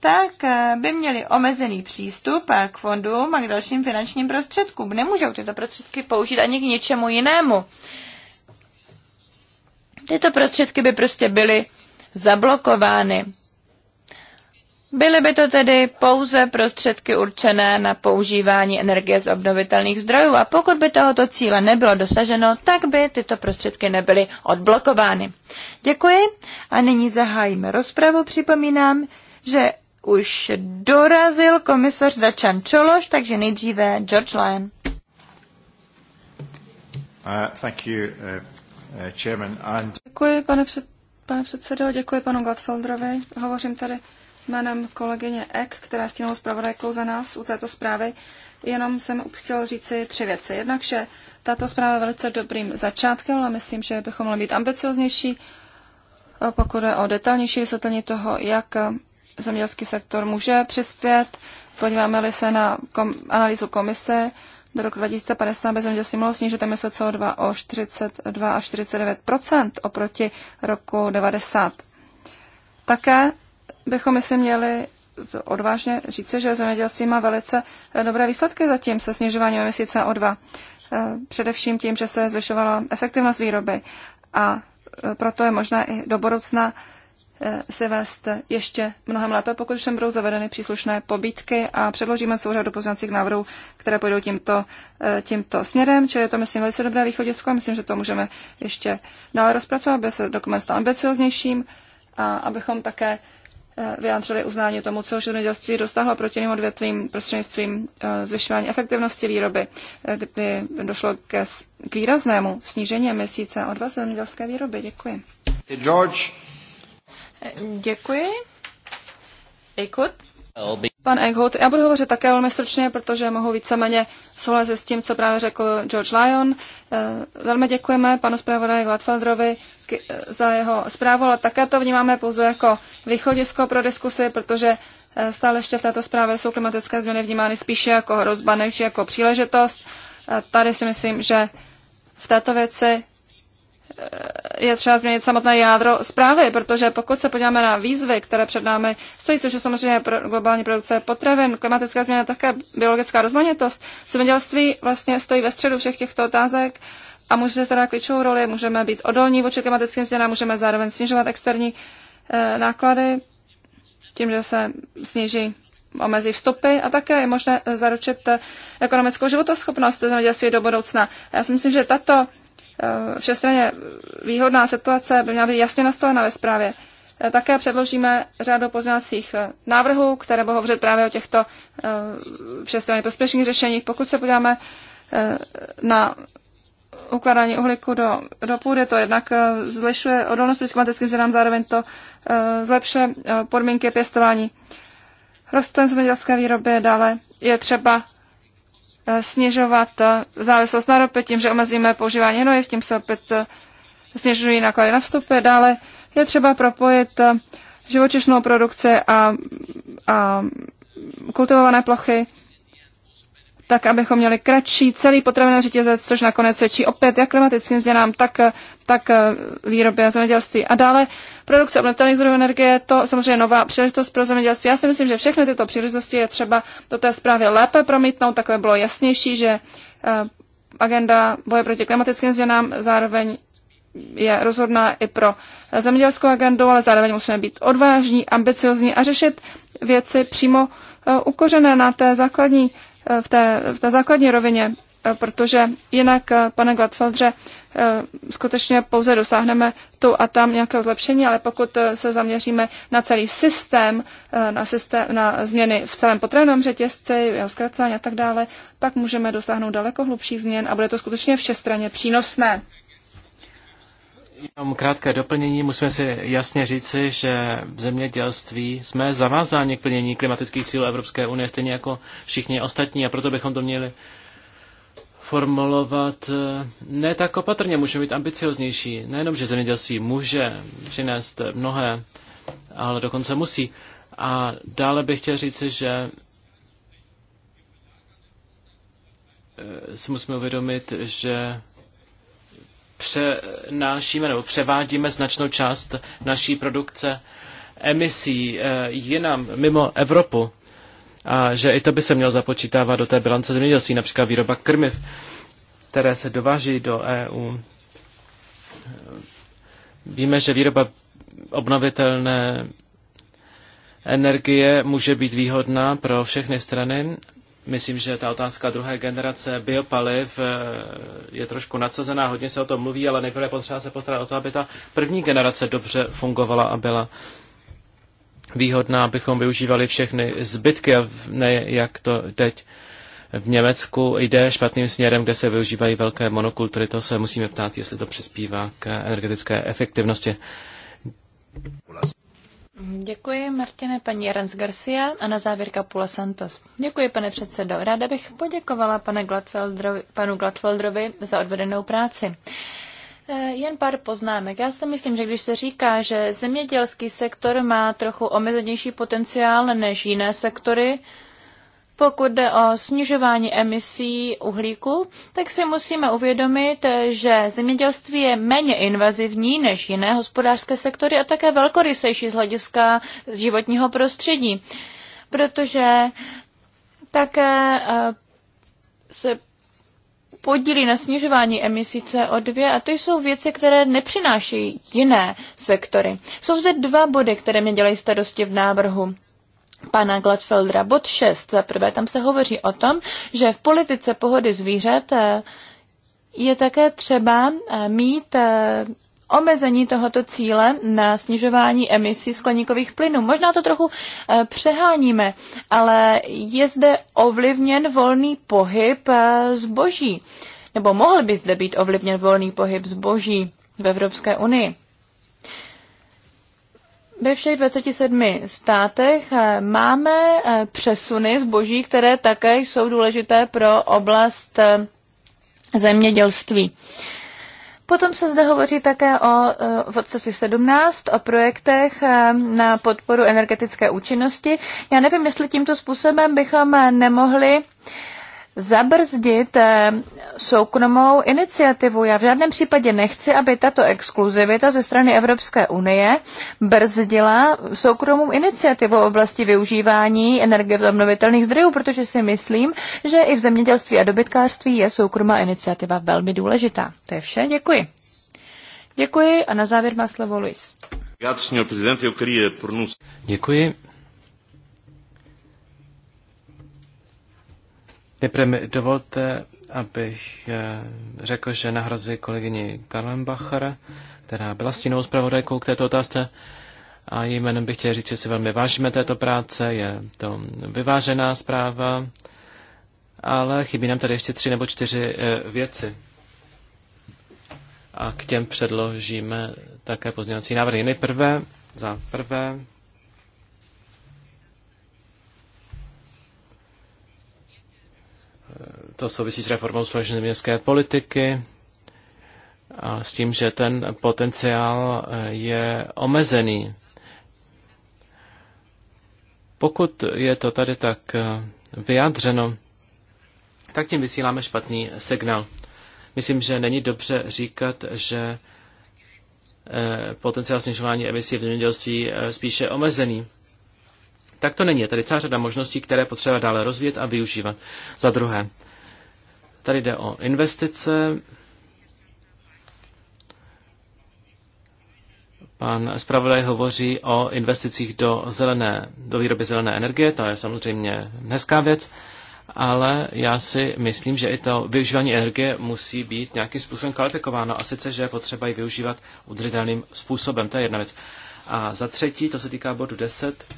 tak eh, by měli omezený přístup eh, k fondům a k dalším finančním prostředkům. Nemůžou tyto prostředky použít ani k něčemu jinému. Tyto prostředky by prostě byly zablokovány. Byly by to tedy pouze prostředky určené na používání energie z obnovitelných zdrojů a pokud by tohoto cíle nebylo dosaženo, tak by tyto prostředky nebyly odblokovány. Děkuji a nyní zahájíme rozpravu. Připomínám, že už dorazil komisař Dačan Čološ, takže nejdříve George Lyon. Uh, you, uh, uh, and... Děkuji, pane, před, pane předsedo, děkuji panu Gottfeldrovi. Hovořím tady jménem kolegyně Ek, která je stínovou zpravodajkou za nás u této zprávy. Jenom jsem chtěl říci tři věci. Jednak, že tato zpráva je velice dobrým začátkem, ale myslím, že bychom měli být ambicioznější, eh, pokud je o detailnější vysvětlení toho, jak eh, zemědělský sektor může přispět. Podíváme-li se na kom- analýzu komise, do roku 2050 by zemědělství mohlo snížit emise CO2 o 42 až 49 oproti roku 90. Také bychom si měli odvážně říci, že zemědělství má velice eh, dobré výsledky zatím se snižováním emisí CO2. Eh, především tím, že se zvyšovala efektivnost výroby a eh, proto je možné i do budoucna se vést ještě mnohem lépe, pokud už sem budou zavedeny příslušné pobítky a předložíme souřadu pozměňovacích návrhů, které půjdou tímto, tímto směrem, čili je to, myslím, velice dobré východisko a myslím, že to můžeme ještě dále rozpracovat, aby se dokument stal ambicioznějším a abychom také Eh, vyjádřili uznání tomu, co zemědělství dosáhlo proti jiným odvětvím prostřednictvím eh, zvyšování efektivnosti výroby, eh, kdy došlo ke, k výraznému snížení emisí CO2 zemědělské výroby. Děkuji. George. Děkuji. Ikut. Pan Eichhout, já budu hovořit také velmi stručně, protože mohu víceméně souhlasit s tím, co právě řekl George Lyon. Eh, velmi děkujeme panu zpravodaji Gladfeldrovi eh, za jeho zprávu, ale také to vnímáme pouze jako východisko pro diskusy, protože eh, stále ještě v této zprávě jsou klimatické změny vnímány spíše jako hrozba než jako příležitost. Tady si myslím, že v této věci Eh, je třeba změnit samotné jádro zprávy, protože pokud se podíváme na výzvy, které před námi stojí, což je samozřejmě pro globální produkce potravin, klimatická změna, také biologická rozmanitost, zemědělství vlastně stojí ve středu všech těchto otázek a může se dát klíčovou roli, můžeme být odolní vůči klimatickým změnám, můžeme zároveň snižovat externí e, náklady tím, že se sníží omezí vstupy a také je možné zaručit ekonomickou životoschopnost zemědělství do budoucna. Já si myslím, že tato Eh, všestranně výhodná situace by měla být jasně nastolena ve zprávě. Eh, také předložíme řadu pozměňovacích eh, návrhů, které budou hovořit právě o těchto všestranně prospěšných řešeních. Pokud se podíváme na ukládání uhlíku do, do půdy, to jednak zlišuje odolnost proti klimatickým změnám, zároveň to zlepšuje podmínky pěstování rostlin zemědělské výroby, dále je třeba Eh, snižovat eh, závislost na ropě tím, že omezíme používání hnojiv, tím se opět eh, snižují náklady na vstupy. Dále je třeba propojit živočišnou produkci a, a kultivované plochy tak abychom měli kratší celý potravinový řetězec, což nakonec svědčí opět jak klimatickým změnám, tak, tak eh, výrobě a zemědělství. A dále produkce obnovitelných zdrojů energie, to samozřejmě nová příležitost pro zemědělství. Já si myslím, že všechny tyto příležitosti je třeba do té zprávy lépe promítnout, takové bylo jasnější, že eh, agenda boje proti klimatickým změnám zároveň je rozhodná i pro zemědělskou agendu, ale zároveň musíme být odvážní, ambiciozní a řešit věci přímo eh, ukořené na té základní Eh, v té, v té základní rovině, eh, protože jinak, eh, pane Gladfeldře, skutečně pouze dosáhneme tu a tam nějakého zlepšení, ale pokud se zaměříme na celý systém, na, systém, na změny v celém potravinovém řetězci, jeho zkracování a tak dále, pak můžeme dosáhnout daleko hlubších změn a bude to skutečně všestranně přínosné. Jenom krátké doplnění. Musíme si jasně říci, že v zemědělství jsme zavázáni k plnění klimatických cílů Evropské unie, stejně jako všichni ostatní, a proto bychom to měli formulovat eh, ne tak opatrně, můžeme být ambicioznější. Nejenom, že zemědělství může přinést mnohé, ale dokonce musí. A dále bych chtěl říci, že eh, si musíme uvědomit, že přenášíme nebo převádíme značnou část naší produkce emisí eh, jinam, mimo Evropu. A že i to by se mělo započítávat do té bilance zemědělství, například výroba krmiv, které se dováží do EU. Víme, že výroba obnovitelné energie může být výhodná pro všechny strany Myslím, že ta otázka druhé generace biopaliv eh, je trošku nadsazená, hodně se o tom mluví, ale nejprve potřeba se postarat o to, aby ta první generace dobře fungovala a byla výhodná, abychom využívali všechny zbytky, ne jak to teď v Německu jde špatným směrem, kde se využívají velké monokultury. To se musíme ptát, jestli to přispívá k energetické efektivnosti. Děkuji, Martine, paní Erens Garcia a na závěr Kapula Santos. Děkuji, pane předsedo. Ráda bych poděkovala pane Gladfeldrovi, panu Gladfeldrovi za odvedenou práci. E, jen pár poznámek. Já si myslím, že když se říká, že zemědělský sektor má trochu omezenější potenciál než jiné sektory, pokud jde o snižování emisí uhlíku, tak si musíme uvědomit, že zemědělství je méně invazivní než jiné hospodářské sektory a také velkorysejší z hlediska životního prostředí, protože také eh, se podílí na snižování emisí CO2 a to jsou věci, které nepřináší jiné sektory. Jsou zde dva body, které mě dělají starosti v návrhu pana Gladfeldra. Bod 6. Za prvé tam se hovoří o tom, že v politice pohody zvířat eh, je také třeba eh, mít eh, omezení tohoto cíle na snižování emisí skleníkových plynů. Možná to trochu přeháníme, ale je zde ovlivněn volný pohyb zboží. Nebo mohl by zde být ovlivněn volný pohyb zboží v Evropské unii ve všech 27 státech eh, máme eh, přesuny zboží, které také jsou důležité pro oblast eh, zemědělství. Potom se zde hovoří také o, v odstavci 17 o projektech na podporu energetické účinnosti. Já nevím, jestli tímto způsobem bychom nemohli uh, zabrzdit eh, soukromou iniciativu. Já v žádném případě nechci, aby tato exkluzivita ze strany Evropské unie brzdila soukromou iniciativu v oblasti využívání energie z obnovitelných zdrojů, protože si myslím, že i v zemědělství a dobytkářství je soukromá iniciativa velmi důležitá. To je vše, děkuji. Děkuji a na závěr má slovo Luis. Děkuji. Nejprve mi dovolte, abych eh, řekl, že nahrazuji kolegyni Karlenbachara, která byla stínovou zpravodajkou k této otázce. A jménem bych chtěl říct, že si velmi vážíme této práce, je to vyvážená zpráva, ale chybí nám tady ještě tři nebo čtyři eh, věci. A k těm předložíme také pozměňovací návrhy. Nejprve, za prvé, To souvisí s reformou společné městské politiky a s tím, že ten potenciál eh, je omezený. Pokud je to tady tak eh, vyjádřeno, tak tím vysíláme špatný signál. Myslím, že není dobře říkat, že eh, potenciál snižování emisí v zemědělství spíše omezený. Tak to není. Je tady celá řada možností, které potřeba dále rozvíjet a využívat. Za druhé, Tady jde o investice. Pan zpravodaj hovoří o investicích do, zelené, do výroby zelené energie, to je samozřejmě hezká věc, ale já si myslím, že i to využívání energie musí být nějakým způsobem kvalifikováno a sice, že je potřeba ji využívat udržitelným způsobem, to je jedna věc. A za třetí, to se týká bodu 10,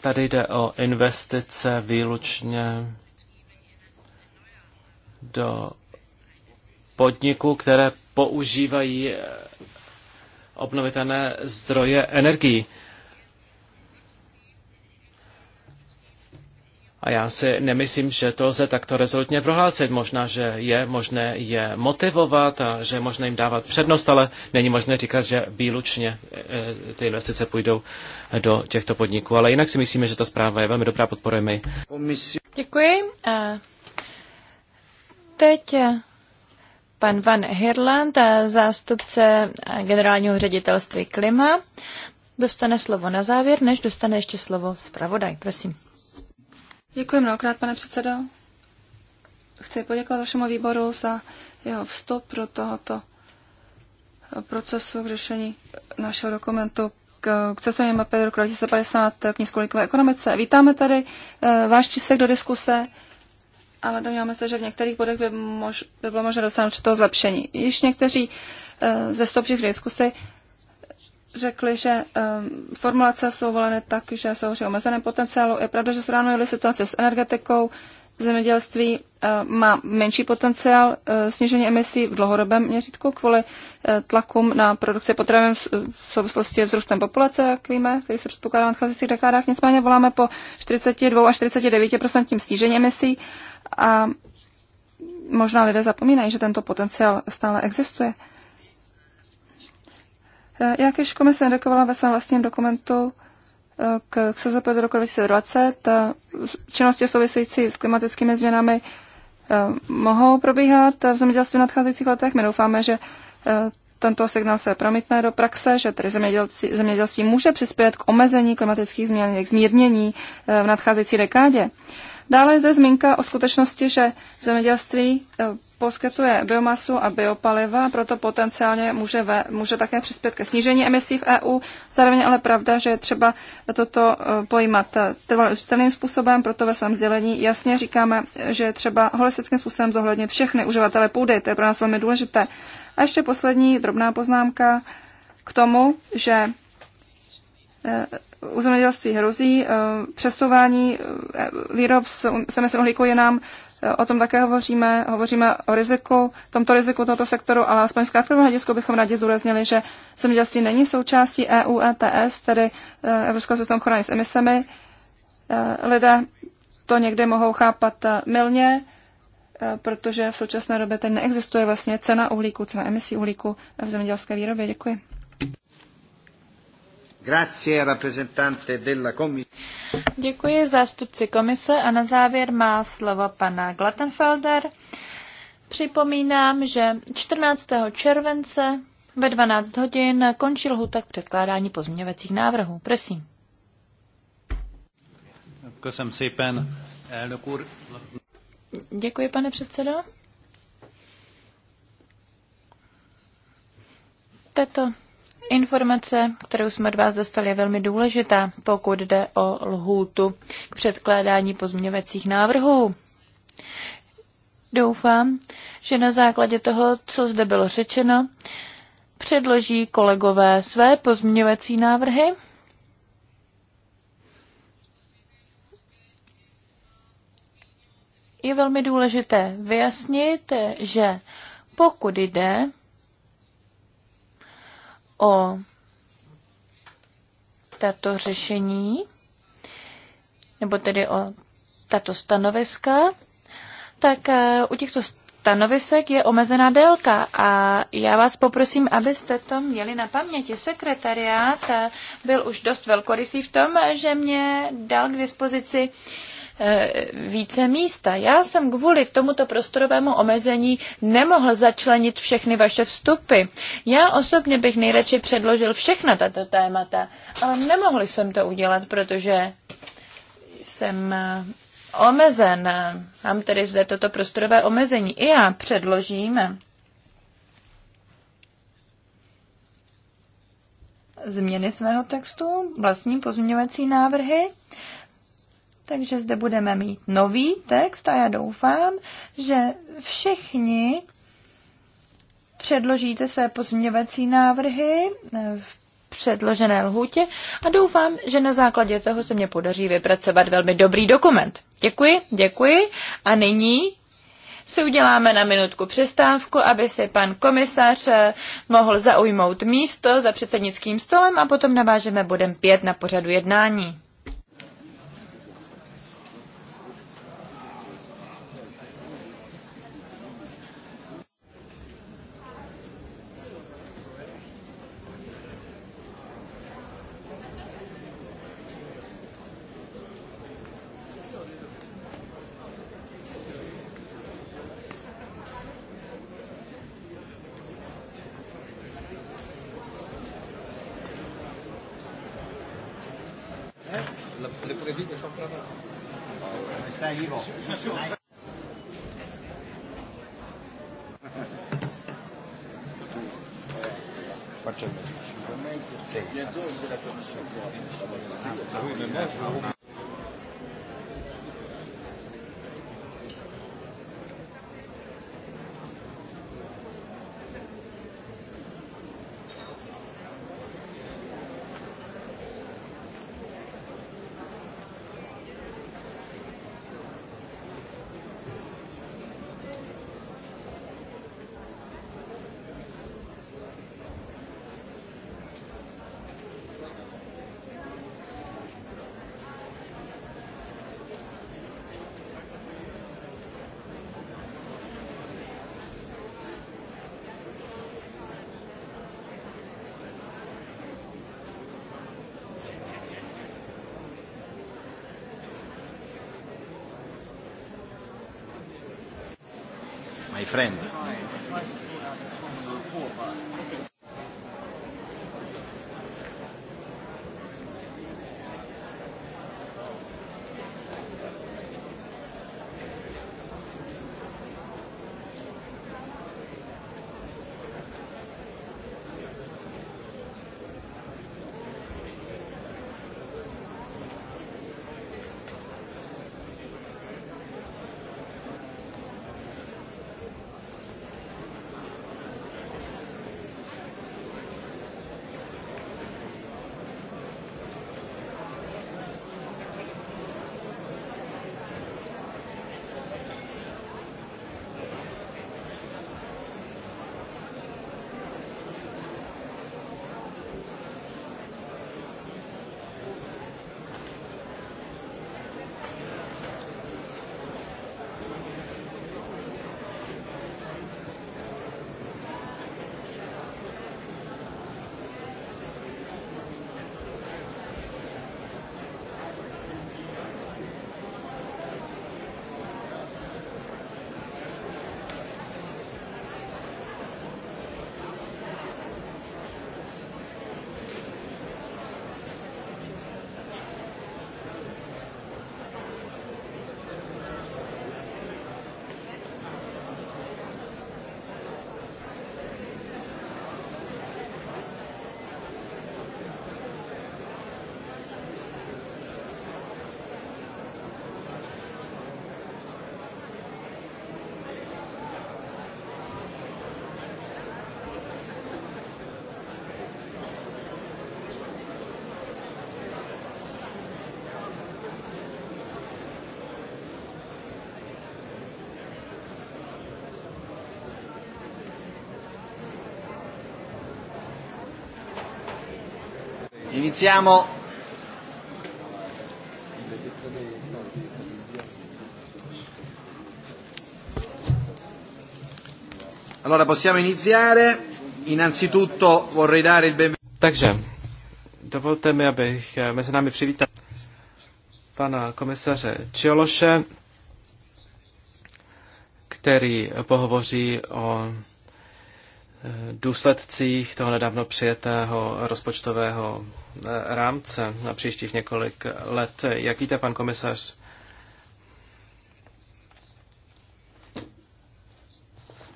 tady jde o investice výlučně do podniků, které používají eh, obnovitelné zdroje energií. A já si nemyslím, že to lze takto rezolutně prohlásit. Možná, že je možné je motivovat a že je možné jim dávat přednost, ale není možné říkat, že výlučně eh, eh, ty investice půjdou do těchto podniků. Ale jinak si myslíme, že ta zpráva je velmi dobrá, podporujeme ji. Děkuji teď pan Van Hirland, zástupce generálního ředitelství Klima, dostane slovo na závěr, než dostane ještě slovo zpravodaj. Prosím. Děkuji mnohokrát, pane předsedo. Chci poděkovat vašemu výboru za jeho vstup do tohoto procesu k řešení našeho dokumentu k, k cestovní mapě roku 2050 k nízkolikové ekonomice. Vítáme tady eh, váš příspěvek do diskuse ale domníváme se, že v některých bodech by, mož, by bylo možné dosáhnout určitého zlepšení. Již někteří uh, eh, ze stopčích diskusy řekli, že um, formulace jsou voleny tak, že jsou o omezeném potenciálu. Je pravda, že srovnávali situaci s energetikou, zemědělství eh, má menší potenciál snížení emisí v dlouhodobém měřítku kvůli tlakům na produkci potravin v souvislosti s růstem populace, jak víme, který se předpokládá v nadcházejících dekádách. Nicméně voláme po 42 až 49% snížení emisí a možná lidé zapomínají, že tento potenciál stále existuje. Eh, jak již komise indikovala ve svém vlastním dokumentu eh, k, SZP do roku 2020, eh, činnosti související s klimatickými změnami mohou probíhat v zemědělství v nadcházejících letech. My doufáme, že tento signál se promítne do praxe, že tedy zemědělství, zemědělství může přispět k omezení klimatických změn, k zmírnění v nadcházející dekádě. Dále je zde zmínka o skutečnosti, že zemědělství eh, poskytuje biomasu a biopaliva, proto potenciálně může, ve, může také přispět ke snížení emisí v EU. Zároveň ale pravda, že je třeba toto eh, pojímat eh, trvalým způsobem, proto ve svém sdělení jasně říkáme, že je třeba holistickým způsobem zohlednit všechny uživatele půdy, to je pro nás velmi důležité. A ještě poslední drobná poznámka k tomu, že u zemědělství hrozí. Eh, přesouvání eh, výrob s emisí uhlíku je nám, eh, o tom také hovoříme, hovoříme o riziku, tomto riziku tohoto sektoru, ale aspoň v krátkém hledisku bychom rádi zdůraznili, že zemědělství není součástí EU ETS, tedy Evropského systému ochrany s emisemi. Lidé to někde mohou chápat milně, protože v současné době teď neexistuje vlastně cena uhlíku, cena emisí uhlíku v zemědělské výrobě. Děkuji. Děkuji zástupci komise a na závěr má slovo pana Glattenfelder. Připomínám, že 14. července ve 12 hodin končí lhůta k předkládání pozměňovacích návrhů. Prosím. Děkuji, pane předsedo. Tato Informace, kterou jsme od vás dostali, je velmi důležitá, pokud jde o lhůtu k předkládání pozměňovacích návrhů. Doufám, že na základě toho, co zde bylo řečeno, předloží kolegové své pozměňovací návrhy. Je velmi důležité vyjasnit, že pokud jde o tato řešení, nebo tedy o tato stanoviska, tak eh, u těchto stanovisek je omezená délka a já vás poprosím, abyste to měli na paměti. Sekretariát eh, byl už dost velkorysý v tom, že mě dal k dispozici uh, E, více místa. Já jsem kvůli tomuto prostorovému omezení nemohl začlenit všechny vaše vstupy. Já osobně bych nejradši předložil všechna tato témata, ale nemohl jsem to udělat, protože jsem e, omezen. Mám tedy zde toto prostorové omezení. I já předložím změny svého textu, vlastní pozměňovací návrhy takže zde budeme mít nový text a já doufám, že všichni předložíte své pozměňovací návrhy eh, v předložené lhůtě a doufám, že na základě toho se mě podaří vypracovat velmi dobrý dokument. Děkuji, děkuji a nyní si uděláme na minutku přestávku, aby si pan komisař eh, mohl zaujmout místo za předsednickým stolem a potom navážeme bodem 5 na pořadu jednání. evil. Faccio il mezzo. Sì. Ah, oui, mais moi, je friend. Iniziamo. Allora possiamo iniziare. Innanzitutto vorrei dare il benvenuto. Takže, dovolte mi, abych eh, mezi námi přivítal pana komisaře Čiološe, který pohovoří o důsledcích toho nedávno přijetého rozpočtového eh, rámce na příštích několik let. Jak víte, pan komisař?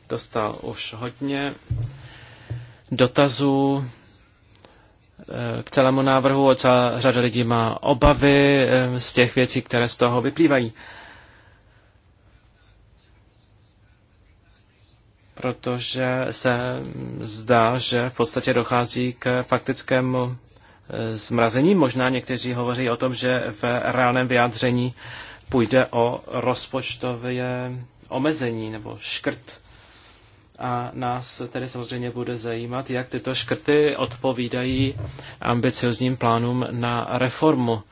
Dostal už hodně dotazů eh, k celému návrhu. Celá řada lidí má obavy eh, z těch věcí, které z toho vyplývají. protože se zdá, že v podstatě dochází k faktickému e, zmrazení. Možná někteří hovoří o tom, že v reálném vyjádření půjde o rozpočtové omezení nebo škrt. A nás tedy samozřejmě bude zajímat, jak tyto škrty odpovídají ambiciozním plánům na reformu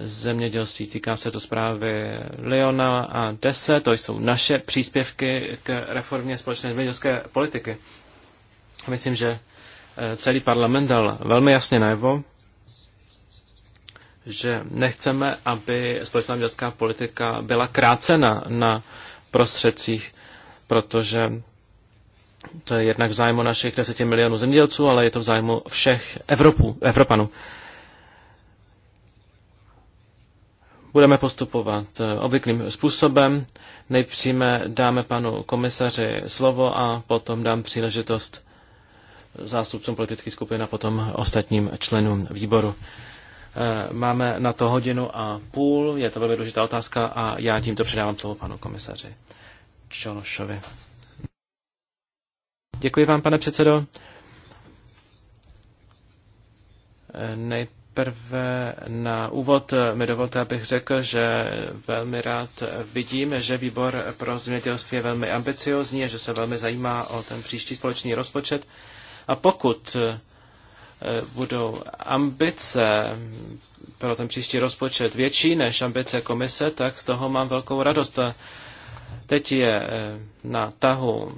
zemědělství, týká se to zprávy Leona a Dese, to jsou naše příspěvky k reformě společné zemědělské politiky. Myslím, že eh, celý parlament dal velmi jasně najevo, že nechceme, aby společná zemědělská politika byla krácena na prostředcích, protože to je jednak v zájmu našich 10 milionů zemědělců, ale je to v zájmu všech Evropů, Evropanů. Budeme postupovat eh, obvyklým způsobem. Nejpříme dáme panu komisaři slovo a potom dám příležitost zástupcům politických skupin a potom ostatním členům výboru. Eh, máme na to hodinu a půl, je to velmi důležitá otázka a já tímto předávám slovo panu komisaři Čološovi. Děkuji vám, pane předsedo. Eh, Nejprve Nejprve na úvod mi dovolte, abych řekl, že velmi rád vidím, že výbor pro zemědělství je velmi ambiciozní a že se velmi zajímá o ten příští společný rozpočet. A pokud eh, budou ambice pro ten příští rozpočet větší než ambice komise, tak z toho mám velkou radost. Teď je eh, na tahu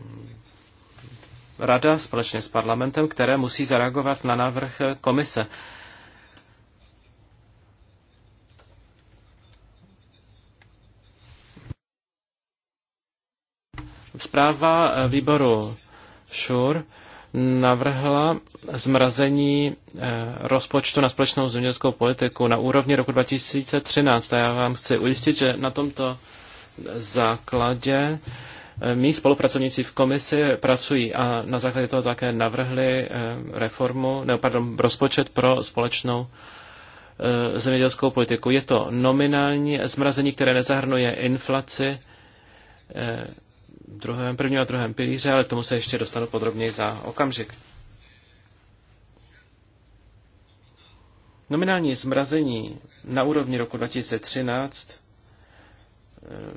rada společně s parlamentem, které musí zareagovat na návrh komise. Zpráva eh, výboru ŠUR navrhla zmrazení eh, rozpočtu na společnou zemědělskou politiku na úrovni roku 2013. A já vám chci ujistit, že na tomto základě eh, mý spolupracovníci v komisi pracují a na základě toho také navrhli reformu, ne, pardon, rozpočet pro společnou zemědělskou politiku. Je to nominální zmrazení, které nezahrnuje inflaci, druhém, prvním a druhém pilíře, ale k tomu se ještě dostanu podrobněji za okamžik. Nominální zmrazení na úrovni roku 2013,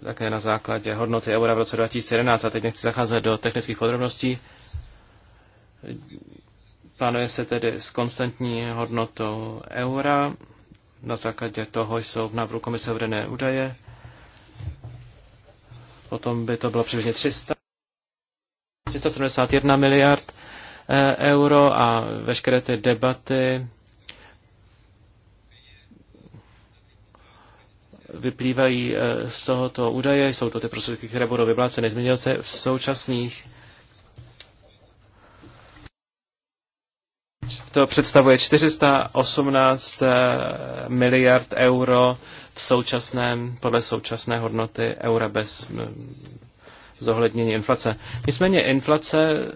eh, také na základě hodnoty eura v roce 2011, a teď nechci zacházet do technických podrobností, plánuje se tedy s konstantní hodnotou eura. Na základě toho jsou v návrhu komise uvedené údaje potom by to bylo přibližně 300, 371 miliard eh, euro a veškeré ty debaty vyplývají eh, z tohoto údaje. Jsou to ty prostředky, které budou vypláceny. Změnil se v současných to představuje 418 eh, miliard euro v současném, podle současné hodnoty eura bez zohlednění inflace. Nicméně inflace e,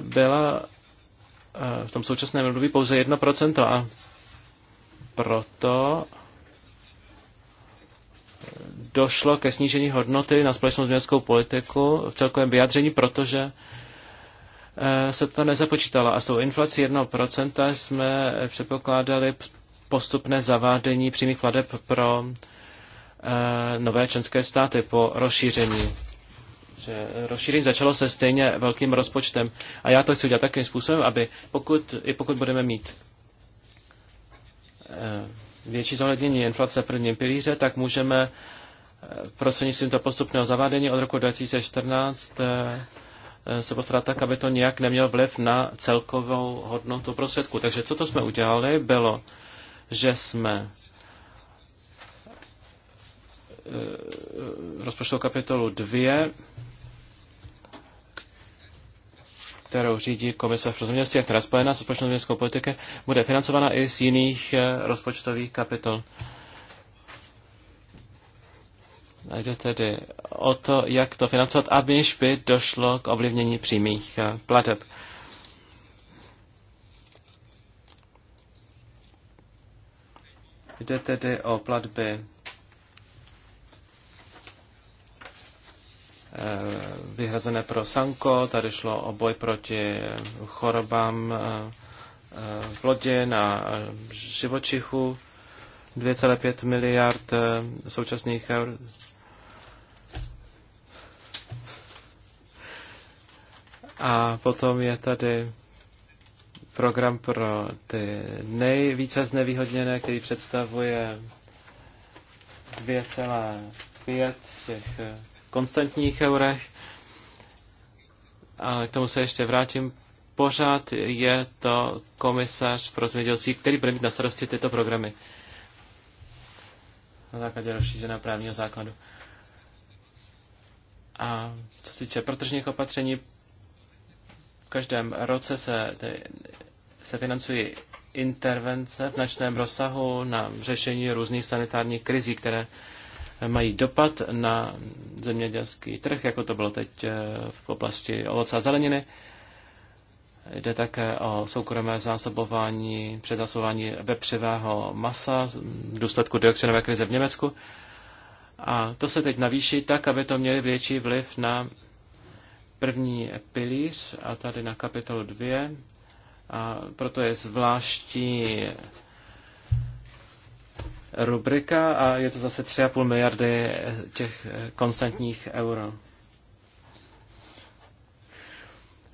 byla e, v tom současném období pouze 1% a proto e, došlo ke snížení hodnoty na společnou změnskou politiku v celkovém vyjádření, protože se to nezapočítalo. A s tou inflací 1% jsme předpokládali postupné zavádění přímých pladeb pro e, nové členské státy po rozšíření. Že rozšíření začalo se stejně velkým rozpočtem a já to chci udělat takovým způsobem, aby pokud, i pokud budeme mít e, větší zohlednění inflace v prvním pilíře, tak můžeme eh, prostřednictvím toho postupného zavádění od roku 2014 se postarat tak, aby to nějak nemělo vliv na celkovou hodnotu prostředku. Takže co to jsme udělali, bylo že jsme eh, rozpočtou kapitolu 2, kterou řídí Komise pro zemědělství a která spojená s společnou zemědělskou politikou, bude financována i z jiných eh, rozpočtových kapitol. jde tedy o to, jak to financovat, aniž by došlo k ovlivnění přímých eh, plateb. Jde tedy o platby eh, vyhrazené pro Sanko, tady šlo o boj proti eh, chorobám plodin eh, a živočichů, 2,5 miliard současných eur. A potom je tady program pro ty nejvíce znevýhodněné, který představuje 2,5 v těch eh, konstantních eurech. Ale k tomu se ještě vrátím. Pořád je to komisař pro zemědělství, který bude mít na starosti tyto programy na základě rozšířeného právního základu. A co se týče protržních opatření, v každém roce se ty se financují intervence v značném rozsahu na řešení různých sanitárních krizí, které mají dopad na zemědělský trh, jako to bylo teď eh, v oblasti ovoce a zeleniny. Jde také o soukromé zásobování, předasování vepřivého masa v důsledku dioxinové krize v Německu. A to se teď navýší tak, aby to měli větší vliv na první pilíř a tady na kapitolu 2 a proto je zvláštní rubrika a je to zase 3,5 miliardy těch konstantních euro.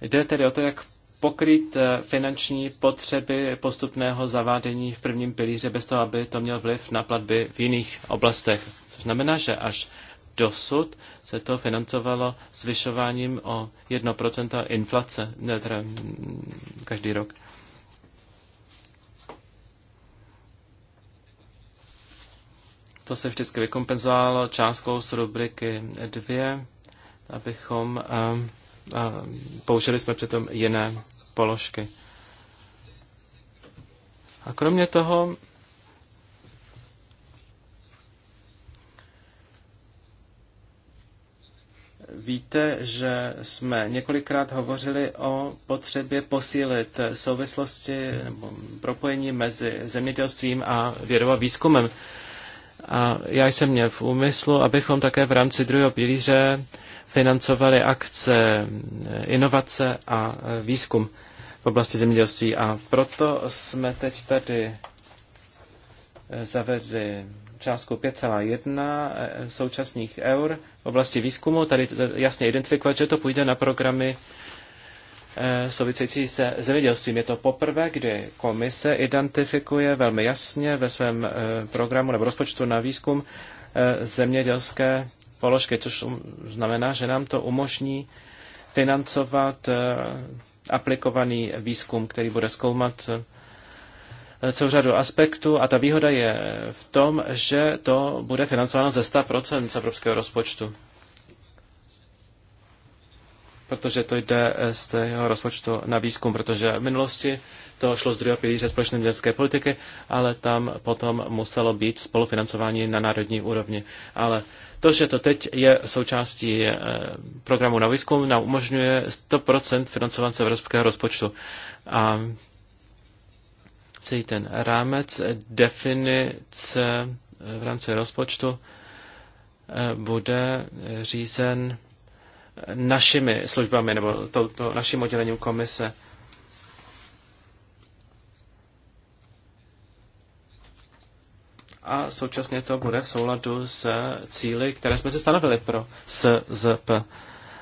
Jde tedy o to, jak pokryt eh, finanční potřeby postupného zavádění v prvním pilíře bez toho, aby to měl vliv na platby v jiných oblastech. Což znamená, že až dosud se to financovalo zvyšováním o 1% inflace, ne, teda každý rok. To se vždycky vykompenzovalo částkou z rubriky 2, abychom a, a, použili jsme přitom jiné položky. A kromě toho Víte, že jsme několikrát hovořili o potřebě posílit souvislosti nebo propojení mezi zemědělstvím a vědou a výzkumem. A já jsem měl v úmyslu, abychom také v rámci druhého pilíře financovali akce inovace a výzkum v oblasti zemědělství. A proto jsme teď tady eh, zavedli částku 5,1 eh, současných eur v oblasti výzkumu. Tady jasně identifikovat, že to půjde na programy eh, související se zemědělstvím. Je to poprvé, kdy komise identifikuje velmi jasně ve svém eh, programu nebo rozpočtu na výzkum zemědělské položky, což um- znamená, že nám to umožní financovat aplikovaný výzkum, který bude zkoumat Eh, celou řadu aspektů a ta výhoda je v tom, že to bude financováno ze 100% z evropského rozpočtu. Protože to jde eh, z jeho rozpočtu na výzkum, protože v minulosti to šlo z druhého pilíře společné městské politiky, ale tam potom muselo být spolufinancování na národní úrovni. Ale to, že to teď je součástí eh, programu na výzkum, nám umožňuje 100% financování evropského rozpočtu. A celý ten rámec definice eh, v rámci rozpočtu eh, bude řízen našimi službami nebo to, to naším oddělením komise. A současně to bude v souladu s cíly, které jsme si stanovili pro SZP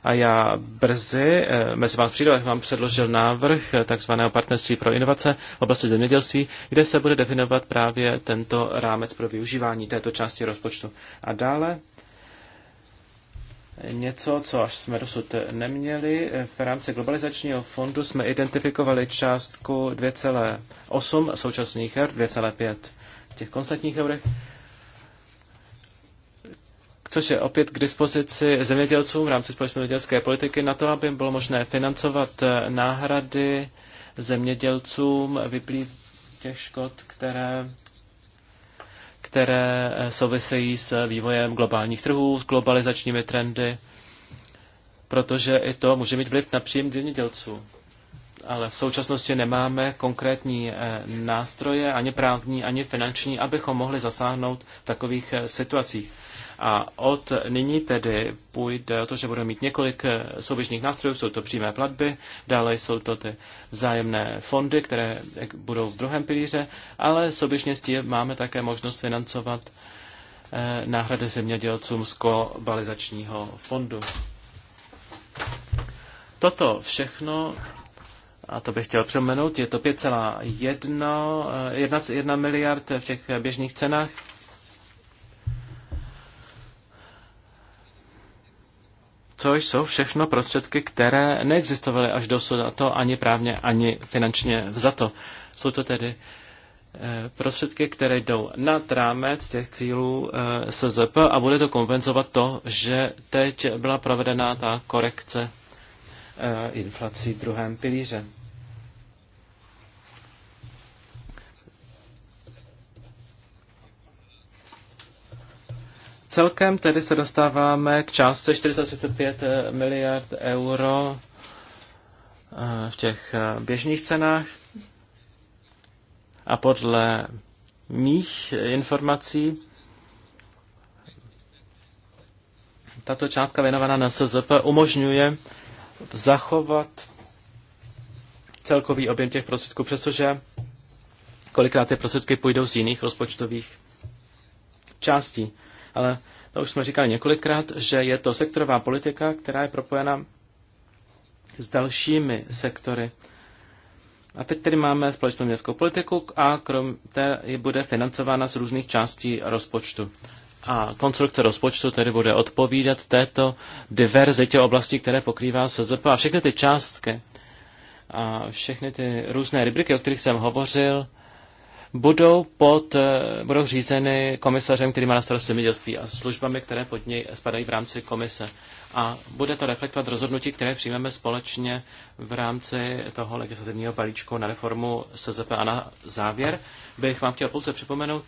a já brzy eh, mezi vás přijdu, vám předložil návrh eh, takzvaného partnerství pro inovace v oblasti zemědělství, kde se bude definovat právě tento rámec pro využívání této části rozpočtu. A dále něco, co až jsme dosud neměli. V rámci globalizačního fondu jsme identifikovali částku 2,8 současných her, 2,5 těch konstantních eurech což je opět k dispozici zemědělcům v rámci společné zemědělské politiky na to, aby bylo možné financovat eh, náhrady zemědělcům vyplý těch škod, které, které eh, souvisejí s vývojem globálních trhů, s globalizačními trendy, protože i to může mít vliv na příjem zemědělců. Ale v současnosti nemáme konkrétní eh, nástroje, ani právní, ani finanční, abychom mohli zasáhnout v takových situacích. A od nyní tedy půjde o to, že budeme mít několik eh, souběžných nástrojů, jsou to přímé platby, dále jsou to ty vzájemné fondy, které eh, budou v druhém pilíře, ale souběžně s tím máme také možnost financovat eh, náhrady zemědělcům z globalizačního fondu. Toto všechno, a to bych chtěl přemenout, je to 5,1 1 miliard v těch běžných cenách což jsou všechno prostředky, které neexistovaly až dosud, a to ani právně, ani finančně vzato. Jsou to tedy eh, prostředky, které jdou nad rámec těch cílů eh, SZP a bude to kompenzovat to, že teď byla provedena ta korekce eh, inflací v druhém pilíře. Celkem tedy se dostáváme k částce 435 eh, miliard euro eh, v těch eh, běžných cenách a podle mých informací tato částka věnovaná na SZP umožňuje zachovat celkový objem těch prostředků, přestože kolikrát ty prostředky půjdou z jiných rozpočtových částí ale to už jsme říkali několikrát, že je to sektorová politika, která je propojena s dalšími sektory. A teď tedy máme společnou městskou politiku a krom té bude financována z různých částí rozpočtu. A konstrukce rozpočtu tedy bude odpovídat této diverzitě oblastí, které pokrývá SZP. A všechny ty částky a všechny ty různé rubriky, o kterých jsem hovořil, budou, pod, eh, budou řízeny komisařem, který má na starost zemědělství a službami, které pod něj spadají v rámci komise. A bude to reflektovat rozhodnutí, které přijmeme společně v rámci toho legislativního balíčku na reformu SZP. A na závěr bych vám chtěl pouze připomenout,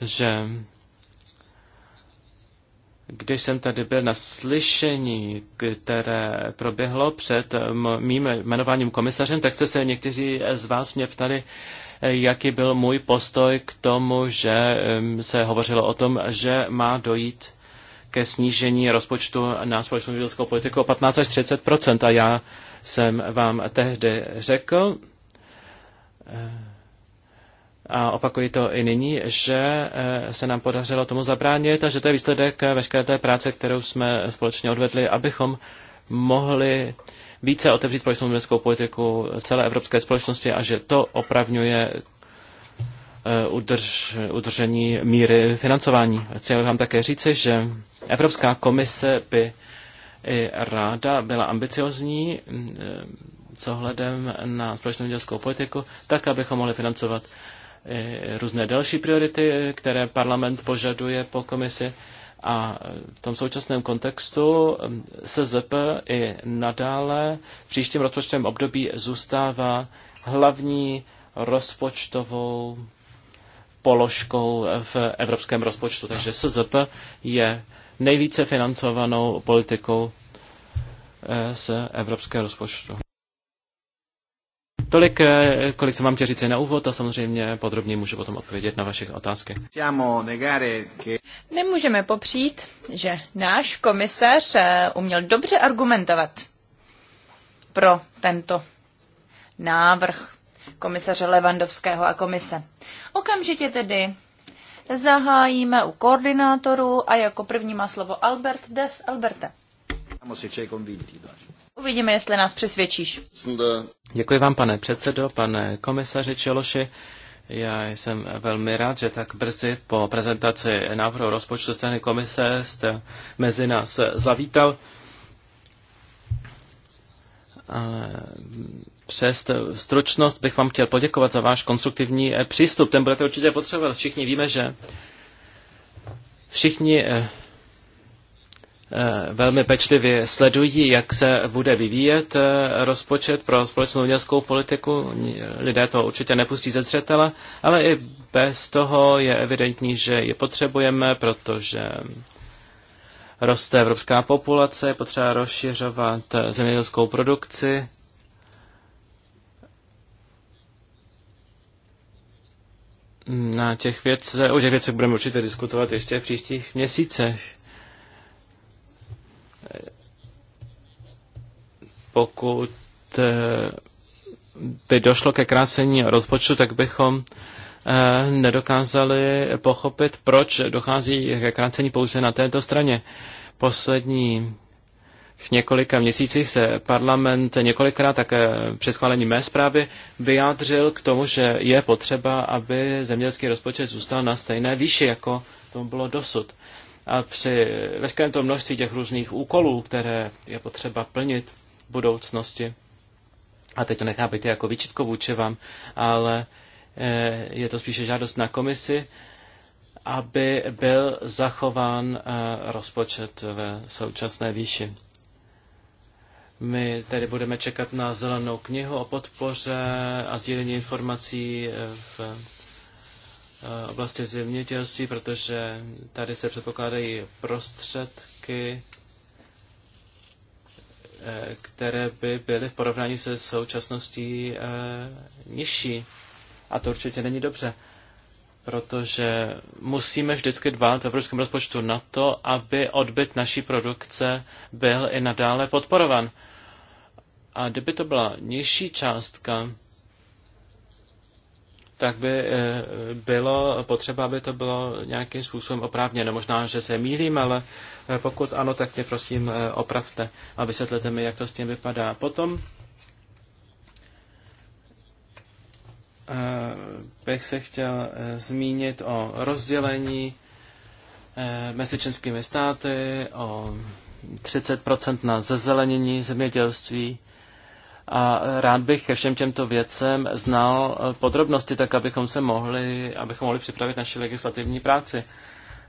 že když jsem tady byl na slyšení, které proběhlo před mým jmenováním komisařem, tak jste se někteří z vás mě ptali, jaký byl můj postoj k tomu, že se hovořilo o tom, že má dojít ke snížení rozpočtu na společnou zemědělskou politiku o 15 až 30 A já jsem vám tehdy řekl, eh, a opakuji to i nyní, že eh, se nám podařilo tomu zabránit a že to je výsledek eh, veškeré té práce, kterou jsme společně odvedli, abychom mohli více otevřít společnou zemědělskou politiku celé evropské společnosti a že to opravňuje eh, udrž, udržení míry financování. Chci vám také říci, že Evropská komise by i ráda byla ambiciozní mm, eh, s ohledem na společnou zemědělskou politiku, tak, abychom mohli financovat různé další priority, které parlament požaduje po komisi a v tom současném kontextu um, SZP i nadále v příštím rozpočtovém období zůstává hlavní rozpočtovou položkou v evropském rozpočtu. Takže SZP je nejvíce financovanou politikou eh, z evropského rozpočtu. Tolik, eh, kolik jsem vám chtěl říct na úvod a samozřejmě podrobně můžu potom odpovědět na vaše otázky. Nemůžeme popřít, že náš komisař eh, uměl dobře argumentovat pro tento návrh komisaře Levandovského a komise. Okamžitě tedy zahájíme u koordinátorů a jako první má slovo Albert Des. Alberte. Vamos c'è convinti, Uvidíme, jestli nás přesvědčíš. Děkuji vám, pane předsedo, pane komisaři Čeloši. Já jsem velmi rád, že tak brzy po prezentaci návrhu rozpočtu strany komise jste mezi nás zavítal. Ale přes stručnost bych vám chtěl poděkovat za váš konstruktivní eh, přístup. Ten budete určitě potřebovat. Všichni víme, že všichni eh, Eh, velmi pečlivě sledují, jak se bude vyvíjet eh, rozpočet pro společnou německou politiku. Lidé to určitě nepustí ze zřetele, ale i bez toho je evidentní, že je potřebujeme, protože roste evropská populace, je potřeba rozšiřovat eh, zemědělskou produkci. Na těch věcech, o těch věcech budeme určitě diskutovat ještě v příštích měsících. pokud eh, by došlo ke krácení rozpočtu, tak bychom eh, nedokázali pochopit, proč dochází ke krácení pouze na této straně. Poslední v několika měsících se parlament několikrát také při schválení mé zprávy vyjádřil k tomu, že je potřeba, aby zemědělský rozpočet zůstal na stejné výši, jako to bylo dosud. A při veškerém tom množství těch různých úkolů, které je potřeba plnit, budoucnosti. A teď to nechápejte jako výčitko vůči vám, ale eh, je to spíše žádost na komisi, aby byl zachován eh, rozpočet ve současné výši. My tedy budeme čekat na zelenou knihu o podpoře a sdílení informací eh, v oblasti zemědělství, protože tady se předpokládají prostředky Eh, které by byly v porovnání se současností eh, nižší. A to určitě není dobře, protože musíme vždycky dbát v evropském rozpočtu na to, aby odbyt naší produkce byl i nadále podporovan. A kdyby to byla nižší částka, tak by eh, bylo potřeba, aby to bylo nějakým způsobem oprávněno. Možná, že se mýlím, ale Eh, pokud ano, tak mě prosím eh, opravte a vysvětlete mi, jak to s tím vypadá. Potom eh, bych se chtěl zmínit o rozdělení mezi českými státy, o 30% na zezelenění zemědělství. A rád bych ke všem těmto věcem znal podrobnosti, tak abychom se mohli, abychom mohli připravit naši legislativní práci.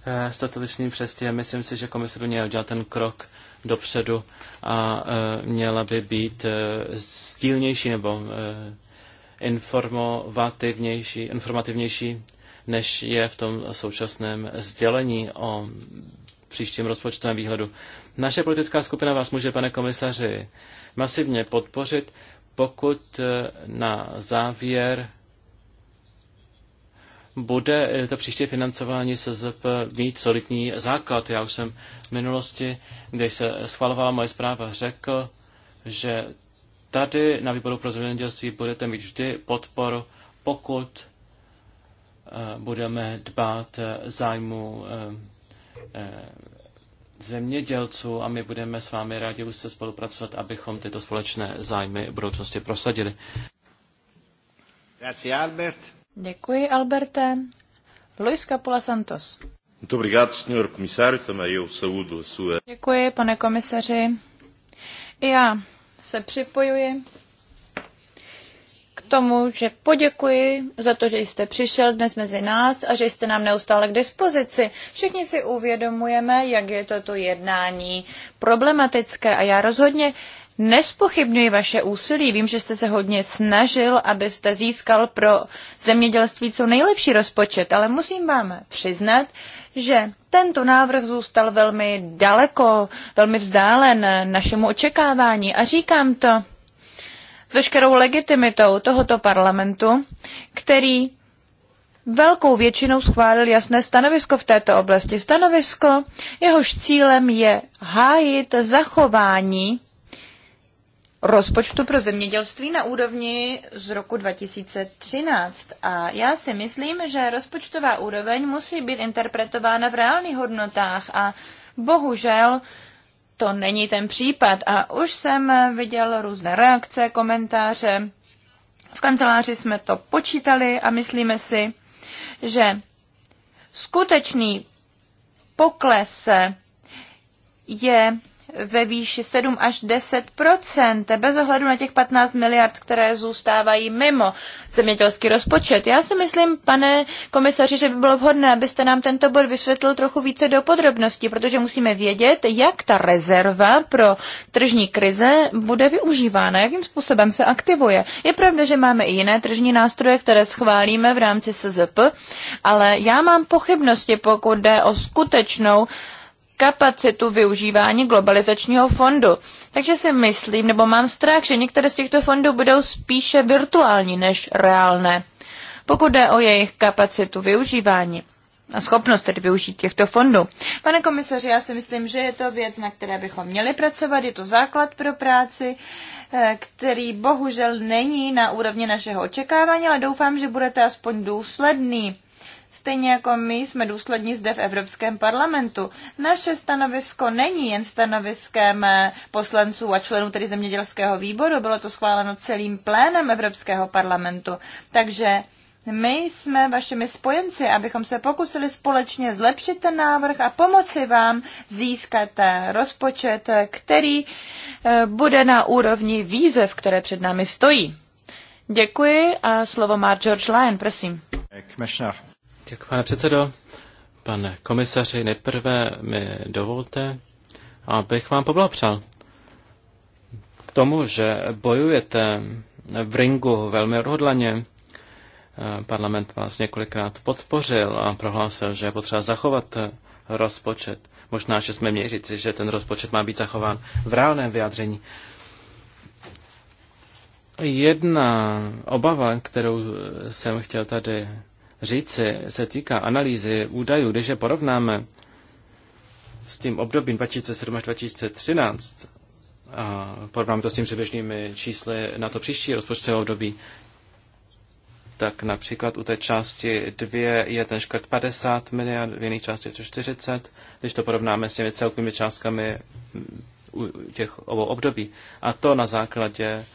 Eh, s totaličními Myslím si, že komise by měla udělat ten krok dopředu a eh, měla by být eh, stílnější nebo informovativnější, informativnější, než je v tom současném sdělení o příštím rozpočtovém výhledu. Naše politická skupina vás může, pane komisaři, masivně podpořit, pokud na závěr bude eh, to příště financování SZP mít solidní základ. Já už jsem v minulosti, když se schvalovala moje zpráva, řekl, že tady na výboru pro zemědělství budete mít vždy podporu, pokud eh, budeme dbát eh, zájmu zemědělců a my budeme s vámi rádi už se spolupracovat, abychom tyto společné zájmy v budoucnosti prosadili. Grazie Albert. Děkuji, Alberte. Luis Capula Santos. Děkuji, pane komisaři. I já se připojuji k tomu, že poděkuji za to, že jste přišel dnes mezi nás a že jste nám neustále k dispozici. Všichni si uvědomujeme, jak je toto jednání problematické a já rozhodně nespochybňuji vaše úsilí. Vím, že jste se hodně snažil, abyste získal pro zemědělství co nejlepší rozpočet, ale musím vám přiznat, že tento návrh zůstal velmi daleko, velmi vzdálen našemu očekávání. A říkám to s veškerou legitimitou tohoto parlamentu, který velkou většinou schválil jasné stanovisko v této oblasti. Stanovisko, jehož cílem je hájit zachování rozpočtu pro zemědělství na úrovni z roku 2013. A já si myslím, že rozpočtová úroveň musí být interpretována v reálných hodnotách a bohužel to není ten případ. A už jsem viděl různé reakce, komentáře. V kanceláři jsme to počítali a myslíme si, že skutečný pokles je ve výši 7 až 10 bez ohledu na těch 15 miliard, které zůstávají mimo zemědělský rozpočet. Já si myslím, pane komisaři, že by bylo vhodné, abyste nám tento bod vysvětlil trochu více do podrobností, protože musíme vědět, jak ta rezerva pro tržní krize bude využívána, jakým způsobem se aktivuje. Je pravda, že máme i jiné tržní nástroje, které schválíme v rámci SZP, ale já mám pochybnosti, pokud jde o skutečnou kapacitu využívání globalizačního fondu. Takže si myslím, nebo mám strach, že některé z těchto fondů budou spíše virtuální než reálné, pokud jde o jejich kapacitu využívání a schopnost tedy využít těchto fondů. Pane komisaři, já si myslím, že je to věc, na které bychom měli pracovat, je to základ pro práci, eh, který bohužel není na úrovni našeho očekávání, ale doufám, že budete aspoň důsledný Stejně jako my jsme důslední zde v Evropském parlamentu. Naše stanovisko není jen stanoviskem eh, poslanců a členů tedy zemědělského výboru, bylo to schváleno celým plénem Evropského parlamentu. Takže my jsme vašimi spojenci, abychom se pokusili společně zlepšit ten návrh a pomoci vám získat eh, rozpočet, eh, který bude na úrovni výzev, které před námi stojí. Děkuji a slovo má George Lyon, prosím. Commissioner. Děkuji, pane předsedo. Pane komisaři, nejprve mi dovolte, abych vám poblapřal k tomu, že bojujete v ringu velmi odhodlaně. Parlament vás několikrát podpořil a prohlásil, že je potřeba zachovat rozpočet. Možná, že jsme měli říci, že ten rozpočet má být zachován v reálném vyjádření. Jedna obava, kterou jsem chtěl tady říci, se týká analýzy údajů, když je porovnáme s tím obdobím 2007 až 2013 a porovnáme to s tím předběžnými čísly na to příští rozpočtové období, tak například u té části 2 je ten škrt 50 miliard, v jiných části je to 40, když to porovnáme s těmi celkovými částkami u těch obou období. A to na základě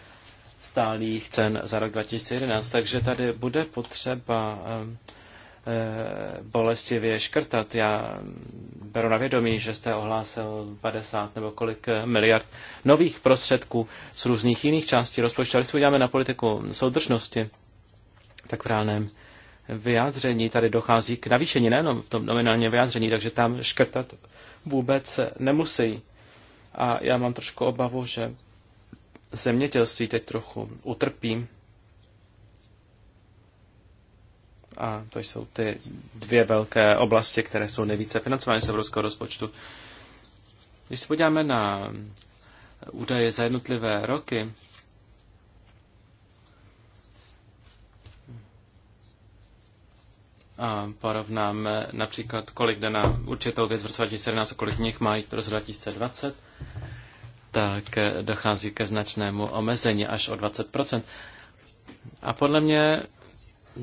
stálých cen za rok 2011, takže tady bude potřeba eh, bolestivě škrtat. Já beru na vědomí, že jste ohlásil 50 nebo kolik eh, miliard nových prostředků z různých jiných částí rozpočtu. když uděláme na politiku soudržnosti, tak v reálném vyjádření tady dochází k navýšení, nejenom v tom nominálním vyjádření, takže tam škrtat vůbec nemusí. A já mám trošku obavu, že zemědělství teď trochu utrpí. A to jsou ty dvě velké oblasti, které jsou nejvíce financovány z evropského rozpočtu. Když se podíváme na údaje za jednotlivé roky, a porovnáme například, kolik jde na určitou věc v roce 2017 a kolik nich mají v roce 2020, tak dochází ke značnému omezení až o 20%. A podle mě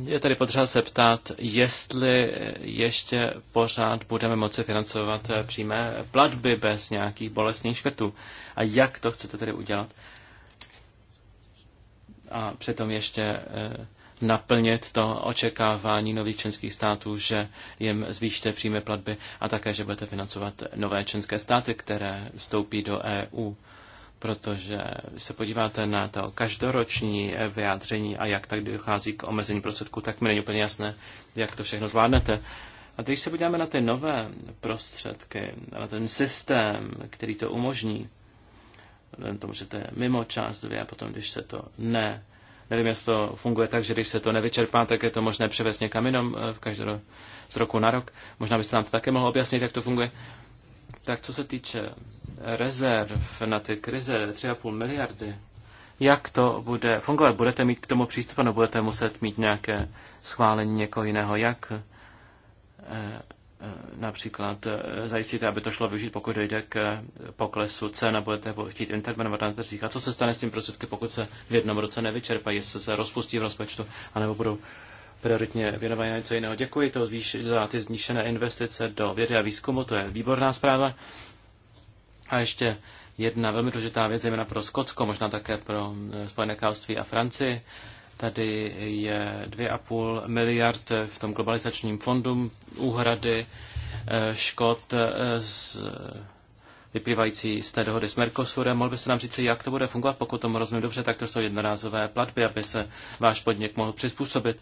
je tady potřeba se ptát, jestli ještě pořád budeme moci financovat přímé platby bez nějakých bolestných škrtů. A jak to chcete tedy udělat? A přitom ještě eh, naplnit to očekávání nových členských států, že jim zvýšíte přímé platby a také, že budete financovat nové členské státy, které vstoupí do EU. Protože se podíváte na to každoroční vyjádření a jak tak dochází k omezení prostředků, tak mi není úplně jasné, jak to všechno zvládnete. A když se podíváme na ty nové prostředky, na ten systém, který to umožní, to můžete mimo část dvě a potom, když se to ne Nevím, jestli to funguje tak, že když se to nevyčerpá, tak je to možné převést někam jinam eh, v každém z roku na rok. Možná byste nám to také mohl objasnit, jak to funguje. Tak co se týče rezerv na ty krize 3,5 miliardy, jak to bude fungovat? Budete mít k tomu přístup, nebo budete muset mít nějaké schválení někoho jiného? Jak eh, například eh, zajistíte, aby to šlo využít, pokud dojde k eh, poklesu cen a budete chtít intervenovat na trzích. A co se stane s tím prostředky, pokud se v jednom roce nevyčerpají, jestli se rozpustí v rozpočtu, anebo budou prioritně věnovat něco jiného. Děkuji to zvíš, za ty zníšené investice do vědy a výzkumu, to je výborná zpráva. A ještě jedna velmi důležitá věc, zejména pro Skotsko, možná také pro eh, Spojené království a Francii. Tady je 2,5 miliard v tom globalizačním fondu úhrady eh, škod eh, z vyplývající z té dohody s Mercosurem. Mohl byste nám říct, jak to bude fungovat, pokud tomu rozumím dobře, tak to jsou jednorázové platby, aby se váš podnik mohl přizpůsobit.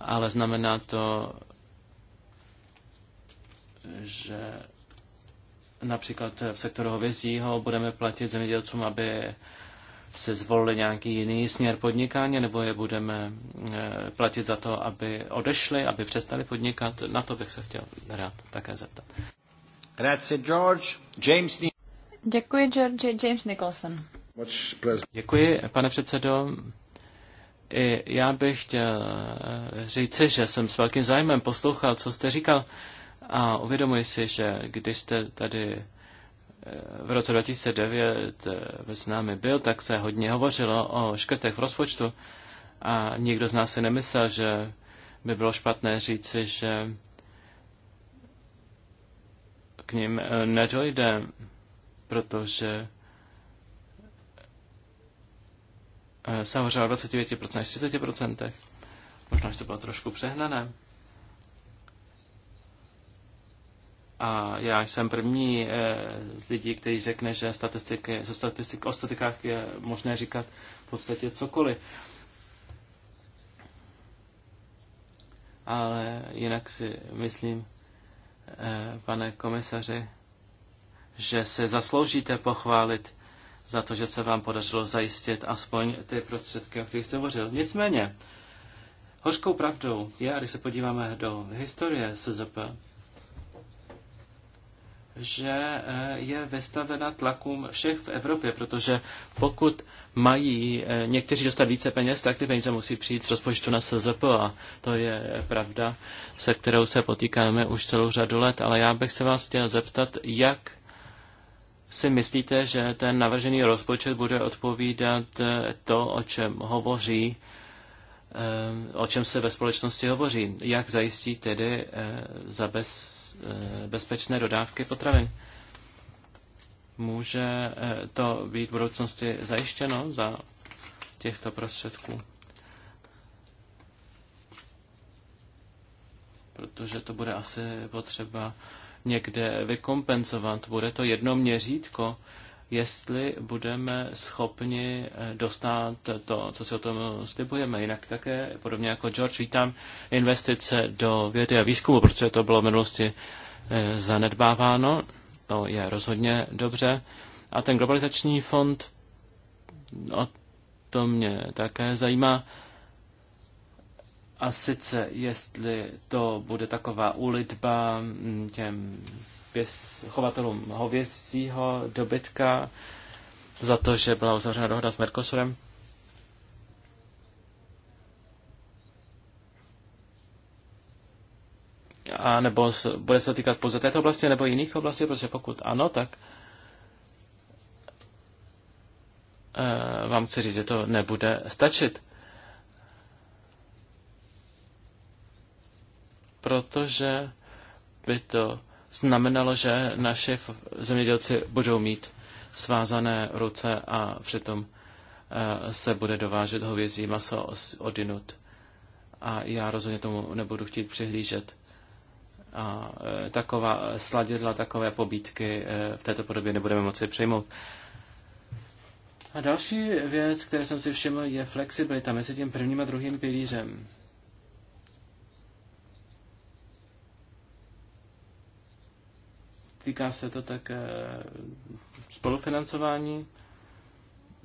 Ale znamená to, že například v sektoru hovězího budeme platit zemědělcům, aby si zvolili nějaký jiný směr podnikání, nebo je budeme eh, platit za to, aby odešli, aby přestali podnikat? Na to bych se chtěl rád také zeptat. Grazie, George. James Děkuji, George. James Nicholson. Děkuji, pane předsedo. I já bych chtěl eh, říci, že jsem s velkým zájmem poslouchal, co jste říkal a uvědomuji si, že když jste tady v roce 2009 eh, s námi byl, tak se hodně hovořilo o škrtech v rozpočtu a nikdo z nás si nemyslel, že by bylo špatné říci, že k ním eh, nedojde, protože eh, se hovořilo o 29% až 30%, možná, že to bylo trošku přehnané. A já jsem první eh, z lidí, kteří řekne, že statistiky, ze statistik o statistikách je možné říkat v podstatě cokoliv. Ale jinak si myslím, eh, pane komisaři, že se zasloužíte pochválit za to, že se vám podařilo zajistit aspoň ty prostředky, o kterých jste hovořil. Nicméně, hořkou pravdou je, když se podíváme do historie SZP, že eh, je vystavena tlakům všech v Evropě, protože pokud mají eh, někteří dostat více peněz, tak ty peníze musí přijít z rozpočtu na SZP a to je pravda, se kterou se potýkáme už celou řadu let, ale já bych se vás chtěl zeptat, jak si myslíte, že ten navržený rozpočet bude odpovídat eh, to, o čem hovoří Eh, o čem se ve společnosti hovoří. Jak zajistí tedy eh, za bez, eh, bezpečné dodávky potravin? Může to být v budoucnosti zajištěno za těchto prostředků? Protože to bude asi potřeba někde vykompenzovat. Bude to jedno měřítko jestli budeme schopni eh, dostat to, co si o tom slibujeme. Jinak také, podobně jako George, vítám investice do vědy a výzkumu, protože to bylo v minulosti eh, zanedbáváno. To je rozhodně dobře. A ten globalizační fond, o no, to mě také zajímá. A sice, jestli to bude taková ulitba mm, těm hověz, chovatelům hovězího dobytka za to, že byla uzavřena dohoda s Mercosurem. A nebo bude se týkat pouze této oblasti nebo jiných oblastí, protože pokud ano, tak eh, vám chci říct, že to nebude stačit. Protože by to znamenalo, že naši zemědělci budou mít svázané ruce a přitom eh, se bude dovážet hovězí maso odinut. A já rozhodně tomu nebudu chtít přihlížet. A eh, taková sladidla, takové pobídky eh, v této podobě nebudeme moci přijmout. A další věc, které jsem si všiml, je flexibilita mezi tím prvním a druhým pilířem. týká se to také spolufinancování.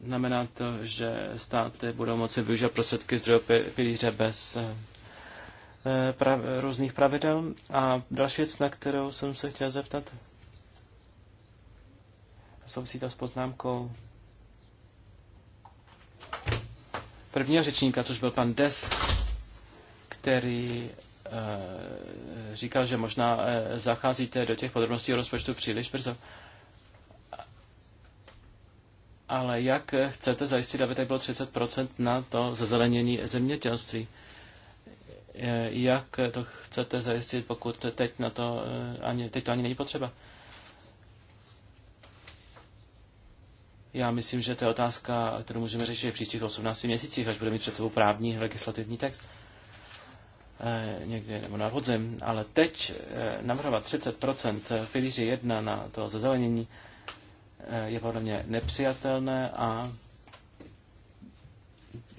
Znamená to, že státy budou moci využít prostředky z pilíře bez eh, prav, různých pravidel. A další věc, na kterou jsem se chtěl zeptat, souvisí to s poznámkou prvního řečníka, což byl pan Des, který Eh, říkal, že možná eh, zacházíte do těch podrobností o rozpočtu příliš brzo. Ale jak chcete zajistit, aby tady bylo 30% na to zazelenění zemědělství? Eh, jak to chcete zajistit, pokud teď, na to, ani, teď to ani není potřeba? Já myslím, že to je otázka, kterou můžeme řešit v příštích 18 měsících, až budeme mít před sebou právní legislativní text. Eh, někdy nebo na podzim, ale teď eh, navrhovat 30% v pilíři 1 na to zazelenění eh, je podle mě nepřijatelné a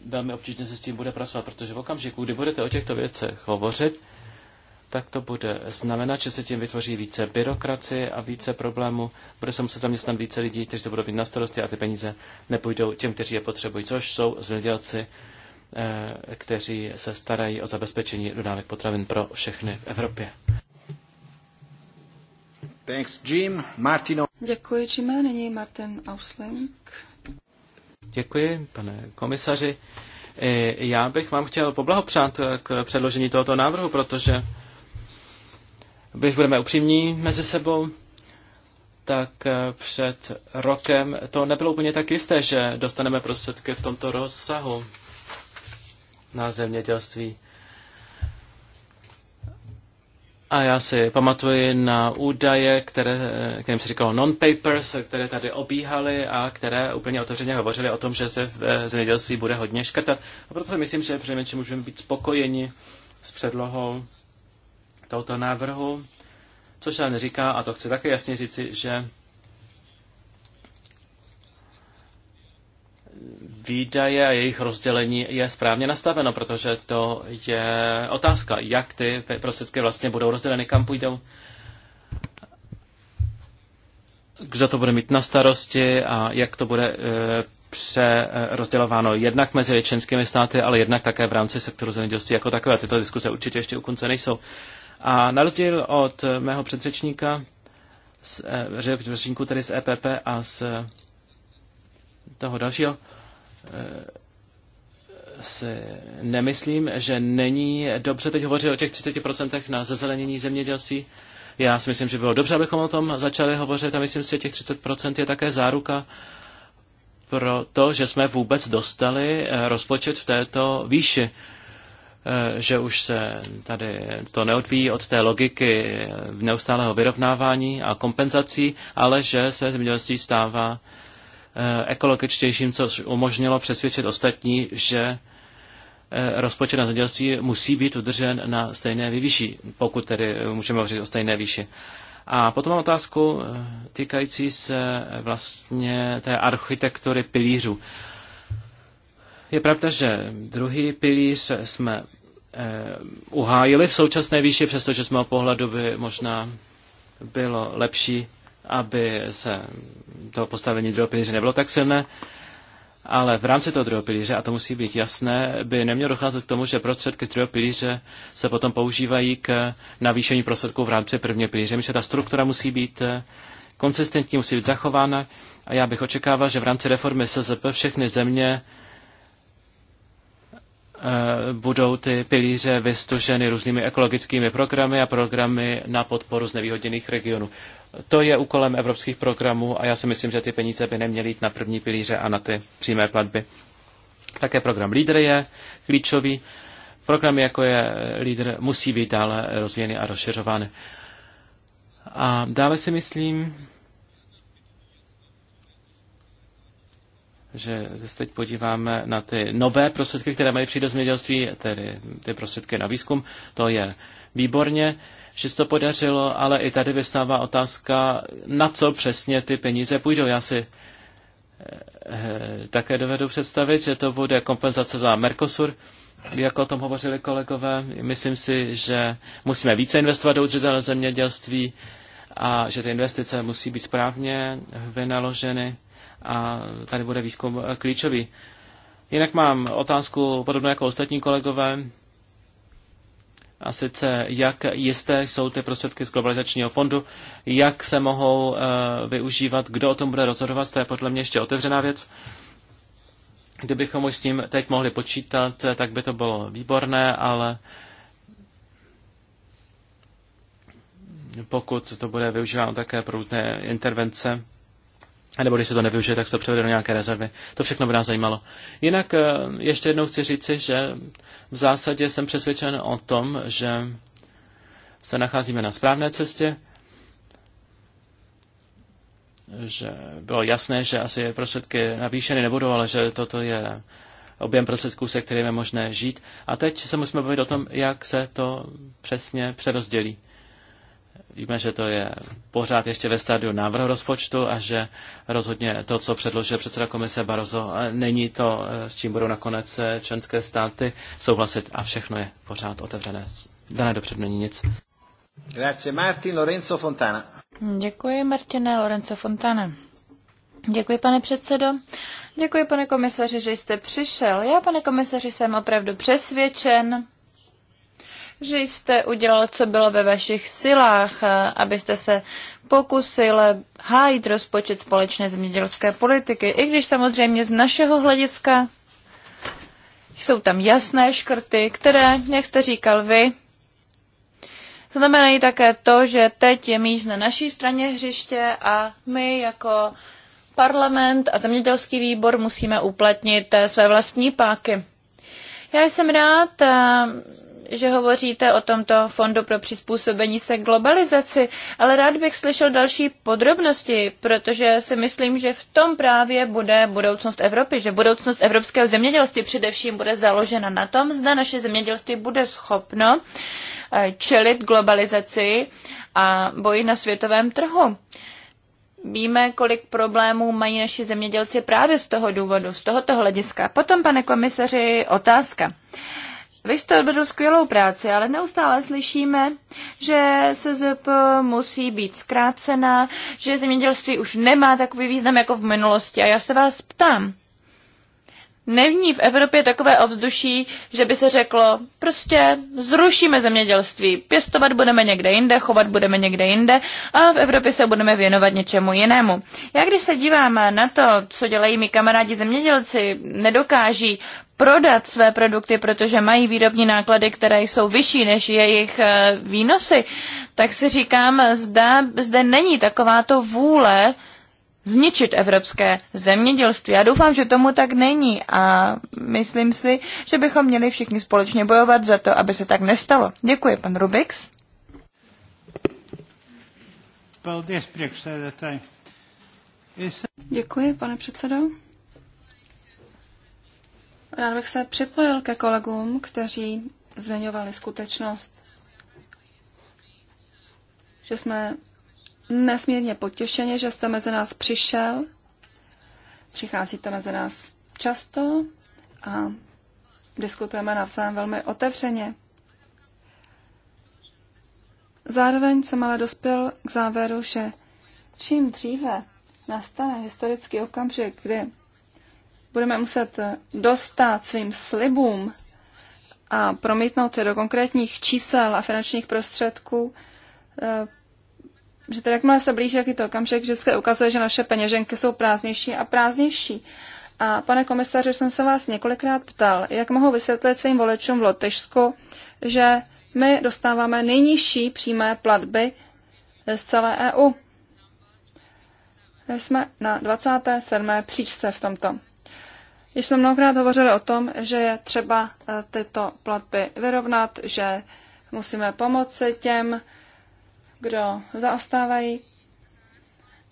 velmi obtížně se s tím bude pracovat, protože v okamžiku, kdy budete o těchto věcech hovořit, tak to bude znamenat, že se tím vytvoří více byrokracie a více problémů. Bude se muset zaměstnat více lidí, kteří to budou být na starosti a ty peníze nepůjdou těm, kteří je potřebují, což jsou zemědělci, Eh, kteří se starají o zabezpečení dodávek potravin pro všechny v Evropě. Thanks, Jim. Martino. Děkuji, Jim. Nyní Martin Ausling. Děkuji, pane komisaři. Já bych vám chtěl poblahopřát k předložení tohoto návrhu, protože když budeme upřímní mezi sebou, tak eh, před rokem to nebylo úplně tak jisté, že dostaneme prostředky v tomto rozsahu na zemědělství. A já si pamatuji na údaje, které, kterým se říkalo non-papers, které tady obíhaly a které úplně otevřeně hovořily o tom, že se v eh, zemědělství bude hodně škrtat. A proto si myslím, že přinejmenším můžeme být spokojeni s předlohou tohoto návrhu, což ale neříká, a to chci také jasně říci, že výdaje a jejich rozdělení je správně nastaveno, protože to je otázka, jak ty prostředky vlastně budou rozděleny, kam půjdou, kdo to bude mít na starosti a jak to bude eh, přerozdělováno jednak mezi většinskými státy, ale jednak také v rámci sektoru zemědělství jako takové. Tyto diskuse určitě ještě u konce nejsou. A na rozdíl od mého předřečníka, z, eh, tedy z EPP a z toho dalšího si nemyslím, že není dobře teď hovořit o těch 30% na zezelenění zemědělství. Já si myslím, že bylo dobře, abychom o tom začali hovořit a myslím si, že těch 30% je také záruka pro to, že jsme vůbec dostali eh, rozpočet v této výši. Eh, že už se tady to neodvíjí od té logiky eh, neustálého vyrovnávání a kompenzací, ale že se zemědělství stává Eh, ekologičtějším, což umožnilo přesvědčit ostatní, že eh, rozpočet na zemědělství musí být udržen na stejné výši, pokud tedy eh, můžeme hovořit o stejné výši. A potom mám otázku týkající se vlastně té architektury pilířů. Je pravda, že druhý pilíř jsme uhájili v současné výši, přestože z mého pohledu by možná bylo lepší aby se to postavení druhého pilíře nebylo tak silné, ale v rámci toho druhého pilíře, a to musí být jasné, by nemělo docházet k tomu, že prostředky z druhého pilíře se potom používají k navýšení prostředků v rámci prvního pilíře. Myslím, že ta struktura musí být eh, konsistentní, musí být zachována a já bych očekával, že v rámci reformy SZP všechny země eh, budou ty pilíře vystuženy různými ekologickými programy a programy na podporu znevýhodněných regionů. To je úkolem evropských programů a já si myslím, že ty peníze by neměly jít na první pilíře a na ty přímé platby. Také program LEADER je klíčový. Programy jako je LEADER musí být dále rozvíjeny a rozšiřovány. A dále si myslím, že se teď podíváme na ty nové prostředky, které mají přijít do zemědělství, tedy ty prostředky na výzkum, to je výborně že se to podařilo, ale i tady vystává otázka, na co přesně ty peníze půjdou. Já si eh, eh, také dovedu představit, že to bude kompenzace za Mercosur, jak o tom hovořili kolegové. Myslím si, že musíme více investovat do udržitelného zemědělství a že ty investice musí být správně vynaloženy a tady bude výzkum klíčový. Jinak mám otázku podobnou jako ostatní kolegové. A sice, jak jisté jsou ty prostředky z globalizačního fondu, jak se mohou uh, využívat, kdo o tom bude rozhodovat, to je podle mě ještě otevřená věc. Kdybychom už s tím teď mohli počítat, eh, tak by to bylo výborné, ale pokud to bude využíváno také pro různé intervence, nebo když se to nevyužije, tak se to převede do nějaké rezervy. To všechno by nás zajímalo. Jinak eh, ještě jednou chci říci, že v zásadě jsem přesvědčen o tom, že se nacházíme na správné cestě, že bylo jasné, že asi prostředky navýšeny nebudou, ale že toto je objem prostředků, se kterým je možné žít. A teď se musíme bavit o tom, jak se to přesně přerozdělí. Víme, že to je pořád ještě ve stádiu návrhu rozpočtu a že rozhodně to, co předložil předseda komise Barozo, není to, eh, s čím budou nakonec eh, členské státy souhlasit a všechno je pořád otevřené. Dané dopředu není nic. Grazie Martin Lorenzo Fontana. Děkuji Martine Lorenzo Fontana. Děkuji, pane předsedo. Děkuji, pane komisaři, že jste přišel. Já, pane komisaři, jsem opravdu přesvědčen, že jste udělal, co bylo ve vašich silách, abyste se pokusil hájit rozpočet společné zemědělské politiky, i když samozřejmě z našeho hlediska jsou tam jasné škrty, které, jak jste říkal vy, znamenají také to, že teď je míč na naší straně hřiště a my jako parlament a zemědělský výbor musíme uplatnit eh, své vlastní páky. Já jsem rád, eh, že hovoříte o tomto fondu pro přizpůsobení se globalizaci, ale rád bych slyšel další podrobnosti, protože si myslím, že v tom právě bude budoucnost Evropy, že budoucnost evropského zemědělství především bude založena na tom, zda naše zemědělství bude schopno eh, čelit globalizaci a boji na světovém trhu. Víme, kolik problémů mají naši zemědělci právě z toho důvodu, z tohoto hlediska. Potom, pane komisaři, otázka. Uh, vy jste odvedl skvělou práci, ale neustále slyšíme, že SZP musí být zkrácená, že zemědělství už nemá takový význam jako v minulosti. A já se vás ptám, Nevní v Evropě takové ovzduší, že by se řeklo, prostě zrušíme zemědělství, pěstovat budeme někde jinde, chovat budeme někde jinde a v Evropě se budeme věnovat něčemu jinému. Já když se dívám na to, co dělají mi kamarádi zemědělci, nedokáží prodat své produkty, protože mají výrobní náklady, které jsou vyšší než jejich eh, výnosy, tak si říkám, zda zde není takováto vůle zničit evropské zemědělství. Já doufám, že tomu tak není a myslím si, že bychom měli všichni společně bojovat za to, aby se tak nestalo. Děkuji, pan Rubix. Děkuji, pane předsedo. Rád bych se připojil ke kolegům, kteří zmiňovali skutečnost, že jsme nesmírně potěšeni, že jste mezi nás přišel. Přicházíte mezi nás často a diskutujeme navzájem velmi otevřeně. Zároveň jsem ale dospěl k závěru, že čím dříve nastane historický okamžik, kdy budeme muset dostat svým slibům a promítnout je do konkrétních čísel a finančních prostředků, eh, že tak jakmile se blíží to okamžik, vždycky ukazuje, že naše peněženky jsou prázdnější a prázdnější. A pane komisaři, jsem se vás několikrát ptal, jak mohu vysvětlit svým voličům v Lotyšsku, že my dostáváme nejnižší přímé platby z celé EU. Jsme na 27. příčce v tomto. Již jsme mnohokrát hovořili o tom, že je třeba eh, tyto platby vyrovnat, že musíme pomoci těm kdo zaostávají.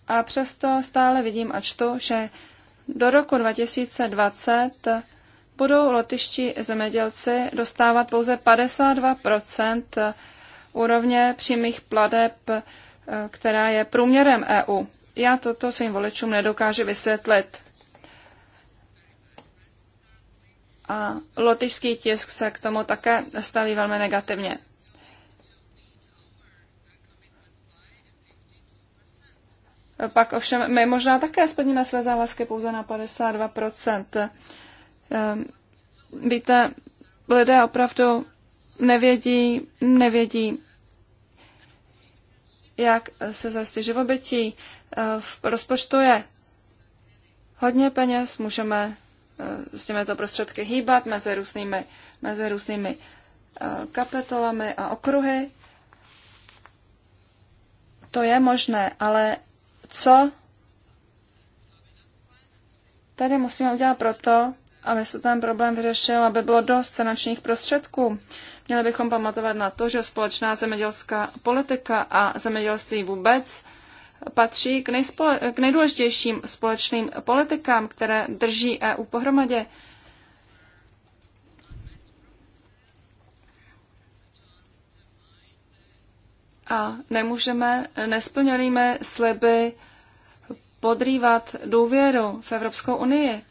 A přesto stále vidím a čtu, že do roku 2020 budou lotiští zemědělci dostávat pouze 52 úrovně přímých pladeb, eh, která je průměrem EU. Já toto svým voličům nedokážu vysvětlit. A lotyšský tisk se k tomu také staví velmi negativně. Pak ovšem my možná také splníme své závazky pouze na 52%. Ehm, víte, lidé opravdu nevědí, nevědí, jak se zajistit živobytí. Ehm, v rozpočtu je hodně peněz, můžeme eh, s těmito prostředky hýbat mezi různými, mezi různými eh, kapitolami a okruhy. To je možné, ale co tady musíme udělat proto, aby se ten problém vyřešil, aby bylo dost finančních prostředků. Měli bychom pamatovat na to, že společná zemědělská politika a zemědělství vůbec patří k, nejspole- k nejdůležitějším společným politikám, které drží EU pohromadě. a nemůžeme, nesplněnými sliby podrývat důvěru v Evropskou unii.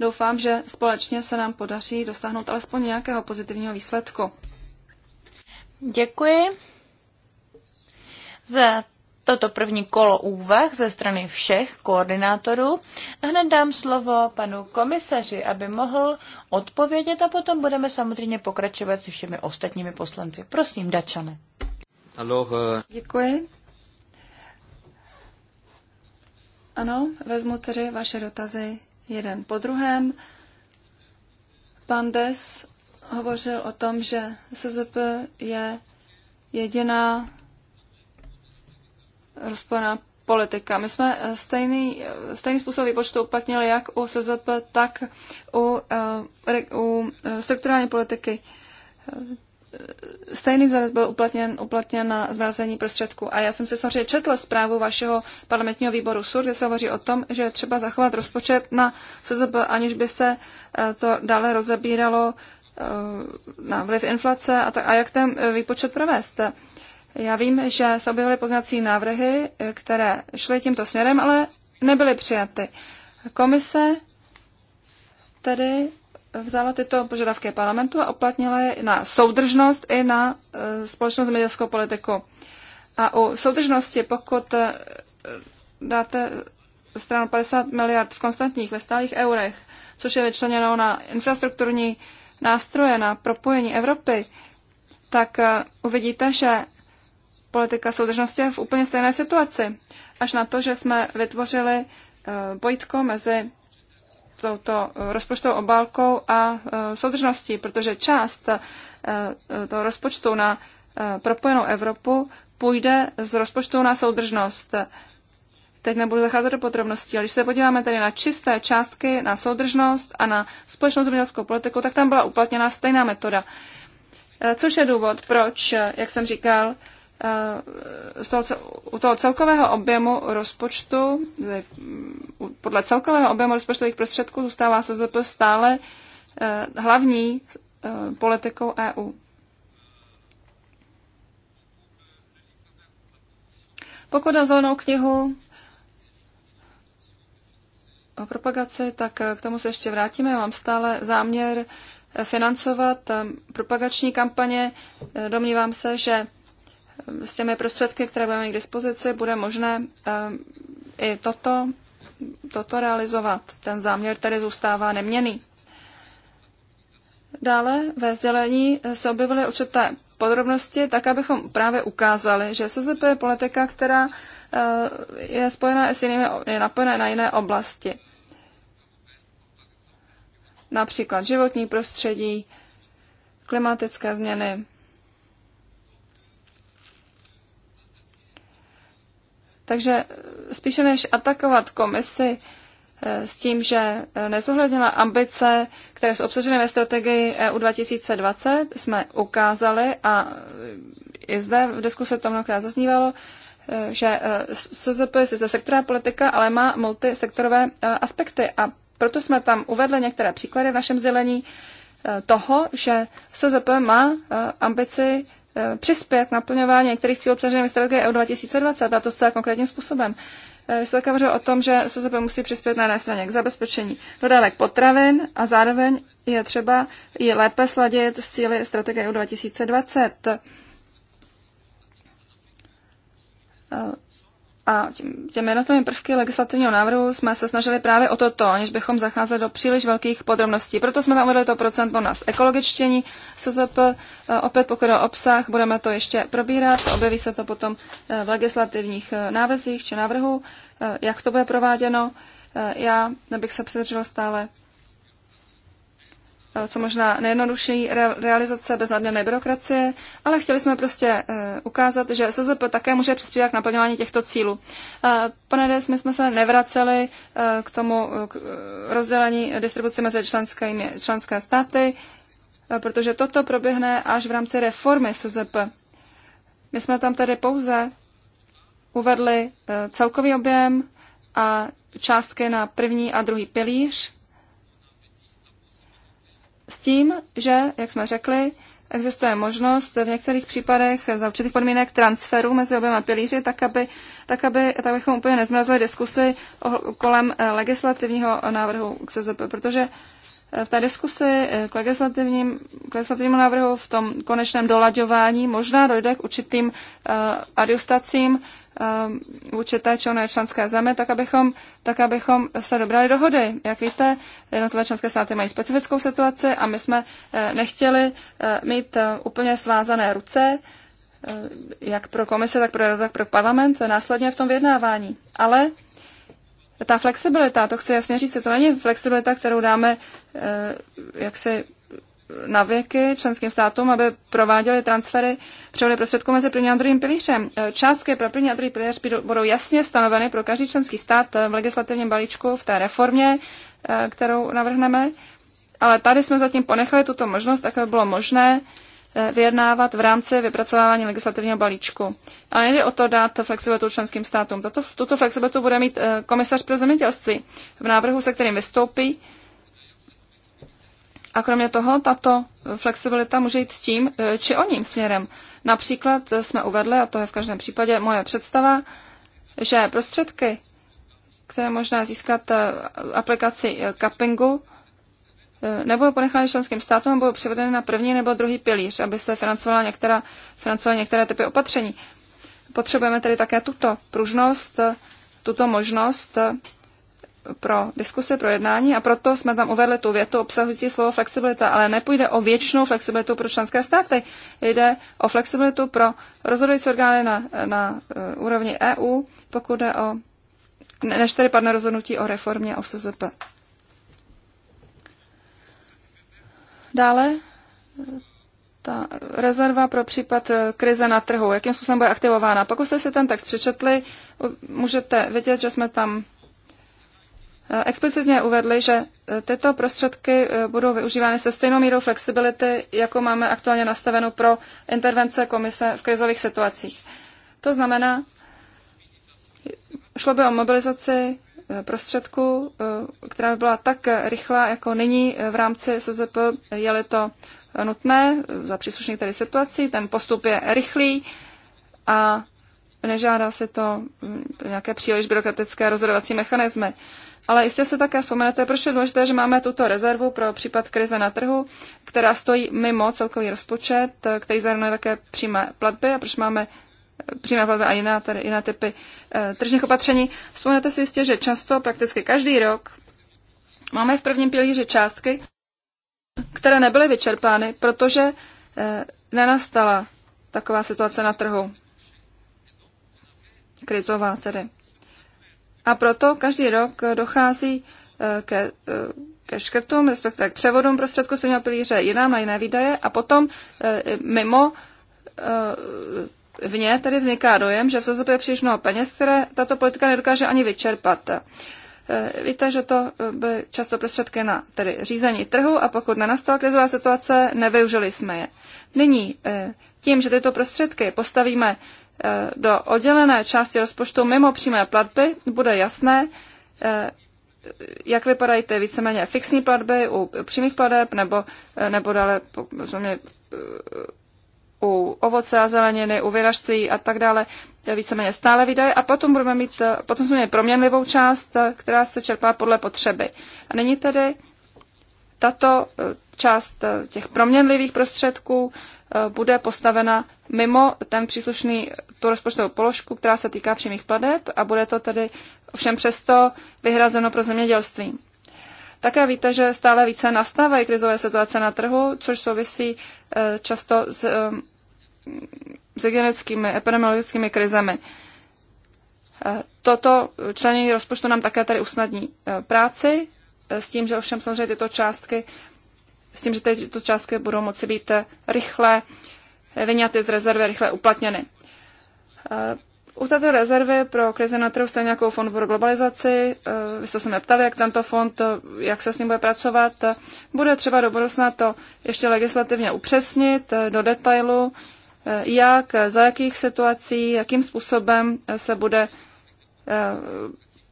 Doufám, že společně se nám podaří dosáhnout alespoň nějakého pozitivního výsledku. Děkuji za toto první kolo úvah ze strany všech koordinátorů. Hned dám slovo panu komisaři, aby mohl odpovědět a potom budeme samozřejmě pokračovat se všemi ostatními poslanci. Prosím, Dačane. Euh, Děkuji. Ano, vezmu tedy vaše dotazy jeden po druhém. Pan Des hovořil o tom, že SZP je jediná rozporná politika. My jsme eh, stejný, eh, stejný způsob výpočtu uplatnili jak u SZP, tak u, eh, u strukturální politiky stejný vzorec byl uplatněn, uplatněn na zmrazení prostředků. A já jsem si samozřejmě četla zprávu vašeho parlamentního výboru SUR, kde se hovoří o tom, že je třeba zachovat rozpočet na SZB, aniž by se eh, to dále rozebíralo eh, na vliv inflace a, tak, a jak ten eh, výpočet provést. Já vím, že se objevily poznací návrhy, které šly tímto směrem, ale nebyly přijaty. Komise tedy vzala tyto požadavky parlamentu a uplatnila je na soudržnost i na e, společnou zemědělskou politiku. A u soudržnosti, pokud e, dáte stranu 50 miliard v konstantních, ve stálých eurech, což je vyčleněno na infrastrukturní nástroje, na propojení Evropy, tak e, uvidíte, že politika soudržnosti je v úplně stejné situaci. Až na to, že jsme vytvořili pojitko mezi touto rozpočtovou obálkou a e, soudržností, protože část e, toho rozpočtu na e, propojenou Evropu půjde z rozpočtu na soudržnost. Teď nebudu zacházet do podrobností, ale když se podíváme tady na čisté částky, na soudržnost a na společnou zemědělskou politiku, tak tam byla uplatněna stejná metoda. Což je důvod, proč, jak jsem říkal, Eh, z toho, u toho celkového objemu rozpočtu, podle celkového objemu rozpočtových prostředků zůstává SZP stále eh, hlavní eh, politikou EU. Pokud o zelenou knihu o propagaci, tak k tomu se ještě vrátíme. Mám stále záměr financovat propagační kampaně. Domnívám se, že s těmi prostředky, které budeme mít k dispozici, bude možné eh, i toto, toto realizovat. Ten záměr tedy zůstává neměný. Dále ve sdělení se objevily určité podrobnosti, tak abychom právě ukázali, že SZP je politika, která eh, je spojená s jinými, je napojená na jiné oblasti. Například životní prostředí, klimatické změny, Takže spíše než atakovat komisi eh, s tím, že eh, nezohlednila ambice, které jsou obsaženy ve strategii EU 2020, jsme ukázali a eh, i zde v diskuse to mnohokrát zaznívalo, že SZP je sice sektorová politika, ale má multisektorové aspekty a proto jsme tam uvedli některé příklady v našem zelení toho, že SZP má ambici Eh, přispět naplňování některých cílů obsažených ve strategii EU 2020, a to zcela konkrétním způsobem. Eh, vy jste hovořil o tom, že SZP musí přispět na jedné straně k zabezpečení dodávek potravin a zároveň je třeba i lépe sladit s cíly strategie EU 2020. A těmi jednotlivými prvky legislativního návrhu jsme se snažili právě o toto, aniž bychom zacházeli do příliš velkých podrobností. Proto jsme tam uvedli to procento na ekologičtění SZP. E, opět pokud o obsah, budeme to ještě probírat. Objeví se to potom e, v legislativních e, návrzích či návrhu, jak to bude prováděno. Já bych se přidržel stále Eh, co možná nejjednodušší realizace bez nadměrné byrokracie, ale chtěli jsme prostě eh, ukázat, že SZP také může přispívat k naplňování těchto cílů. Eh, pane Des, my jsme se nevraceli k tomu k rozdělení distribuce mezi členskými, členské státy, protože toto proběhne až v rámci reformy SZP. My jsme tam tedy pouze uvedli celkový objem a částky na první a druhý pilíř s tím, že, jak jsme řekli, existuje možnost v některých případech za určitých podmínek transferu mezi oběma pilíři, tak, aby, tak, aby, tak abychom úplně nezmrazili diskusy kolem eh, legislativního návrhu k CZP, protože eh, v té diskusi eh, k, legislativním, k legislativnímu návrhu v tom konečném dolaďování možná dojde k určitým uh, adjustacím, vůči um, té či oné členské zemi, tak abychom, tak abychom se dobrali dohody. Jak víte, jednotlivé členské státy mají specifickou situaci a my jsme eh, nechtěli eh, mít eh, úplně svázané ruce, jak pro komise, tak pro tak pro parlament, následně v tom vyjednávání. Ale ta flexibilita, to chci jasně říct, to není flexibilita, kterou dáme jaksi na věky členským státům, aby prováděly transfery převody prostředků mezi prvním a druhým pilířem. E, částky pro první a druhý pilíř budou jasně stanoveny pro každý členský stát e, v legislativním balíčku v té reformě, e, kterou navrhneme. Ale tady jsme zatím ponechali tuto možnost, tak aby bylo možné vyjednávat v rámci vypracovávání legislativního balíčku. A nejde o to dát flexibilitu členským státům. Tato, tuto flexibilitu bude mít komisař pro zemědělství v návrhu, se kterým vystoupí a kromě toho tato flexibilita může jít tím eh, či o ním směrem. Například eh, jsme uvedli, a to je v každém případě moje představa, že prostředky, které možná získat eh, aplikaci cuppingu, nebo ponechány členským státům a budou převedeny na první nebo druhý pilíř, aby se financovala některá, financovaly některé typy opatření. Potřebujeme tedy také tuto pružnost, tuto možnost pro diskuse, pro jednání a proto jsme tam uvedli tu větu obsahující slovo flexibilita, ale nepůjde o věčnou flexibilitu pro členské státy, jde o flexibilitu pro rozhodující orgány na, na uh, úrovni EU, pokud jde o, než tedy padne rozhodnutí o reformě OSZP. Dále eh, ta rezerva pro případ eh, krize na trhu, jakým způsobem bude aktivována. Pokud jste si ten text přečetli, můžete vidět, že jsme tam explicitně uvedli, že eh, tyto prostředky eh, budou využívány se stejnou mírou flexibility, jako máme aktuálně nastaveno pro intervence komise v krizových situacích. To znamená, šlo by o mobilizaci eh, prostředků, která by byla tak rychlá, jako nyní v rámci SZP, je-li to nutné za příslušných tedy situací. Ten postup je rychlý a nežádá si to mm, nějaké příliš byrokratické rozhodovací mechanismy. Ale jistě se také vzpomenete, proč je důležité, že máme tuto rezervu pro případ krize na trhu, která stojí mimo celkový rozpočet, který zahrnuje také přímé platby a proč máme eh, přímé platby a jiná, tedy jiné typy e, tržních opatření. Vzpomenete si jistě, že často, prakticky každý rok, máme v prvním pilíři částky, které nebyly vyčerpány, protože e, nenastala taková situace na trhu. Krizová tedy. A proto každý rok dochází eh, ke, eh, ke škrtům, respektive k převodům prostředků z prvního pilíře jinam na jiné výdaje a potom eh, mimo vně tady vzniká dojem, že v SZP je příliš mnoho peněz, které tato politika nedokáže ani vyčerpat. Víte, že to byly často prostředky na tedy řízení trhu a pokud nenastala krizová situace, nevyužili jsme je. Nyní tím, že tyto prostředky postavíme Eh, do oddělené části rozpočtu mimo přímé platby bude jasné, eh, jak vypadají ty víceméně fixní platby u přímých plateb nebo, eh, nebo dále u ovoce a zeleniny, u vyražství a tak dále, víceméně stále výdaje a potom budeme mít, potom jsme měli proměnlivou část, která se čerpá podle potřeby. A nyní tedy tato eh, část eh, těch proměnlivých prostředků eh, bude postavena mimo ten příslušný tu rozpočtovou položku, která se týká přímých pladeb a bude to tedy ovšem přesto vyhrazeno pro zemědělství. Také víte, že stále více nastávají krizové situace na trhu, což souvisí často s, s hygienickými, epidemiologickými krizemi. Toto členění rozpočtu nám také tady usnadní práci s tím, že ovšem samozřejmě tyto částky, s tím, že tyto částky budou moci být rychle vyňaty z rezervy, rychle uplatněny. Eh, u této rezervy pro krize na trhu stejně jako fond pro globalizaci, eh, vy jste se mě ptali, jak tento fond, eh, jak se s ním bude pracovat, bude třeba do budoucna to ještě legislativně upřesnit do detailu, jak, za jakých situací, jakým způsobem se bude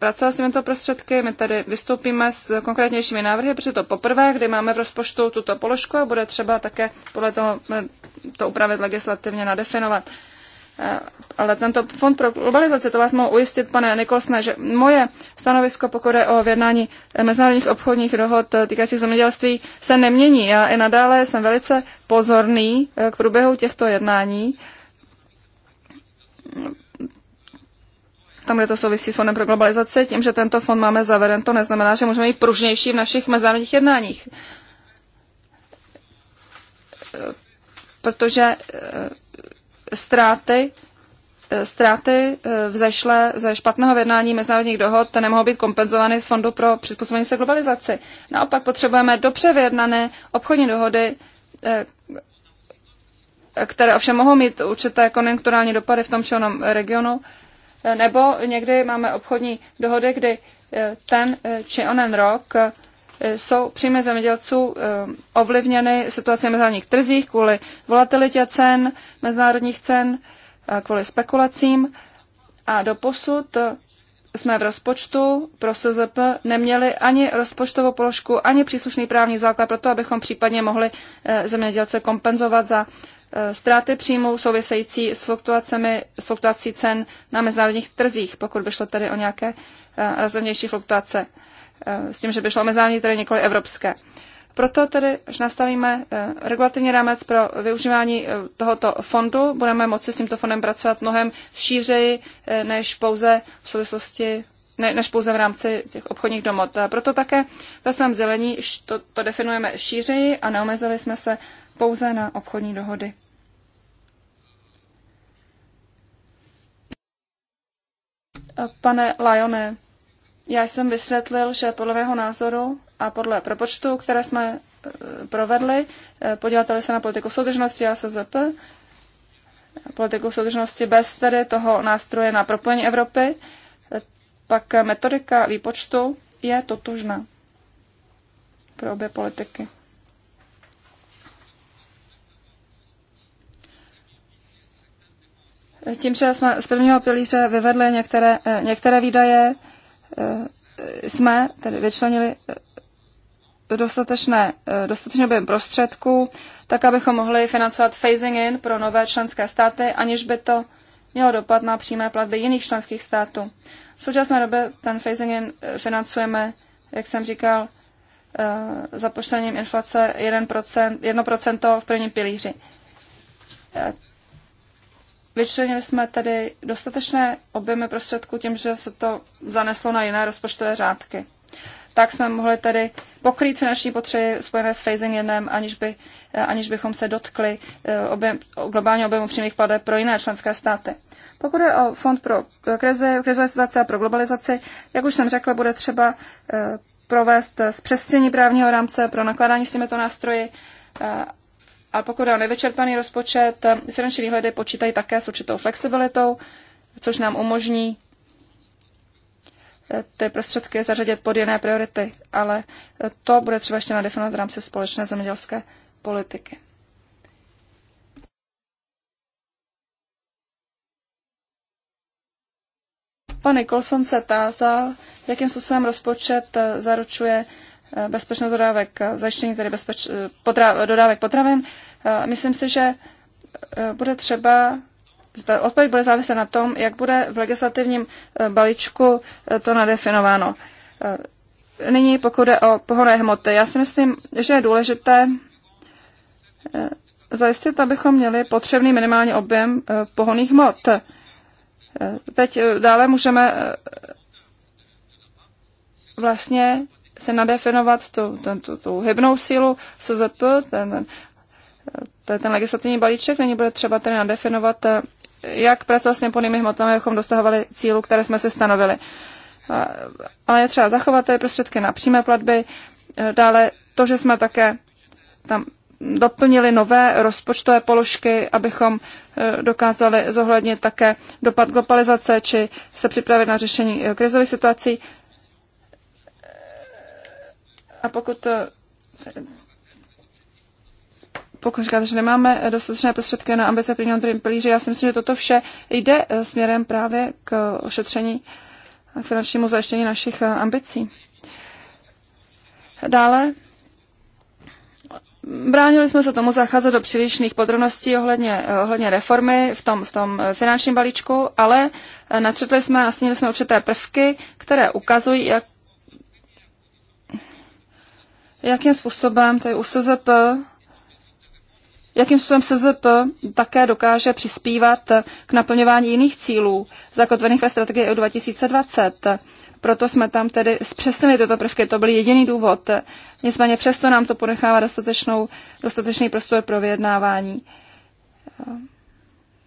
pracovat s těmito prostředky. My tady vystoupíme s konkrétnějšími návrhy, protože to poprvé, kdy máme v rozpočtu tuto položku a bude třeba také podle toho eh, to upravit legislativně, nadefinovat. Eh, ale tento fond pro globalizaci, to vás mohu ujistit, pane Nikolsne, že moje stanovisko, pokud je o vědnání eh, mezinárodních obchodních dohod týkajících zemědělství, se nemění. Já i nadále jsem velice pozorný k průběhu těchto jednání tam, kde to souvisí s fondem pro globalizaci. Tím, že tento fond máme zaveden, to neznamená, že můžeme být pružnější v našich mezinárodních jednáních. E, protože e, ztráty e, ztráty vzešle ze špatného jednání mezinárodních dohod to nemohou být kompenzovány z Fondu pro přizpůsobení se globalizaci. Naopak potřebujeme dobře vyjednané obchodní dohody, které ovšem mohou mít určité konjunkturální dopady v tom či onom regionu, nebo někdy máme obchodní dohody, kdy eh, ten eh, či onen rok eh, jsou příjmy zemědělců ovlivněny situací na mezinárodních trzích kvůli volatilitě cen, mezinárodních cen, kvůli spekulacím. A doposud jsme v rozpočtu pro SZP neměli ani rozpočtovou položku, ani příslušný právní základ pro to, abychom případně mohli eh, zemědělce kompenzovat za eh, ztráty příjmů související s fluktuacemi, s fluktuací cen na mezinárodních trzích, pokud by šlo tedy o nějaké eh, razovnější fluktuace, s tím, že by šlo o mezinárodní trhy, nikoli evropské. Proto tedy, až nastavíme eh, regulativní rámec pro využívání eh, tohoto fondu, budeme moci s tímto fondem pracovat mnohem šířeji eh, než pouze v souvislosti ne, než pouze v rámci těch obchodních domot. Proto také ve svém zelení to, to definujeme šířeji a neomezili jsme se pouze na obchodní dohody. Pane Lajone, já jsem vysvětlil, že podle mého názoru a podle propočtu, které jsme e, provedli, e, podívateli se na politiku soudržnosti a SZP, politiku soudržnosti bez tedy toho nástroje na propojení Evropy, e, pak metodika výpočtu je totožná pro obě politiky. Tím, že jsme z prvního pilíře vyvedli některé, některé výdaje, Eh, jsme tedy vyčlenili eh, dostatečné, eh, dostatečný objem prostředků, tak abychom mohli financovat phasing in pro nové členské státy, aniž by to mělo dopad na přímé platby jiných členských států. V současné době ten phasing in financujeme, jak jsem říkal, započtením inflace 1%, 1% v prvním pilíři. Vyčlenili jsme tedy dostatečné objemy prostředků tím, že se to zaneslo na jiné rozpočtové řádky. Tak jsme mohli tedy pokrýt finanční potřeby spojené s phasing jenem, aniž, by, eh, aniž bychom se dotkli eh, objem, globálního objemu přímých plade pro jiné členské státy. Pokud je o fond pro krizi, krizové situace a pro globalizaci, jak už jsem řekla, bude třeba eh, provést zpřesnění právního rámce pro nakládání s těmito nástroji ale pokud je o nevyčerpaný rozpočet, finanční výhledy počítají také s určitou flexibilitou, což nám umožní eh, ty prostředky zařadit pod jiné priority, ale eh, to bude třeba ještě nadefinovat v rámci společné zemědělské politiky. Pan Nicholson se tázal, jakým způsobem rozpočet eh, zaručuje Eh, bezpečnost dodávek, eh, zajištění tedy bezpeč, eh, potra, dodávek potravin. Myslím si, že bude třeba ta odpověď bude záviset na tom, jak bude v legislativním balíčku to nadefinováno. Nyní pokud jde o pohonné hmoty, já si myslím, že je důležité zajistit, abychom měli potřebný minimální objem pohonných hmot. Teď dále můžeme vlastně se nadefinovat tu, ten, tu, tu hybnou sílu SZP, ten, ten, to je ten legislativní balíček, není bude třeba tedy nadefinovat, eh, jak pracovat s neponými hmotami, abychom dosahovali cílu, které jsme si stanovili. Ale je třeba zachovat ty prostředky na přímé platby, eh, dále to, že jsme také tam doplnili nové rozpočtové položky, abychom eh, dokázali zohlednit také dopad globalizace či se připravit na řešení krizových situací. A pokud to pokud říkáte, že nemáme dostatečné prostředky na ambice prvního pilíře, já si myslím, že toto vše jde eh, směrem právě k ošetření a k finančnímu zajištění našich eh, ambicí. Dále Bránili jsme se tomu zacházet do přílišných podrobností ohledně, eh, ohledně reformy v tom, v tom finančním balíčku, ale natřetli jsme a jsme určité prvky, které ukazují, jak jakým způsobem to je u SZP, jakým způsobem SZP také dokáže přispívat k naplňování jiných cílů zakotvených ve strategii EU 2020. Proto jsme tam tedy zpřesnili tyto prvky, to byl jediný důvod. Nicméně přesto nám to ponechává dostatečnou, dostatečný prostor pro vyjednávání.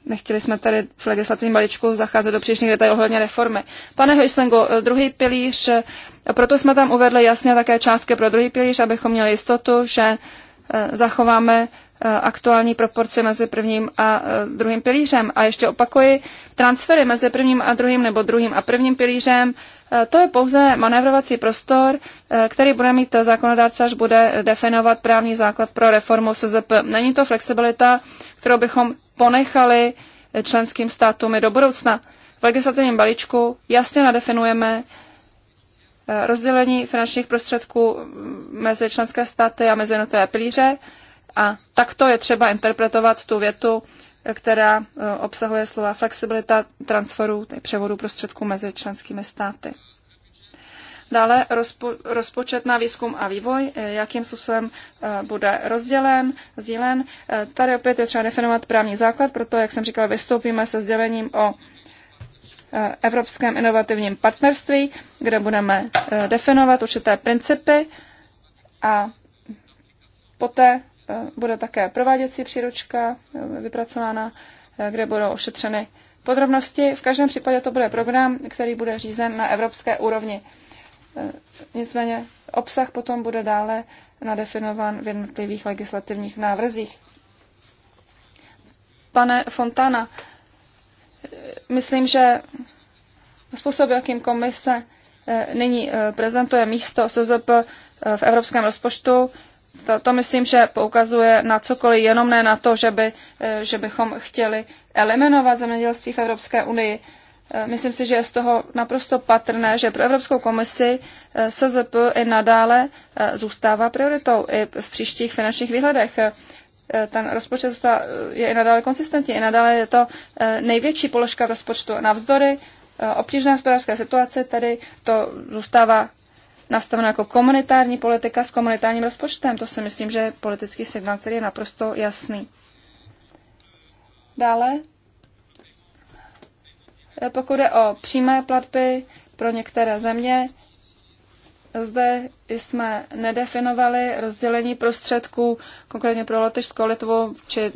Nechtěli jsme tady v legislativním balíčku zacházet do příštích detailů ohledně reformy. Pane Hojslingu, eh, druhý pilíř, eh, proto jsme tam uvedli jasně také částky pro druhý pilíř, abychom měli jistotu, že eh, zachováme aktuální proporce mezi prvním a druhým pilířem. A ještě opakuji, transfery mezi prvním a druhým nebo druhým a prvním pilířem, to je pouze manévrovací prostor, který bude mít zákonodárce, až bude definovat právní základ pro reformu SZP. Není to flexibilita, kterou bychom ponechali členským státům i do budoucna. V legislativním balíčku jasně nadefinujeme eh, rozdělení finančních prostředků mezi členské státy a mezi jednotlivé pilíře a takto je třeba interpretovat tu větu, která eh, obsahuje slova flexibilita transferu, převodu prostředků mezi členskými státy. Dále rozpo, rozpočet na výzkum a vývoj, eh, jakým způsobem eh, bude rozdělen, sdílen. Eh, tady opět je třeba definovat právní základ, proto, jak jsem říkala, vystoupíme se sdělením o Evropském inovativním partnerství, kde budeme definovat určité principy a poté bude také prováděcí příručka vypracována, kde budou ošetřeny podrobnosti. V každém případě to bude program, který bude řízen na evropské úrovni. Eh, nicméně obsah potom bude dále nadefinován v jednotlivých legislativních návrzích. Pane Fontana, eh, myslím, že způsob, jakým komise eh, nyní prezentuje místo SZP v evropském rozpočtu, to, to myslím, že poukazuje na cokoliv, jenom ne na to, že, by, že bychom chtěli eliminovat zemědělství v Evropské unii. Eh, myslím si, že je z toho naprosto patrné, že pro Evropskou komisi eh, SZP i nadále eh, zůstává prioritou i v příštích finančních výhledech. Ten rozpočet je i nadále konsistentní, i nadále je to největší položka v rozpočtu. Navzdory obtížné hospodářské situaci tady to zůstává nastaveno jako komunitární politika s komunitárním rozpočtem. To si myslím, že je politický signál, který je naprosto jasný. Dále Eh, pokud je o přímé platby pro některé země, zde jsme nedefinovali rozdělení prostředků, konkrétně pro Lotyšsko, Litvu či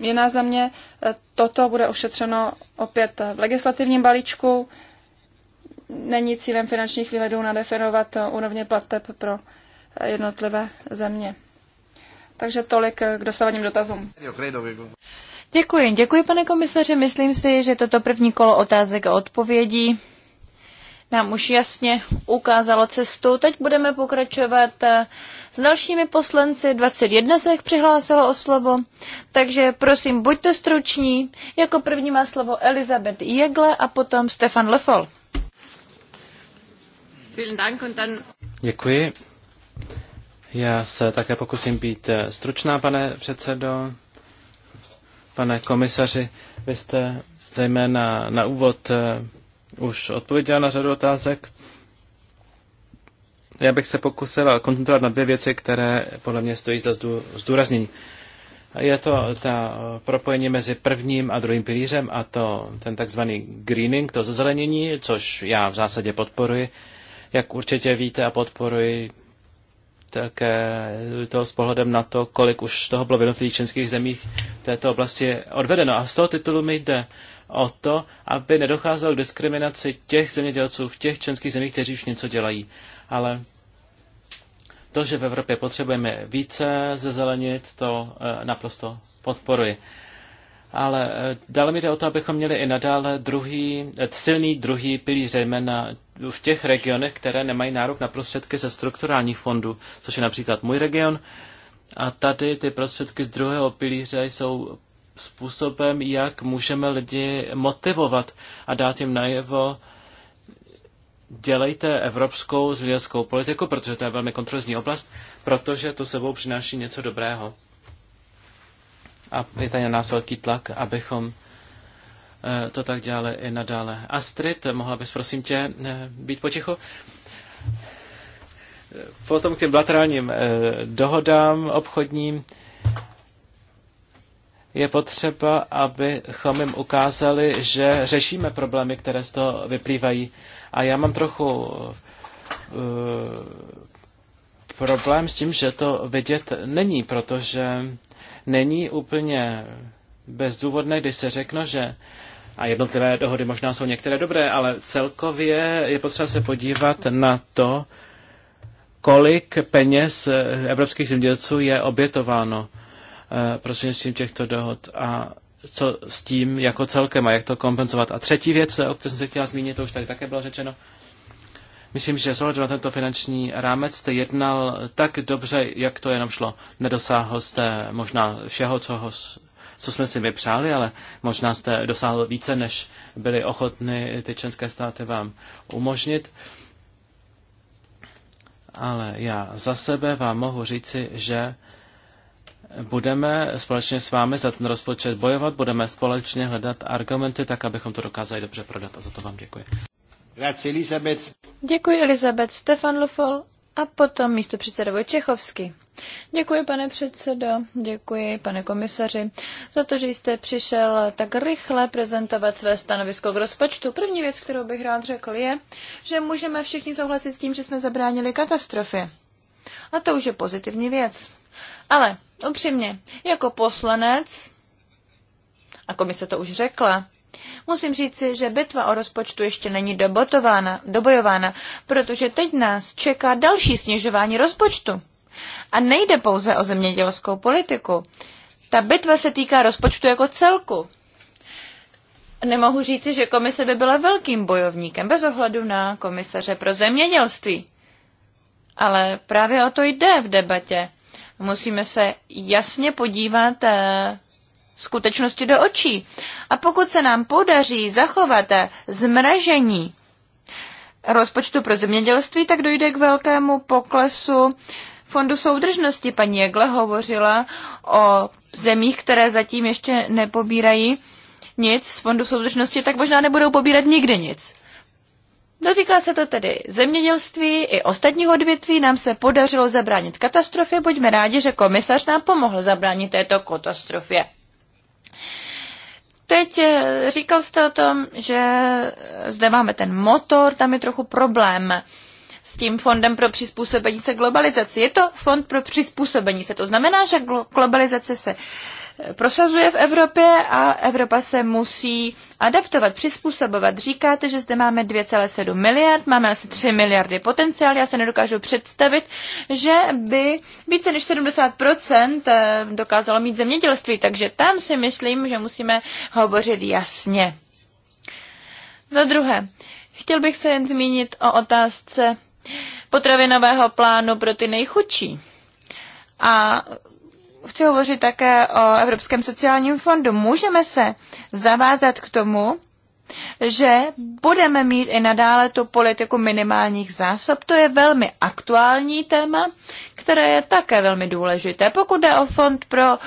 jiné země. Eh, toto bude ošetřeno opět v legislativním balíčku. Není cílem finančních výhledů nadefinovat eh, úrovně plateb pro jednotlivé země. Takže tolik k dosavadním dotazům. Děkuji, děkuji pane komisaři. Myslím si, že toto první kolo otázek a odpovědí nám už jasně ukázalo cestu. Teď budeme pokračovat eh, s dalšími poslanci. 21 se jich přihlásilo o slovo, takže prosím, buďte struční. Jako první má slovo Elizabeth Jegle a potom Stefan Lefol. Děkuji. Já se také pokusím být eh, stručná, pane předsedo. Pane komisaři, vy jste zejména na úvod eh, už odpověděl na řadu otázek. Já bych se pokusila koncentrovat na dvě věci, které podle mě stojí za zdůraznění. Je to ta eh, propojení mezi prvním a druhým pilířem a to ten takzvaný greening, to zazelenění, což já v zásadě podporuji. Jak určitě víte a podporuji také toho s pohledem na to, kolik už toho bylo v jednotlivých členských zemích této oblasti odvedeno. A z toho titulu mi jde o to, aby nedocházelo k diskriminaci těch zemědělců v těch členských zemích, kteří už něco dělají. Ale to, že v Evropě potřebujeme více zezelenit, to eh, naprosto podporuji. Ale eh, dále mi jde o to, abychom měli i nadále druhý, eh, silný druhý pilíř, zejména v těch regionech, které nemají nárok na prostředky ze strukturálních fondů, což je například můj region. A tady ty prostředky z druhého pilíře jsou způsobem, jak můžeme lidi motivovat a dát jim najevo, dělejte evropskou zemědělskou politiku, protože to je velmi kontrolní oblast, protože to sebou přináší něco dobrého. A je tady na nás velký tlak, abychom Eh, to tak dále i nadále. Astrid, mohla bys prosím tě eh, být potichu? Potom k těm bilaterálním eh, dohodám obchodním je potřeba, abychom jim ukázali, že řešíme problémy, které z toho vyplývají. A já mám trochu problém s tím, že to vidět není, protože není úplně bezdůvodné, když se řekne, že a jednotlivé dohody možná jsou některé dobré, ale celkově je potřeba se podívat na to, kolik peněz eh, evropských zemědělců je obětováno eh, prostřednictvím těchto dohod a co s tím jako celkem a jak to kompenzovat. A třetí věc, eh, o které jsem se chtěla zmínit, to už tady také bylo řečeno, Myslím, že s na tento finanční rámec jste jednal tak dobře, jak to jenom šlo. Nedosáhl jste možná všeho, co ho co jsme si vypřáli, ale možná jste dosáhl více, než byly ochotny ty členské státy vám umožnit. Ale já za sebe vám mohu říci, že budeme společně s vámi za ten rozpočet bojovat, budeme společně hledat argumenty, tak abychom to dokázali dobře prodat a za to vám děkuji. Děkuji Elizabeth Stefan Lufol a potom místo předseda Vojčechovsky. Děkuji, pane předsedo, děkuji, pane komisaři, za to, že jste přišel tak rychle prezentovat své stanovisko k rozpočtu. První věc, kterou bych rád řekl, je, že můžeme všichni souhlasit s tím, že jsme zabránili katastrofě. A to už je pozitivní věc. Ale upřímně, jako poslanec, a komise to už řekla, Musím říci, že bitva o rozpočtu ještě není dobotována, dobojována, protože teď nás čeká další snižování rozpočtu. A nejde pouze o zemědělskou politiku. Ta bitva se týká rozpočtu jako celku. Nemohu říci, že komise by byla velkým bojovníkem bez ohledu na komisaře pro zemědělství. Ale právě o to jde v debatě. Musíme se jasně podívat eh, skutečnosti do očí. A pokud se nám podaří zachovat zmražení rozpočtu pro zemědělství, tak dojde k velkému poklesu Fondu soudržnosti paní Jegle hovořila o zemích, které zatím ještě nepobírají nic z Fondu soudržnosti, tak možná nebudou pobírat nikdy nic. Dotýká se to tedy zemědělství i ostatních odvětví. Nám se podařilo zabránit katastrofě. Buďme rádi, že komisař nám pomohl zabránit této katastrofě. Teď eh, říkal jste o tom, že zde máme ten motor, tam je trochu problém s tím fondem pro přizpůsobení se globalizaci. Je to fond pro přizpůsobení se, to znamená, že globalizace se uh, prosazuje v Evropě a Evropa se musí adaptovat, přizpůsobovat. Říkáte, že zde máme 2,7 miliard, máme asi 3 miliardy potenciál. Já se nedokážu představit, že by více než 70% eh, dokázalo mít zemědělství, takže tam si myslím, že musíme hovořit jasně. Za druhé, chtěl bych se jen zmínit o otázce potravinového plánu pro ty nejchudší. A chci hovořit také o Evropském sociálním fondu. Můžeme se zavázat k tomu, že budeme mít i nadále tu politiku minimálních zásob. To je velmi aktuální téma, které je také velmi důležité. Pokud jde o fond pro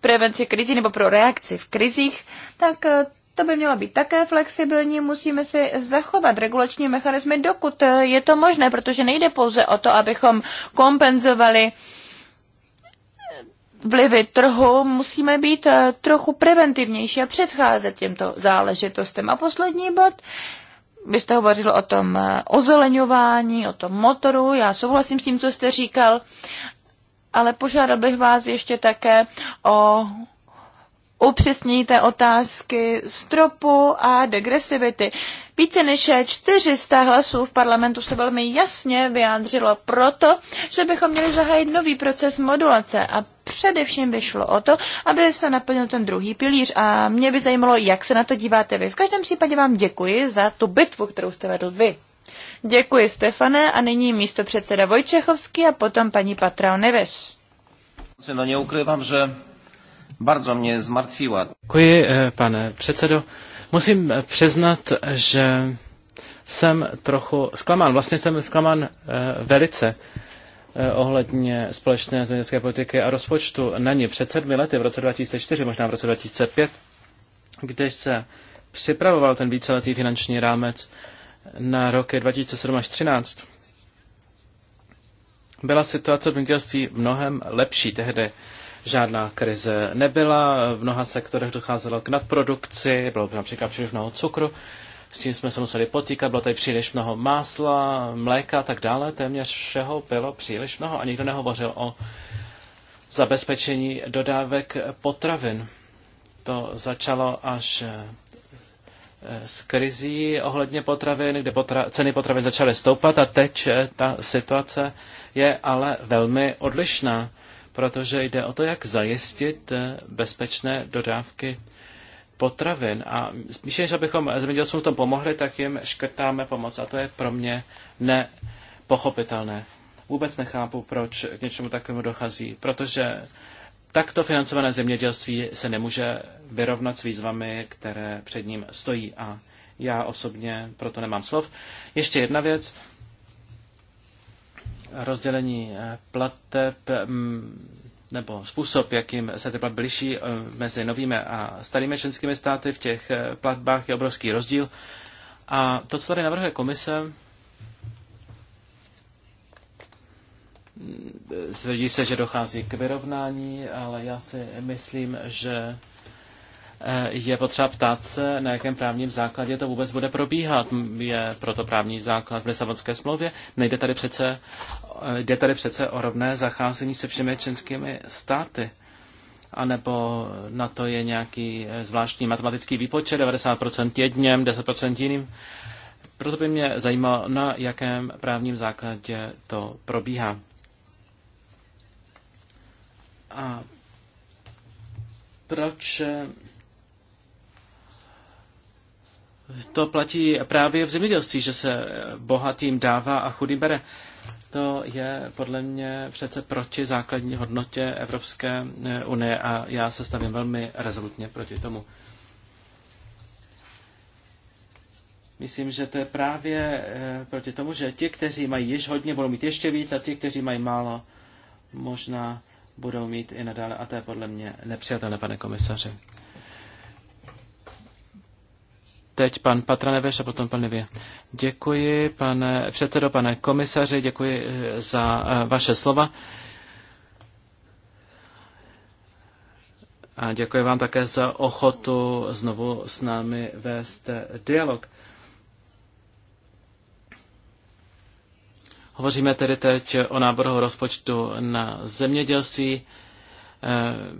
prevenci krizí nebo pro reakci v krizích, tak eh, to by mělo být také flexibilní, musíme si zachovat regulační mechanismy, dokud eh, je to možné, protože nejde pouze o to, abychom kompenzovali uh, vlivy trhu, musíme být eh, trochu preventivnější a předcházet těmto záležitostem. A poslední bod, vy jste hovořil o tom eh, ozeleňování, o tom motoru, já souhlasím s tím, co jste říkal, ale požádal bych vás ještě také o upřesnění té otázky stropu a degresivity. Více než 400 hlasů v parlamentu se velmi jasně vyjádřilo proto, že bychom měli zahájit nový proces modulace a především by šlo o to, aby se naplnil ten druhý pilíř a mě by zajímalo, jak se na to díváte vy. V každém případě vám děkuji za tu bitvu, kterou jste vedl vy. Děkuji, Stefane, a nyní místo předseda Vojčechovský a potom paní Patrao Neves. No, neukrývám, že bardzo mě zmartvila. Děkuji, eh, pane předsedo. Musím eh, přiznat, že jsem trochu zklamán. Vlastně jsem zklamán eh, velice. Eh, ohledně společné zemědělské politiky a rozpočtu na ně před sedmi lety, v roce 2004, možná v roce 2005, když se připravoval ten víceletý finanční rámec na roky 2007 až 2013, byla situace v zemědělství mnohem lepší tehdy. Žádná krize nebyla, v mnoha sektorech docházelo k nadprodukci, bylo by například všechno cukru s tím jsme se museli potýkat, bylo tady příliš mnoho másla, mléka a tak dále, téměř všeho bylo příliš mnoho a nikdo nehovořil o zabezpečení dodávek potravin. To začalo až eh, s krizí ohledně potravin, kde potra- ceny potravin začaly stoupat a teď eh, ta situace je ale velmi odlišná, protože jde o to, jak zajistit eh, bezpečné dodávky potravin a spíš než abychom zemědělcům tom pomohli, tak jim škrtáme pomoc a to je pro mě nepochopitelné. Vůbec nechápu, proč k něčemu takovému dochází, protože takto financované zemědělství se nemůže vyrovnat s výzvami, které před ním stojí a já osobně proto nemám slov. Ještě jedna věc. Rozdělení eh, plateb mm, nebo způsob, jakým se ty platby liší eh, mezi novými a starými členskými státy, v těch eh, platbách je obrovský rozdíl. A to, co tady navrhuje komise, mm, tvrdí se, že dochází k vyrovnání, ale já si myslím, že eh, je potřeba ptát se, na jakém právním základě to vůbec bude probíhat. Je proto právní základ v Lisabonské smlouvě. Nejde tady přece jde tady přece o rovné zacházení se všemi členskými státy. A nebo na to je nějaký eh, zvláštní matematický výpočet, 90% jedním, 10% jiným. Proto by mě zajímalo, na jakém právním základě to probíhá. A proč eh, to platí právě v zemědělství, že se eh, bohatým dává a chudým bere? to je podle mě přece proti základní hodnotě Evropské eh, unie a já se stavím velmi rezolutně proti tomu. Myslím, že to je právě eh, proti tomu, že ti, kteří mají již hodně, budou mít ještě víc a ti, kteří mají málo, možná budou mít i nadále. A to je podle mě nepřijatelné, pane komisaři. Teď pan Patraneveš a potom pan Nevě. Děkuji, pane předsedo, pane komisaři, děkuji eh, za eh, vaše slova. A děkuji vám také za ochotu znovu s námi vést eh, dialog. Hovoříme tedy teď o návrhu rozpočtu na zemědělství. Eh,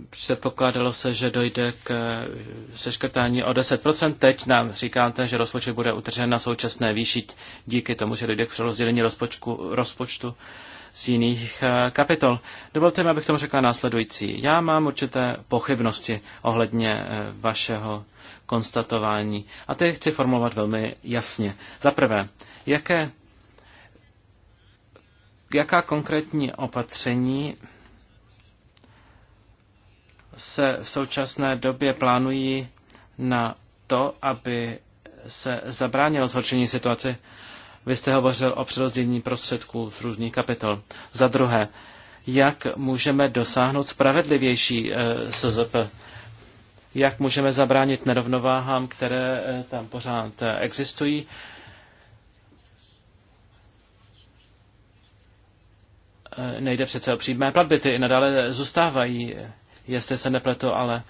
předpokládalo se, že dojde k eh, seškrtání o 10%. Teď nám říkáte, že rozpočet bude utržen na současné výši díky tomu, že dojde k přerozdělení rozpočtu, rozpočtu z jiných eh, kapitol. Dovolte mi, abych tomu řekla následující. Já mám určité pochybnosti ohledně vašeho konstatování a ty chci formulovat velmi jasně. Za prvé, jaké, jaká konkrétní opatření se v současné době plánují na to, aby se zabránilo zhoršení situaci. Vy jste hovořil o přerozdělení prostředků z různých kapitol. Za druhé, jak můžeme dosáhnout spravedlivější e, eh, SZP? Jak můžeme zabránit nerovnováhám, které e, tam pořád e, existují? E, nejde přece o přímé platby, ty i nadále zůstávají e, jestli se nepletu, ale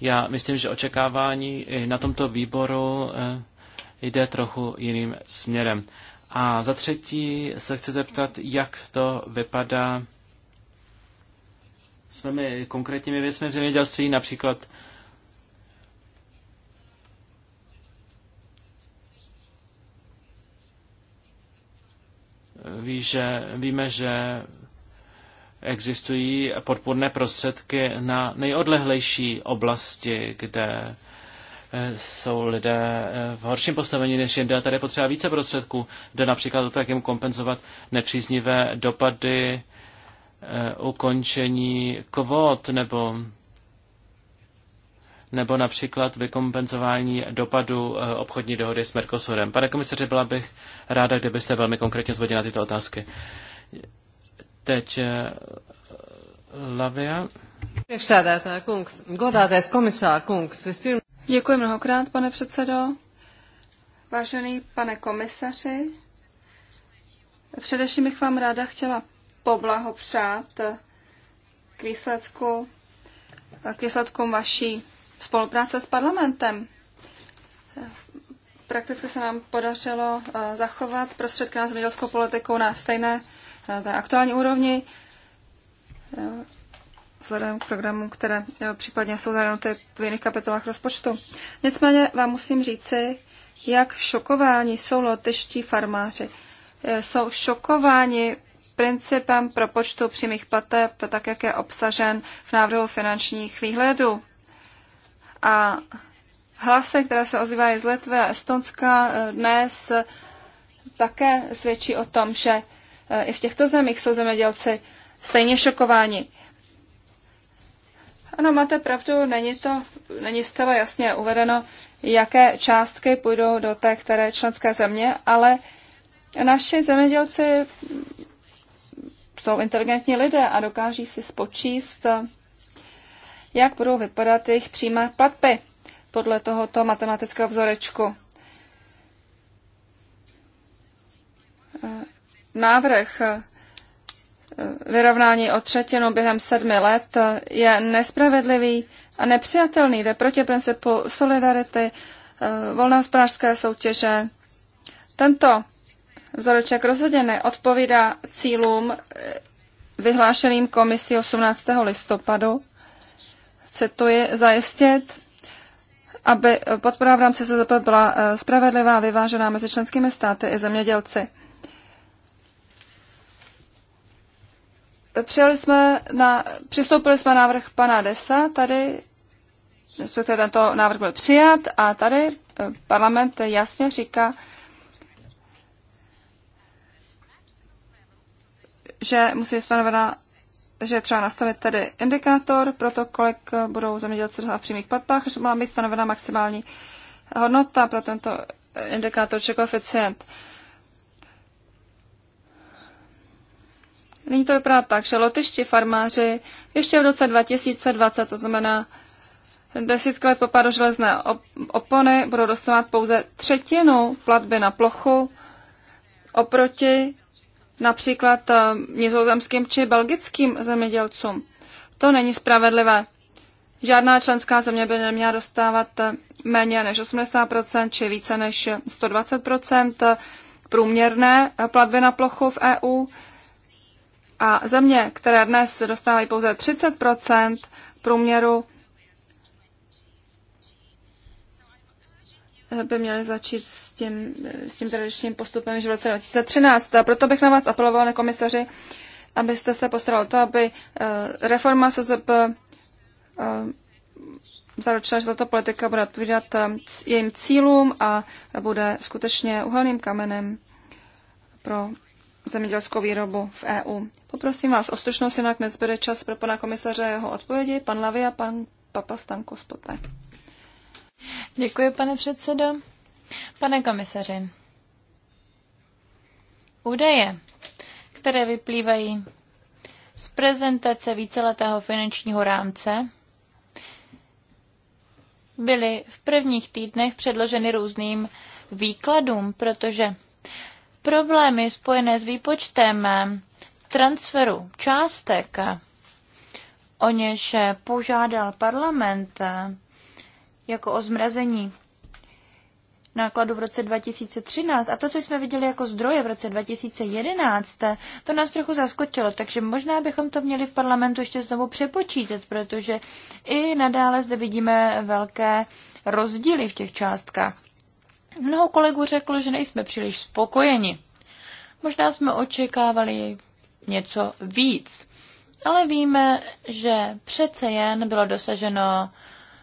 já myslím, že očekávání na tomto výboru eh, jde trochu jiným směrem. A za třetí se chci zeptat, jak to vypadá s těmi konkrétními věcmi v zemědělství, například ví, že, víme, že existují podpůrné prostředky na nejodlehlejší oblasti, kde eh, jsou lidé eh, v horším postavení než jinde a tady je potřeba více prostředků. kde například o to, jak jim kompenzovat nepříznivé dopady eh, ukončení kvót nebo nebo například vykompenzování dopadu obchodní dohody s Mercosurem. Pane komisaři, byla bych ráda, kdybyste velmi konkrétně zvodila na tyto otázky. Teď eh, Lavia. Děkuji mnohokrát, pane předsedo. Vážený pane komisaři, především bych vám ráda chtěla poblahopřát k výsledku, k výsledkům vaší spolupráce s parlamentem. Prakticky se nám podařilo eh, zachovat prostředky na zemědělskou politiku na stejné na té aktuální úrovni, eh, vzhledem k programům, které eh, případně jsou zahrnuty v jiných kapitolách rozpočtu. Nicméně vám musím říci, jak šokováni jsou lotyští farmáři. Eh, jsou šokováni principem propočtu přímých plateb, tak jak je obsažen v návrhu finančních výhledů. A hlasy, které se ozývají z Litvy a Estonska, dnes také svědčí o tom, že Eh, I v těchto zemích jsou zemědělci stejně šokováni. Ano, máte pravdu, není to, není zcela jasně uvedeno, jaké částky půjdou do té které členské země, ale naši zemědělci jsou inteligentní lidé a dokáží si spočíst, jak budou vypadat jejich přímé platby podle tohoto matematického vzorečku. Eh, návrh eh, vyrovnání o třetinu během sedmi let eh, je nespravedlivý a nepřijatelný. Jde proti principu solidarity, eh, volné hospodářské soutěže. Tento vzoreček rozhodně neodpovídá cílům vyhlášeným komisí 18. listopadu. Cituji, zajistit, aby podpora v rámci SZP byla spravedlivá a vyvážená mezi členskými státy i zemědělci. přijali jsme na, přistoupili jsme na návrh pana Desa, tady respektive tento návrh byl přijat a tady eh, parlament jasně říká, že musí být stanovena, že třeba nastavit tedy indikátor pro to, kolik budou zemědělci v přímých platbách, že má být stanovena maximální hodnota pro tento indikátor či koeficient. Uh, Nyní to vypadá tak, že lotyští farmáři ještě v roce 2020, to znamená desítky let po pádu železné opony, budou dostávat pouze třetinu platby na plochu oproti například eh, nizozemským či belgickým zemědělcům. To není spravedlivé. Žádná členská země by neměla dostávat eh, méně než 80% či více než 120% eh, průměrné platby na plochu v EU. A země, které dnes dostávají pouze 30 průměru, by měly začít s tím, s tím tradičním postupem již v roce 2013. A proto bych na vás apeloval, na komisaři, abyste se postaral o to, aby eh, reforma SZP eh, zaručila, že tato politika bude odpovídat eh, jejím cílům a bude skutečně uhelným kamenem pro zemědělskou výrobu v EU. Poprosím vás o stručnost, jinak nezbere čas pro pana komisaře jeho odpovědi, pan Lavi a pan Papa Stanko spoté. Děkuji, pane předsedo. Pane komisaři, údaje, které vyplývají z prezentace víceletého finančního rámce, byly v prvních týdnech předloženy různým výkladům, protože problémy spojené s výpočtem eh, transferu částek, eh, o něž eh, požádal parlament jako o zmrazení nákladu v roce 2013 a to, co jsme viděli jako zdroje v roce 2011, to nás trochu zaskočilo, takže možná bychom to měli v parlamentu ještě znovu přepočítat, protože i nadále zde vidíme velké rozdíly v těch částkách. Mnoho kolegů řeklo, že nejsme příliš spokojeni. Možná jsme očekávali něco víc, ale víme, že přece jen bylo dosaženo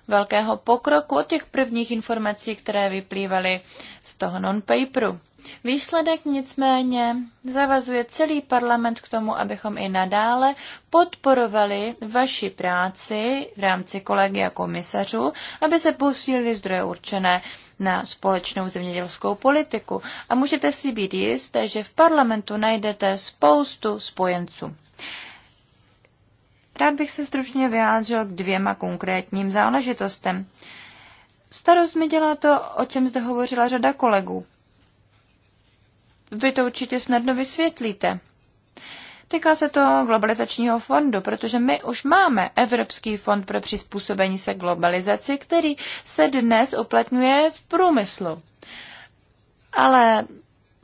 velkého pokroku od těch prvních informací, které vyplývaly z toho non-paperu. Výsledek nicméně zavazuje celý parlament k tomu, abychom i nadále podporovali vaši práci v rámci kolegy a komisařů, aby se posílili zdroje určené na společnou zemědělskou politiku. A můžete si být jisté, že v parlamentu najdete spoustu spojenců. Rád bych se stručně vyjádřil k dvěma konkrétním záležitostem. Starost mi dělá to, o čem zde hovořila řada kolegů. Vy to určitě snadno vysvětlíte. Týká se to globalizačního fondu, protože my už máme Evropský fond pro přizpůsobení se globalizaci, který se dnes uplatňuje v průmyslu. Ale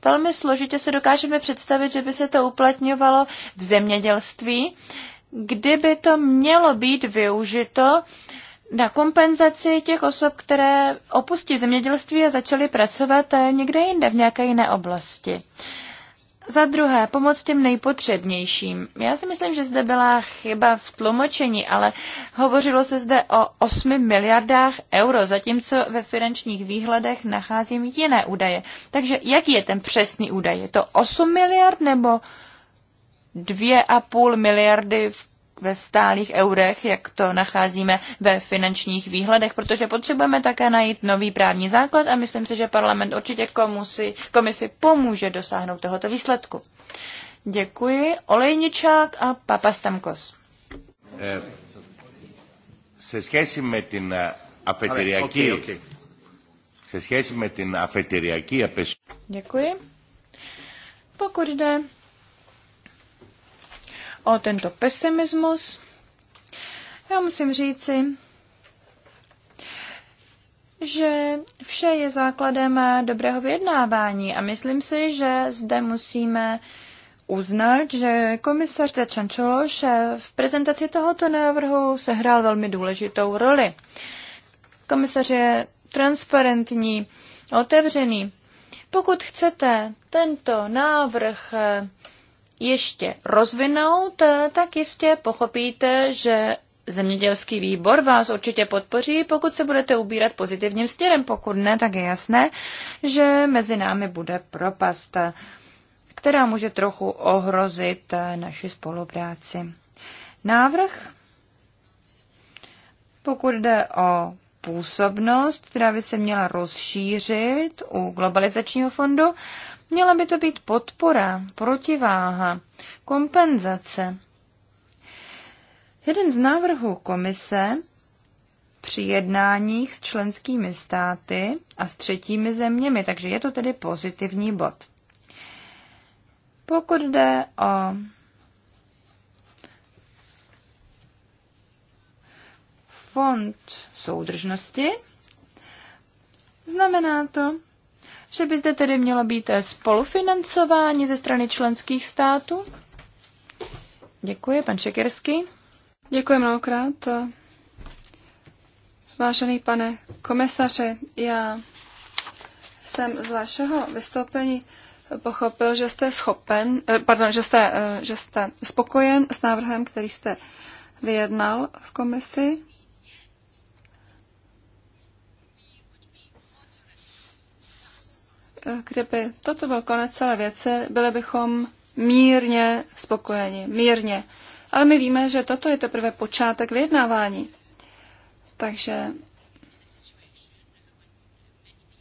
velmi složitě se dokážeme představit, že by se to uplatňovalo v zemědělství, kdyby to mělo být využito na kompenzaci těch osob, které opustí zemědělství a začaly pracovat někde jinde, v nějaké jiné oblasti. Za druhé, pomoc těm nejpotřebnějším. Já si myslím, že zde byla chyba v tlumočení, ale hovořilo se zde o 8 miliardách euro, zatímco ve finančních výhledech nacházím jiné údaje. Takže jaký je ten přesný údaj? Je to 8 miliard nebo Dvě a půl miliardy ve stálých eurech, jak to nacházíme ve finančních výhledech, protože potřebujeme také najít nový právní základ a myslím si, že parlament určitě komusi, komisi pomůže dosáhnout tohoto výsledku. Děkuji. Olejničák a Papastamkos. Eh, se σχέση με την αφετηριακή se σχέση με την Děkuji. Pokud jde o tento pesimismus. Já musím říci, že vše je základem dobrého vyjednávání a myslím si, že zde musíme uznat, že komisař Dačan v prezentaci tohoto návrhu sehrál velmi důležitou roli. Komisař je transparentní, otevřený. Pokud chcete tento návrh ještě rozvinout, eh, tak jistě pochopíte, že zemědělský výbor vás určitě podpoří, pokud se budete ubírat pozitivním směrem. Pokud ne, tak je jasné, že mezi námi bude propast, která může trochu ohrozit eh, naši spolupráci. Návrh, pokud jde o působnost, která by se měla rozšířit u globalizačního fondu, Měla by to být podpora, protiváha, kompenzace. Jeden z návrhů komise při jednáních s členskými státy a s třetími zeměmi, takže je to tedy pozitivní bod. Pokud jde o fond soudržnosti, znamená to, že by zde tedy mělo být eh, spolufinancování ze strany členských států? Děkuji, pan Šekersky. Děkuji mnohokrát. Vážený pane komisaře, já jsem z vašeho vystoupení pochopil, že jste schopen, eh, pardon, že jste, eh, že jste spokojen s návrhem, který jste vyjednal v komisi. kdyby toto byl konec celé věci, byli bychom mírně spokojeni, mírně. Ale my víme, že toto je teprve počátek vyjednávání. Takže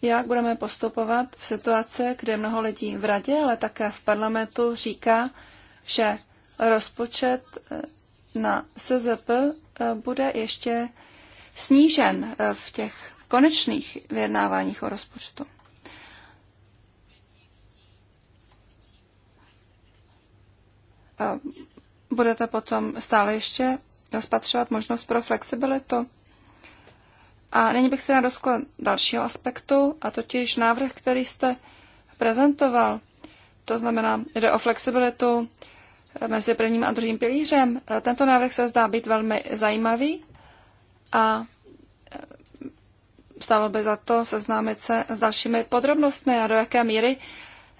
jak budeme postupovat v situaci, kde mnoho lidí v radě, ale také v parlamentu říká, že rozpočet eh, na SZP eh, bude ještě snížen eh, v těch konečných vyjednáváních o rozpočtu. budete potom stále ještě rozpatřovat možnost pro flexibilitu. A nyní bych se nadoskla dalšího aspektu, a totiž návrh, který jste prezentoval. To znamená, jde o flexibilitu mezi prvním a druhým pilířem. Tento návrh se zdá být velmi zajímavý a e, stalo by za to seznámit se s dalšími podrobnostmi a do jaké míry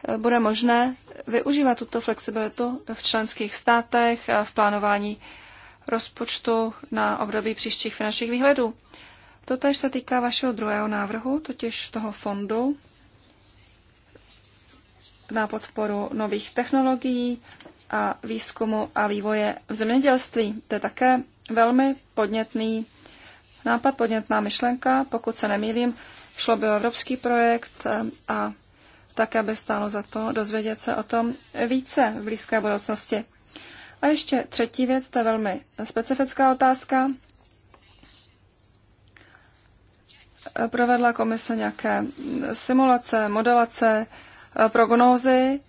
Eh, bude možné využívat tuto flexibilitu v členských státech a v plánování rozpočtu na období příštích finančních výhledů. Totež se týká vašeho druhého návrhu, totiž toho fondu na podporu nových technologií a výzkumu a vývoje v zemědělství. To je také velmi podnětný nápad, podnětná myšlenka. Pokud se nemýlím, šlo by o evropský projekt eh, a tak aby stálo za to dozvědět se o tom více v blízké budoucnosti. A ještě třetí věc, to je velmi specifická otázka. Provedla komise nějaké simulace, modelace, prognózy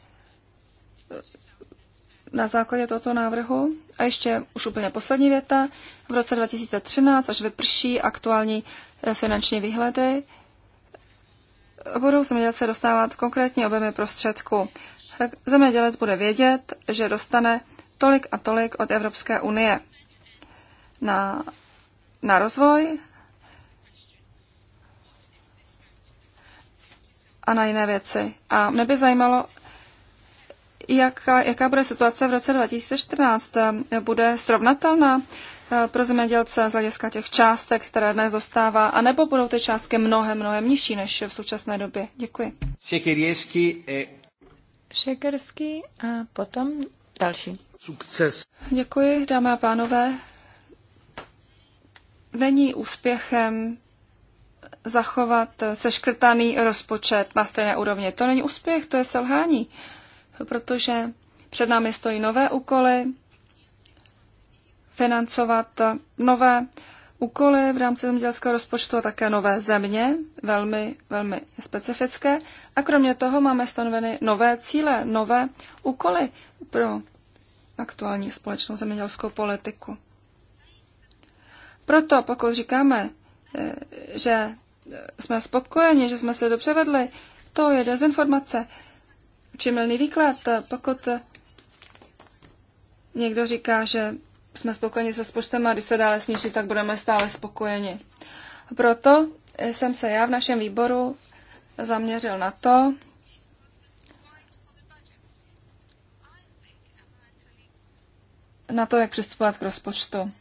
na základě tohoto návrhu. A ještě už úplně poslední věta. V roce 2013, až vyprší aktuální finanční výhledy, budou zemědělce dostávat konkrétní objemy prostředků. Zemědělec bude vědět, že dostane tolik a tolik od Evropské unie na, na rozvoj a na jiné věci. A mě by zajímalo, jaká, jaká bude situace v roce 2014. Bude srovnatelná? Eh, pro zemědělce z hlediska těch částek, které dnes zůstává, anebo budou ty částky mnohem, mnohem nižší než v současné době? Děkuji. Šekerský Šekerský a potom další. Sukces. Děkuji, dámy a pánové. Není úspěchem zachovat seškrtaný rozpočet na stejné úrovni. To není úspěch, to je selhání, protože před námi stojí nové úkoly, financovat nové úkoly v rámci zemědělského rozpočtu a také nové země, velmi, velmi specifické. A kromě toho máme stanoveny nové cíle, nové úkoly pro aktuální společnou zemědělskou politiku. Proto pokud říkáme, eh, že jsme spokojeni, že jsme se dobře vedli, to je dezinformace. Či milný výklad, pokud někdo říká, že jsme spokojeni s rozpočtem a když se dále sníží, tak budeme stále spokojeni. Proto jsem se já v našem výboru zaměřil na to, na to, jak přistupovat k rozpočtu.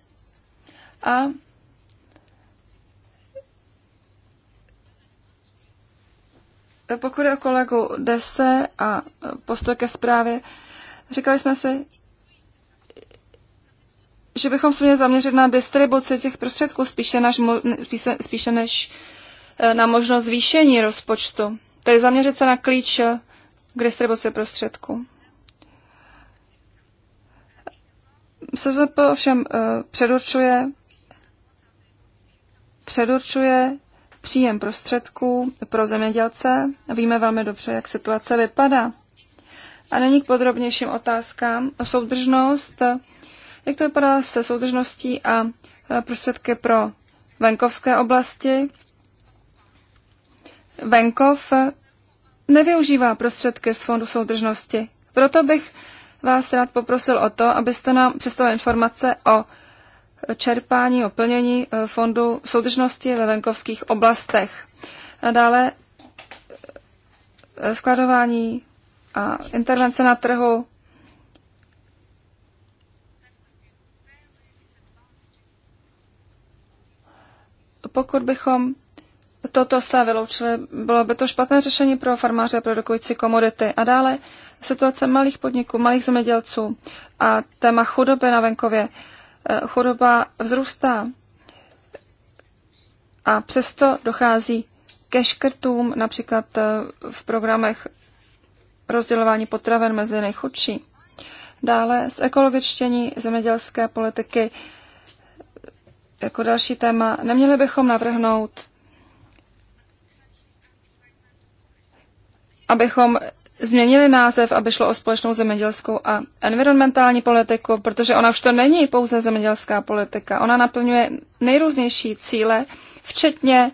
A pokud je o kolegu Dese a postoj ke zprávě, říkali jsme si, že bychom se měli zaměřit na distribuci těch prostředků spíše, než, spíše, spíše než eh, na možnost zvýšení rozpočtu. Tedy zaměřit se na klíč eh, k distribuci prostředků. SZP ovšem eh, předurčuje, předurčuje příjem prostředků pro zemědělce. Víme velmi dobře, jak situace vypadá. A není k podrobnějším otázkám. Soudržnost jak to vypadá se soudržností a prostředky pro venkovské oblasti? Venkov nevyužívá prostředky z Fondu soudržnosti. Proto bych vás rád poprosil o to, abyste nám představili informace o čerpání, o plnění e, Fondu soudržnosti ve venkovských oblastech. A dále e, skladování a intervence na trhu, Pokud bychom toto se vyloučili, bylo by to špatné řešení pro farmáře produkující komodity. A dále situace malých podniků, malých zemědělců a téma chudoby na venkově. Eh, chudoba vzrůstá a přesto dochází ke škrtům, například eh, v programech rozdělování potraven mezi nejchudší. Dále z ekologičtění zemědělské politiky jako další téma, neměli bychom navrhnout, abychom změnili název, aby šlo o společnou zemědělskou a environmentální politiku, protože ona už to není pouze zemědělská politika. Ona naplňuje nejrůznější cíle, včetně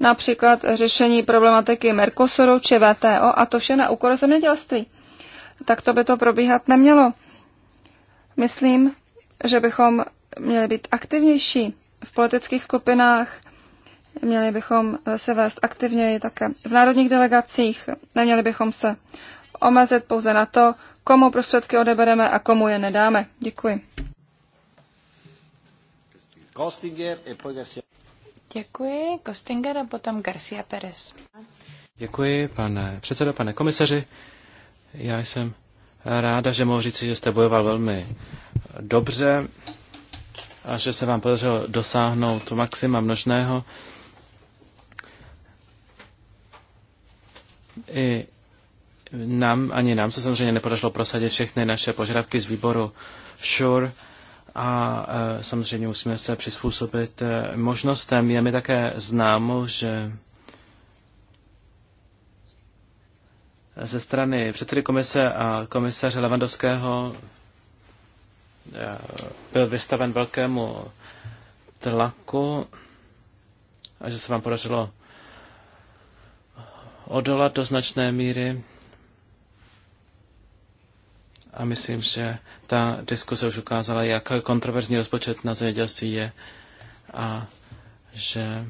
například řešení problematiky Mercosuru či VTO a to vše na úkor zemědělství. Tak to by to probíhat nemělo. Myslím, že bychom měli být aktivnější v politických skupinách, měli bychom se vést aktivněji také v národních delegacích, neměli bychom se omezit pouze na to, komu prostředky odebereme a komu je nedáme. Děkuji. Eh, Děkuji. Kostinger a potom Garcia Perez. Děkuji, pane předsedo, pane komisaři. Já jsem ráda, že mohu říct, že jste bojoval velmi dobře a že se vám podařilo dosáhnout maxima množného. I nám, ani nám se samozřejmě nepodařilo prosadit všechny naše požadavky z výboru SURE a e, samozřejmě musíme se přizpůsobit e, možnostem. Je mi také známo, že ze strany předsedy komise a komisaře Levandovského Eh, byl vystaven velkému tlaku a že se vám podařilo odolat do značné míry. A myslím, že ta diskuse už ukázala, jak kontroverzní rozpočet na zemědělství je a že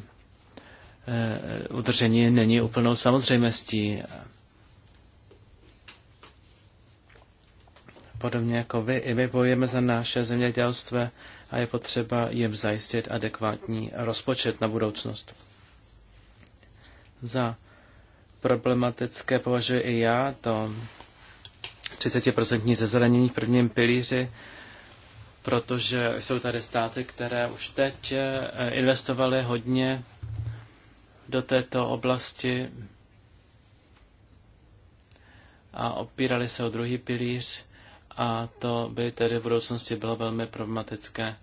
eh, udržení není úplnou samozřejmostí. Podobně jako vy, i my bojujeme za naše zemědělství a je potřeba jim zajistit adekvátní rozpočet na budoucnost. Za problematické považuji i já to 30% zezelenění v prvním pilíři, protože jsou tady státy, které už teď eh, investovaly hodně do této oblasti a opírali se o druhý pilíř a to by tedy v budoucnosti bylo velmi problematické.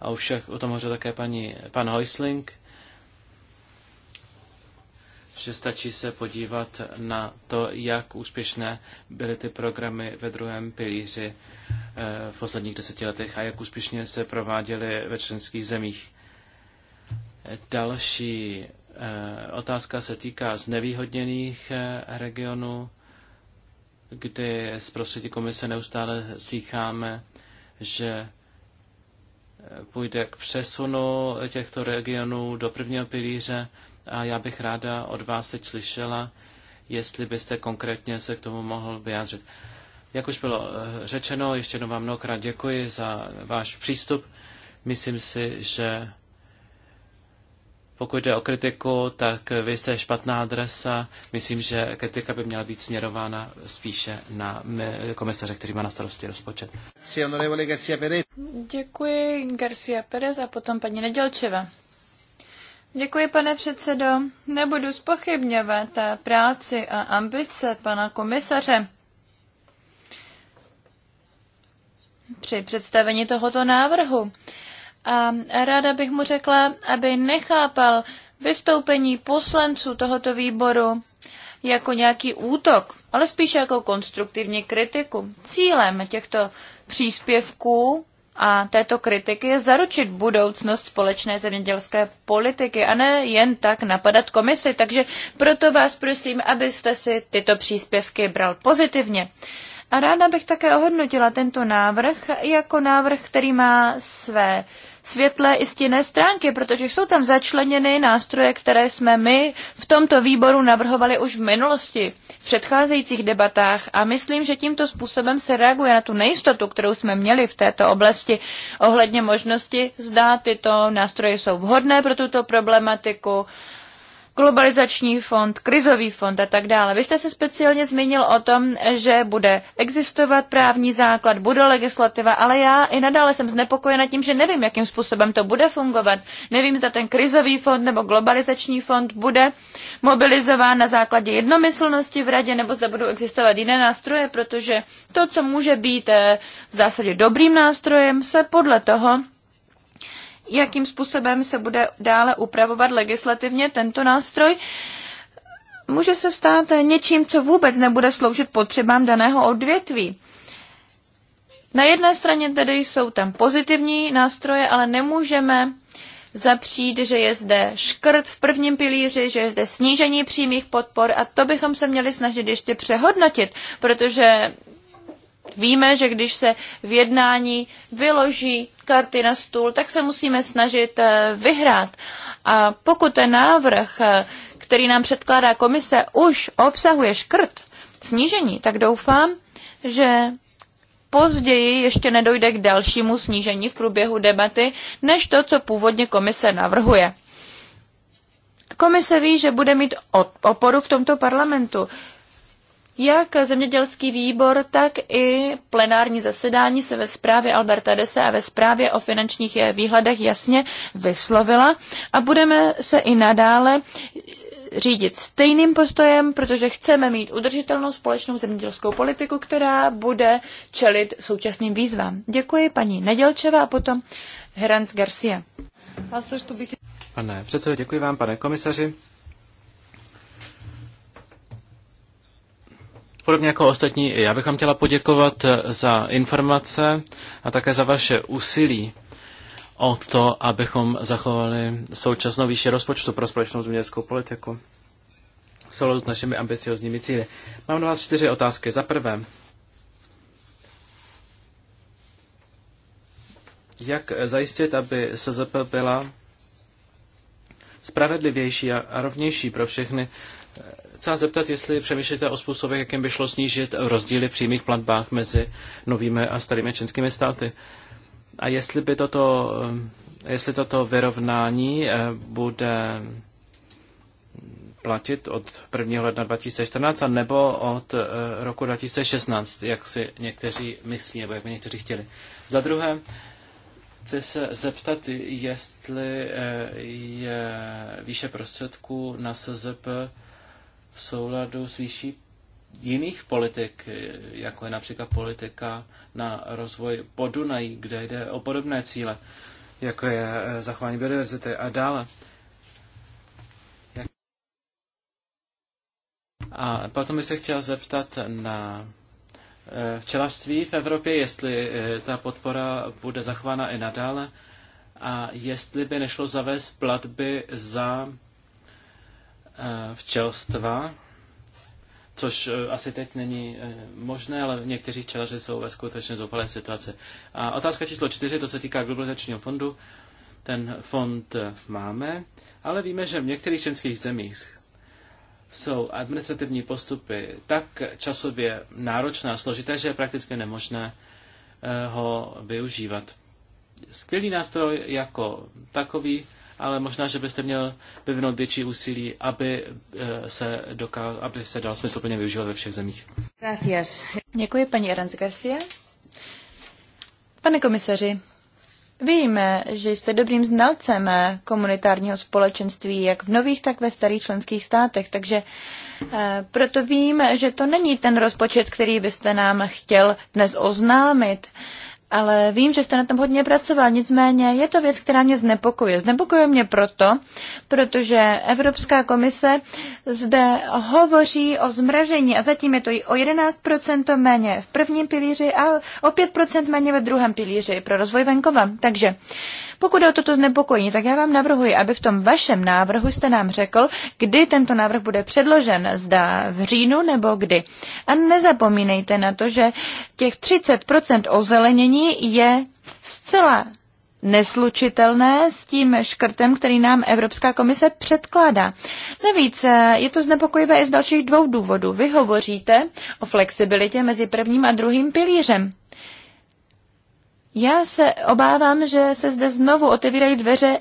A už o tom hovořil také paní, pan Heusling, že stačí se podívat na to, jak úspěšné byly ty programy ve druhém pilíři eh, v posledních deseti letech a jak úspěšně se prováděly ve členských zemích. Další eh, otázka se týká znevýhodněných eh, regionů kdy z prostředí komise neustále slycháme, že půjde k přesunu těchto regionů do prvního pilíře a já bych ráda od vás teď slyšela, jestli byste konkrétně se k tomu mohl vyjádřit. Jak už bylo eh, řečeno, ještě jednou vám mnohokrát děkuji za váš přístup. Myslím si, že pokud jde o kritiku, tak vy jste špatná adresa. Myslím, že kritika by měla být směrována spíše na komisaře, který má na starosti rozpočet. Děkuji Garcia Perez a potom paní Nedělčeva. Děkuji, pane předsedo. Nebudu spochybňovat práci a ambice pana komisaře. Při představení tohoto návrhu a ráda bych mu řekla, aby nechápal vystoupení poslanců tohoto výboru jako nějaký útok, ale spíše jako konstruktivní kritiku. Cílem těchto příspěvků a této kritiky je zaručit budoucnost společné zemědělské politiky a ne jen tak napadat komisi. Takže proto vás prosím, abyste si tyto příspěvky bral pozitivně. A ráda bych také ohodnotila tento návrh jako návrh, který má své světlé i stěné stránky, protože jsou tam začleněny nástroje, které jsme my v tomto výboru navrhovali už v minulosti, v předcházejících debatách a myslím, že tímto způsobem se reaguje na tu nejistotu, kterou jsme měli v této oblasti ohledně možnosti, zda tyto nástroje jsou vhodné pro tuto problematiku, globalizační fond, krizový fond a tak dále. Vy jste se speciálně zmínil o tom, že bude existovat právní základ, bude legislativa, ale já i nadále jsem znepokojena tím, že nevím, jakým způsobem to bude fungovat. Nevím, zda ten krizový fond nebo globalizační fond bude mobilizován na základě jednomyslnosti v radě, nebo zda budou existovat jiné nástroje, protože to, co může být eh, v zásadě dobrým nástrojem, se podle toho, jakým způsobem se bude dále upravovat legislativně tento nástroj, může se stát něčím, co vůbec nebude sloužit potřebám daného odvětví. Na jedné straně tedy jsou tam pozitivní nástroje, ale nemůžeme zapřít, že je zde škrt v prvním pilíři, že je zde snížení přímých podpor a to bychom se měli snažit ještě přehodnotit, protože Víme, že když se v jednání vyloží karty na stůl, tak se musíme snažit eh, vyhrát. A pokud ten návrh, eh, který nám předkládá komise, už obsahuje škrt, snížení, tak doufám, že později ještě nedojde k dalšímu snížení v průběhu debaty, než to, co původně komise navrhuje. Komise ví, že bude mít oporu v tomto parlamentu. Jak zemědělský výbor, tak i plenární zasedání se ve zprávě Alberta Dese a ve zprávě o finančních výhledech jasně vyslovila a budeme se i nadále řídit stejným postojem, protože chceme mít udržitelnou společnou zemědělskou politiku, která bude čelit současným výzvám. Děkuji paní Nedělčeva a potom Herans Garcia. Pane předsedo, děkuji vám, pane komisaři. Podobně jako ostatní, já bych vám chtěla poděkovat eh, za informace a také za vaše úsilí o to, abychom zachovali současnou výši rozpočtu pro společnou zemědělskou politiku v souladu s našimi ambiciozními cíly. Mám na vás čtyři otázky. Za prvé, jak zajistit, aby SZP byla spravedlivější a rovnější pro všechny chtěla zeptat, jestli přemýšlíte o způsobech, jakým by šlo snížit rozdíly přímých platbách mezi novými a starými členskými státy. A jestli by toto, eh, jestli toto vyrovnání eh, bude platit od 1. ledna 2014 a nebo od eh, roku 2016, jak si někteří myslí, nebo jak by někteří chtěli. Za druhé, chci se zeptat, jestli je výše prostředků na SZP v souladu s výší jiných politik, jako je například politika na rozvoj Podunají, kde jde o podobné cíle, jako je eh, zachování biodiverzity a dále. A potom bych se chtěl zeptat na eh, včelařství v Evropě, jestli eh, ta podpora bude zachována i nadále a jestli by nešlo zavést platby za Eh, včelstva, což eh, asi teď není eh, možné, ale někteří včelaři jsou ve skutečně zoufalé situaci. A otázka číslo čtyři, to se týká globalizačního fondu. Ten fond máme, ale víme, že v některých členských zemích jsou administrativní postupy tak časově náročné a složité, že je prakticky nemožné ho využívat. Skvělý nástroj jako takový ale možná, že byste měl vyvinout větší úsilí, aby eh, se, doká- aby se dal smysluplně využívat ve všech zemích. Gracias. Děkuji, paní Aranz Garcia. Pane komisaři, Víme, že jste dobrým znalcem komunitárního společenství, jak v nových, tak ve starých členských státech, takže eh, proto vím, že to není ten rozpočet, který byste nám chtěl dnes oznámit ale vím, že jste na tom hodně pracoval, nicméně je to věc, která mě znepokuje. Znepokuje mě proto, protože Evropská komise zde hovoří o zmražení a zatím je to i o 11% méně v prvním pilíři a o 5% méně ve druhém pilíři pro rozvoj venkova. Takže pokud je o toto znepokojení, tak já vám navrhuji, aby v tom vašem návrhu jste nám řekl, kdy tento návrh bude předložen, zda v říjnu nebo kdy. A nezapomínejte na to, že těch 30% ozelenění zdanění je zcela neslučitelné s tím škrtem, který nám Evropská komise předkládá. Navíc eh, je to znepokojivé i z dalších dvou důvodů. Vy hovoříte o flexibilitě mezi prvním a druhým pilířem. Já se obávám, že se zde znovu otevírají dveře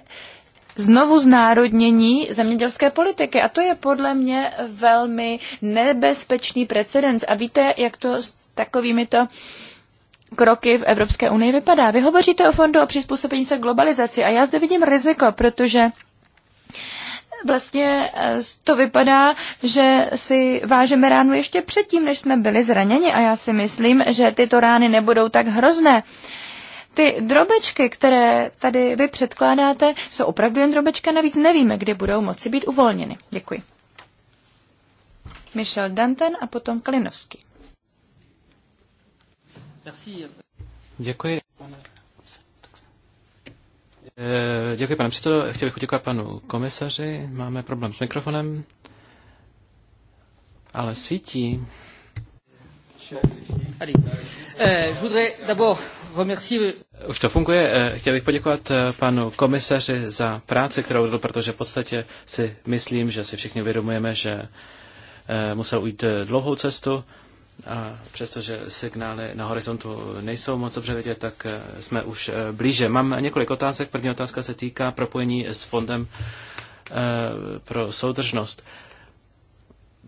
znovu znárodnění zemědělské politiky. A to je podle mě velmi nebezpečný precedens. A víte, jak to s takovými to kroky v Evropské unii vypadá. Vy hovoříte o fondu o přizpůsobení se globalizaci a já zde vidím riziko, protože vlastně eh, to vypadá, že si vážeme ránu ještě předtím, než jsme byli zraněni a já si myslím, že tyto rány nebudou tak hrozné. Ty drobečky, které tady vy předkládáte, jsou opravdu jen drobečka, navíc nevíme, kdy budou moci být uvolněny. Děkuji. Michel Danten a potom Kalinovský. Děkuji. Eh, děkuji, pane předsedo. Chtěl bych poděkovat panu komisaři. Máme problém s mikrofonem, ale svítí. Eh, Už to funguje. Eh, chtěl bych poděkovat panu komisaři za práci, kterou udělal, protože v podstatě si myslím, že si všichni uvědomujeme, že musel ujít dlouhou cestu a přestože signály na horizontu nejsou moc dobře vidět, tak eh, jsme už eh, blíže. Mám několik otázek. První otázka se týká propojení s fondem eh, pro soudržnost.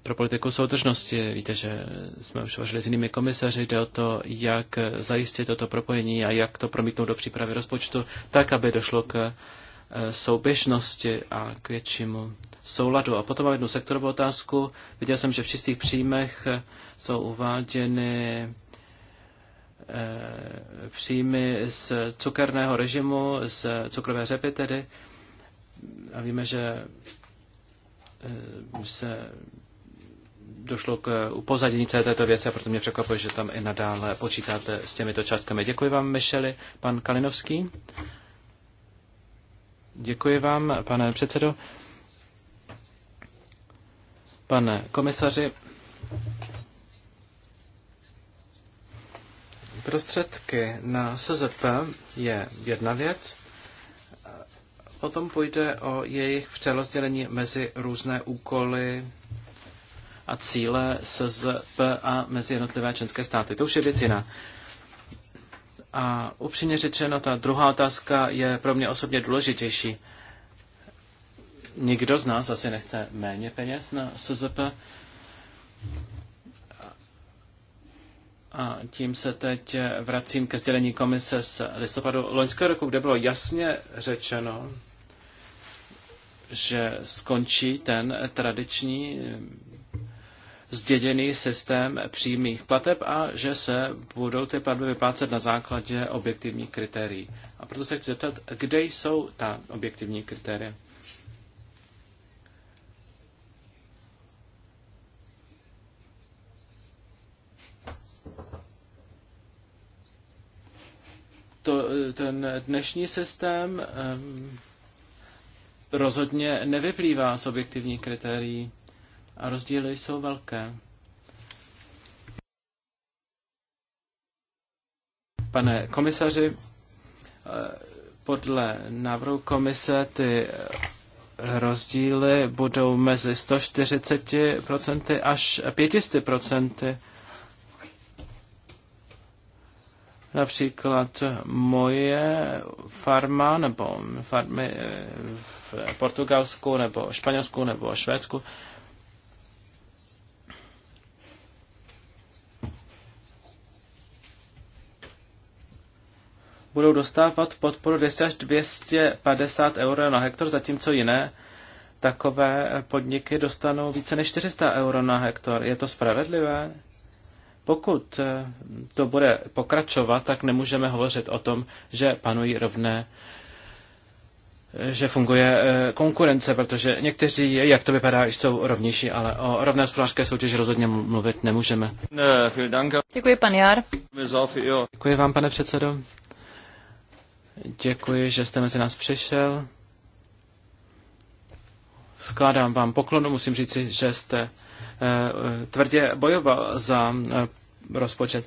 Pro politiku soudržnosti víte, že jsme už hovořili s jinými komisaři, jde o to, jak zajistit toto propojení a jak to promítnout do přípravy rozpočtu, tak, aby došlo k souběžnosti a k většímu souladu. A potom mám jednu sektorovou otázku. Viděl jsem, že v čistých příjmech eh, jsou uváděny eh, příjmy z cukerného režimu, z cukrové řepy tedy. A víme, že eh, se došlo k upozadění celé této věci a proto mě překvapuje, že tam i nadále počítáte s těmito částkami. Děkuji vám, mešeli, Pan Kalinovský. Děkuji vám, pane předsedo. Pane komisaři, prostředky na SZP je jedna věc, potom půjde o jejich přerozdělení mezi různé úkoly a cíle SZP a mezi jednotlivé členské státy. To už je věc jiná. A upřímně řečeno, ta druhá otázka je pro mě osobně důležitější Nikdo z nás asi nechce méně peněz na SZP. A tím se teď vracím ke sdělení komise z listopadu loňského roku, kde bylo jasně řečeno, že skončí ten tradiční eh, zděděný systém přímých plateb a že se budou ty platby vyplácet na základě objektivních kritérií. A proto se chci zeptat, kde jsou ta objektivní kritéria? to, ten dnešní systém rozhodně nevyplývá z objektivních kritérií a rozdíly jsou velké. Pane komisaři, eh, podle návrhu komise ty rozdíly budou mezi 140% až 500%. Například moje farma nebo farmy eh, v Portugalsku nebo Španělsku nebo Švédsku budou dostávat podporu 200 až 250 euro na hektar, zatímco jiné takové podniky dostanou více než 400 euro na hektar. Je to spravedlivé? Pokud eh, to bude pokračovat, tak nemůžeme hovořit o tom, že panují rovné že funguje eh, konkurence, protože někteří, jak to vypadá, jsou rovnější, ale o rovné hospodářské soutěži rozhodně mluvit nemůžeme. Děkuji, pan Jár. Děkuji vám, pane předsedo. Děkuji, že jste mezi nás přišel. Skládám vám poklonu, musím říci, že jste Eh, eh, tvrdě bojoval za eh, rozpočet.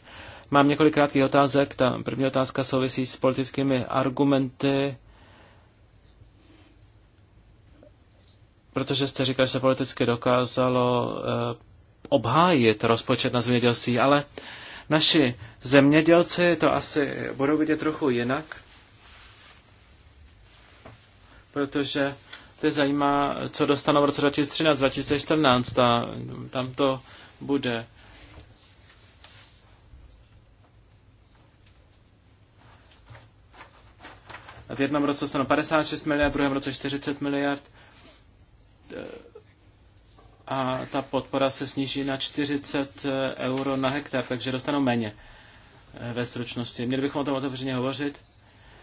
Mám několik krátkých otázek. Ta první otázka souvisí s politickými argumenty, protože jste říkal, že se politicky dokázalo obhájit rozpočet na zemědělství, ale naši zemědělci to asi budou vidět trochu jinak, protože ty zajímá, co dostanou v roce 2013, 2014 a tam to bude. A v jednom roce dostanou 56 miliard, v druhém roce 40 miliard a ta podpora se sníží na 40 euro na hektar, takže dostanou méně eh, ve stručnosti. Měli bychom o tom otevřeně hovořit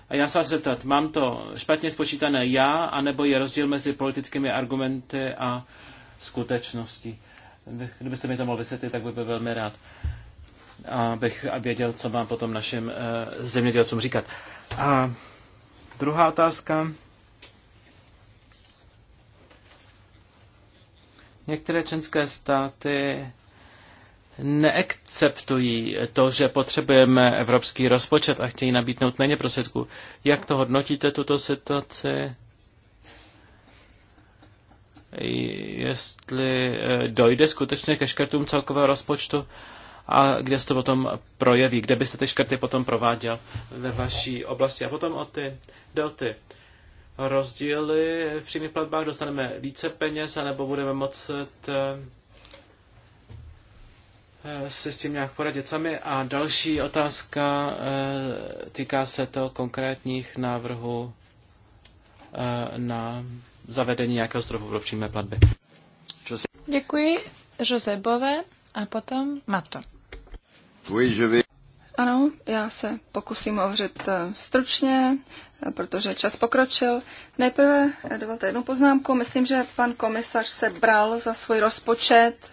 a já se vás zeptat, mám to špatně spočítané já, anebo je rozdíl mezi politickými argumenty a skutečností? Kdybyste mi to mohl vysvětlit, tak bych byl velmi rád, abych věděl, co mám potom našim eh, zemědělcům říkat. A druhá otázka. Některé členské státy neakceptují to, že potřebujeme evropský rozpočet a chtějí nabídnout méně prostředků. Jak to hodnotíte, tuto situaci? Jestli eh, dojde skutečně ke škrtům celkového rozpočtu a kde se to potom projeví, kde byste ty škrty potom prováděl ve vaší oblasti. A potom o ty delty rozdíly v přímých platbách dostaneme více peněz, anebo budeme moct eh, Eh, si s tím nějak poradit sami. A další otázka eh, týká se to konkrétních návrhů eh, na zavedení nějakého stropu pro přímé platby. Děkuji Josebové a potom Mato. Ano, já se pokusím ovřet stručně, protože čas pokročil. Nejprve dovolte jednu poznámku. Myslím, že pan komisař se bral za svůj rozpočet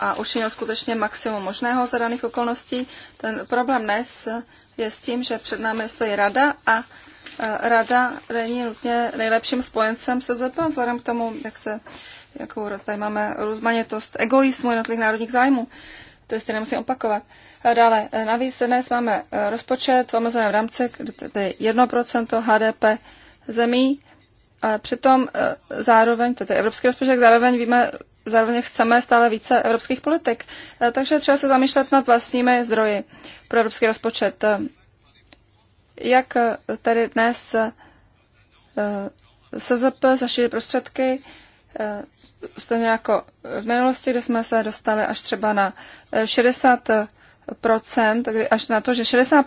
a učinil skutečně maximum možného za daných okolností. Ten problém dnes je s tím, že před námi stojí rada a e, rada není nutně nejlepším spojencem SZP, vzhledem k tomu, jak se, jakou tady máme rozmanitost egoismu jednotlivých národních zájmů. To jistě nemusím opakovat. A dále, e, navíc dnes máme e, rozpočet v omezeném rámci, je 1% HDP zemí, ale přitom zároveň, tedy evropský rozpočet, zároveň víme, zároveň chceme stále více evropských politik. E, takže třeba se zamýšlet nad vlastními zdroji pro evropský rozpočet. E, jak e, tady dnes SZP zašili prostředky, stejně jako v minulosti, kdy jsme se dostali až třeba na 60 až na to, že 60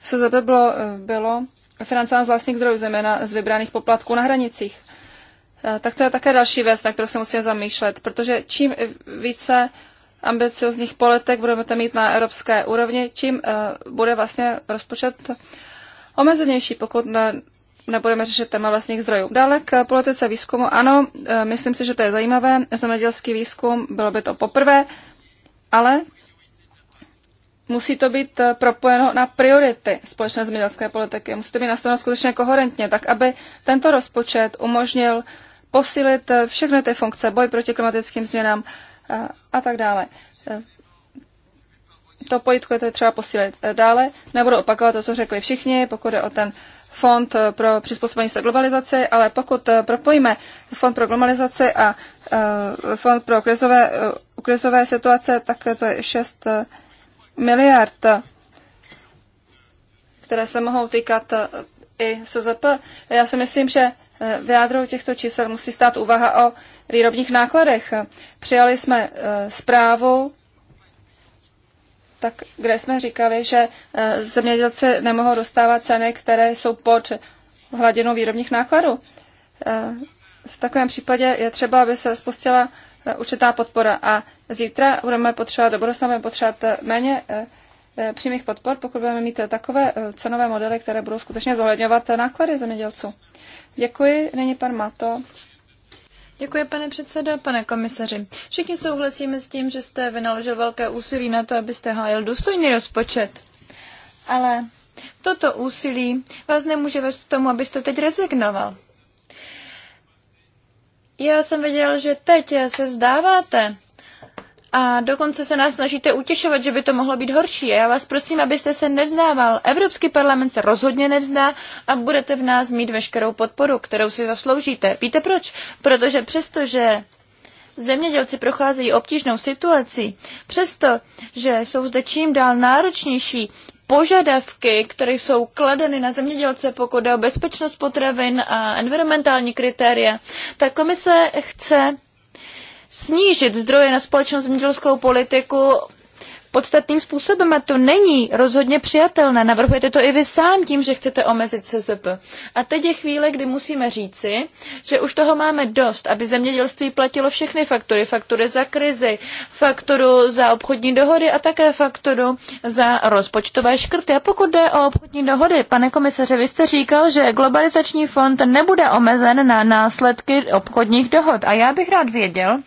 SZP bylo, bylo financováno z vlastních zdrojů, zejména z vybraných poplatků na hranicích. Eh, tak to je také další věc, na kterou se musíme zamýšlet, protože čím více ambiciozních politik budeme mít na evropské úrovni, čím eh, bude vlastně rozpočet omezenější, pokud ne, nebudeme řešit téma vlastních zdrojů. Dále k politice výzkumu. Ano, eh, myslím si, že to je zajímavé. Zemědělský výzkum, bylo by to poprvé, ale musí to být propojeno na priority společné zemědělské politiky. Musí to být nastaveno skutečně koherentně, tak aby tento rozpočet umožnil posílit eh, všechny ty funkce, boj proti klimatickým změnám a, eh, a tak dále. Eh, to pojitko je to třeba posílit dále. Nebudu opakovat to, co řekli všichni, pokud je o ten fond pro přizpůsobení se globalizaci, ale pokud propojíme fond pro globalizaci a fond pro krizové, krizové situace, tak to je 6 miliard, které se mohou týkat i SZP. Já si myslím, že Eh, v jádru těchto čísel musí stát úvaha o výrobních nákladech. Přijali jsme eh, zprávu, tak, kde jsme říkali, že eh, zemědělci nemohou dostávat ceny, které jsou pod hladinou výrobních nákladů. V takovém případě je třeba, aby se spustila určitá podpora. A zítra budeme potřebovat, do budoucna budeme potřebovat méně přímých podpor, pokud budeme mít takové cenové modely, které budou skutečně zohledňovat náklady zemědělců. Děkuji, není pan Mato. Děkuji, pane předsedo, pane komisaři. Všichni souhlasíme s tím, že jste vynaložil velké úsilí na to, abyste hájil důstojný rozpočet. Ale toto úsilí vás nemůže vést k tomu, abyste teď rezignoval. Já jsem věděl, že teď se vzdáváte a dokonce se nás snažíte utěšovat, že by to mohlo být horší. A já vás prosím, abyste se nevzdával. Evropský parlament se rozhodně nevzdá a budete v nás mít veškerou podporu, kterou si zasloužíte. Víte proč? Protože přesto, že zemědělci procházejí obtížnou situací, přesto, že jsou zde čím dál náročnější požadavky, které jsou kladeny na zemědělce, pokud jde o bezpečnost potravin a environmentální kritéria, tak komise chce snížit zdroje na společnou zemědělskou politiku podstatným způsobem a to není rozhodně přijatelné. Navrhujete to i vy sám tím, že chcete omezit CZP. A teď je chvíle, kdy musíme říci, že už toho máme dost, aby zemědělství platilo všechny faktory. Faktory za krizi, fakturu za obchodní dohody a také fakturu za rozpočtové škrty. A pokud jde o obchodní dohody, pane komisaře, vy jste říkal, že globalizační fond nebude omezen na následky obchodních dohod. A já bych rád věděl,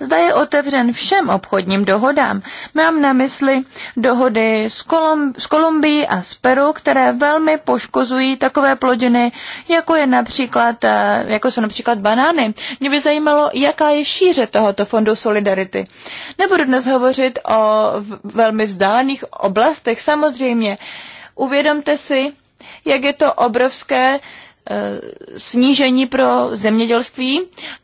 Zda je otevřen všem obchodním dohodám. Mám na mysli dohody s, Kolum- s Kolumbií a s Peru, které velmi poškozují takové plodiny, jako, je například, eh, jako jsou například banány. Mě by zajímalo, jaká je šíře tohoto fondu Solidarity. Nebudu dnes hovořit o velmi vzdálených oblastech, samozřejmě. Uvědomte si, jak je to obrovské eh, snížení pro zemědělství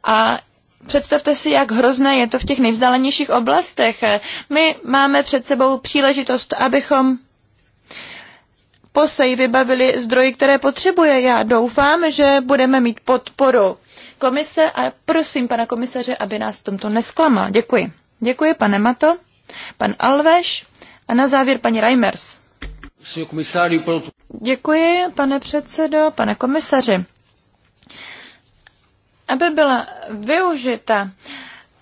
a Představte si, jak hrozné je to v těch nejvzdálenějších oblastech. My máme před sebou příležitost, abychom posej vybavili zdroji, které potřebuje. Já doufám, že budeme mít podporu komise a prosím pana komisaře, aby nás v tomto nesklamal. Děkuji. Děkuji, pane Mato, pan Alveš a na závěr paní Reimers. Děkuji, pane předsedo, pane komisaři aby byla využita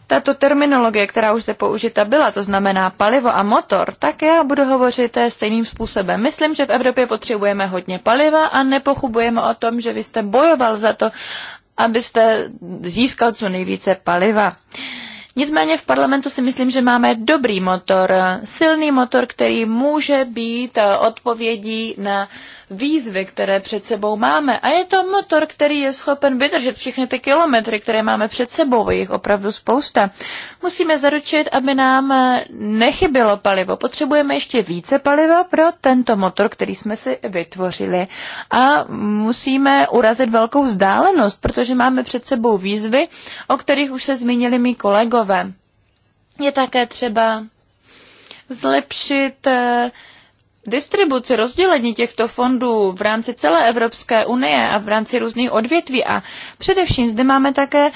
tato terminologie, která už zde použita byla, to znamená palivo a motor, tak já budu hovořit stejným způsobem. Myslím, že v Evropě potřebujeme hodně paliva a nepochubujeme o tom, že vy jste bojoval za to, abyste získal co nejvíce paliva. Uh, Nicméně v parlamentu si myslím, že máme dobrý motor, silný motor, který může být eh, odpovědí na výzvy, které před sebou máme. A je to motor, který je schopen vydržet všechny ty kilometry, které máme před sebou, je jich opravdu spousta. Musíme zaručit, aby nám eh, nechybilo palivo. Potřebujeme ještě více paliva pro tento motor, který jsme si vytvořili. A musíme urazit velkou vzdálenost, protože máme před sebou výzvy, o kterých už se zmínili mý kolegové pánové. Je také třeba zlepšit eh, distribuci, rozdělení těchto fondů v rámci celé Evropské unie a v rámci různých odvětví. A především zde máme také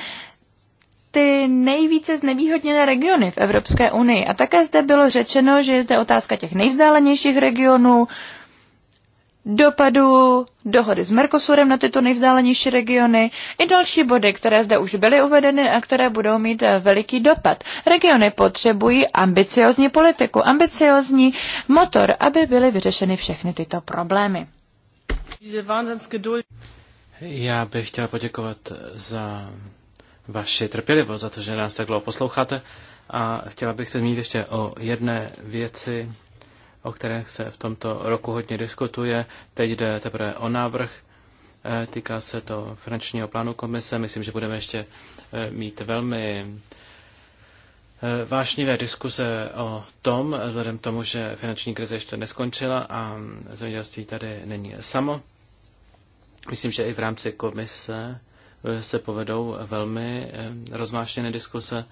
ty nejvíce znevýhodněné regiony v Evropské unii. A také zde bylo řečeno, že je zde otázka těch nejvzdálenějších regionů, dopadu dohody s Mercosurem na tyto nejvzdálenější regiony i další body, které zde už byly uvedeny a které budou mít eh, veliký dopad. Regiony potřebují ambiciozní politiku, ambiciozní motor, aby byly vyřešeny všechny tyto problémy. Já bych chtěla poděkovat za vaši trpělivost, za to, že nás tak dlouho posloucháte a chtěla bych se zmínit ještě o jedné věci, o kterých se v tomto roku hodně diskutuje. Teď jde teprve o návrh, e, týká se to finančního plánu komise. Myslím, že budeme ještě e, mít velmi e, vášnivé diskuze o tom, vzhledem k tomu, že finanční krize ještě neskončila a zemědělství tady není samo. Myslím, že i v rámci komise se povedou velmi rozvášněné diskuse.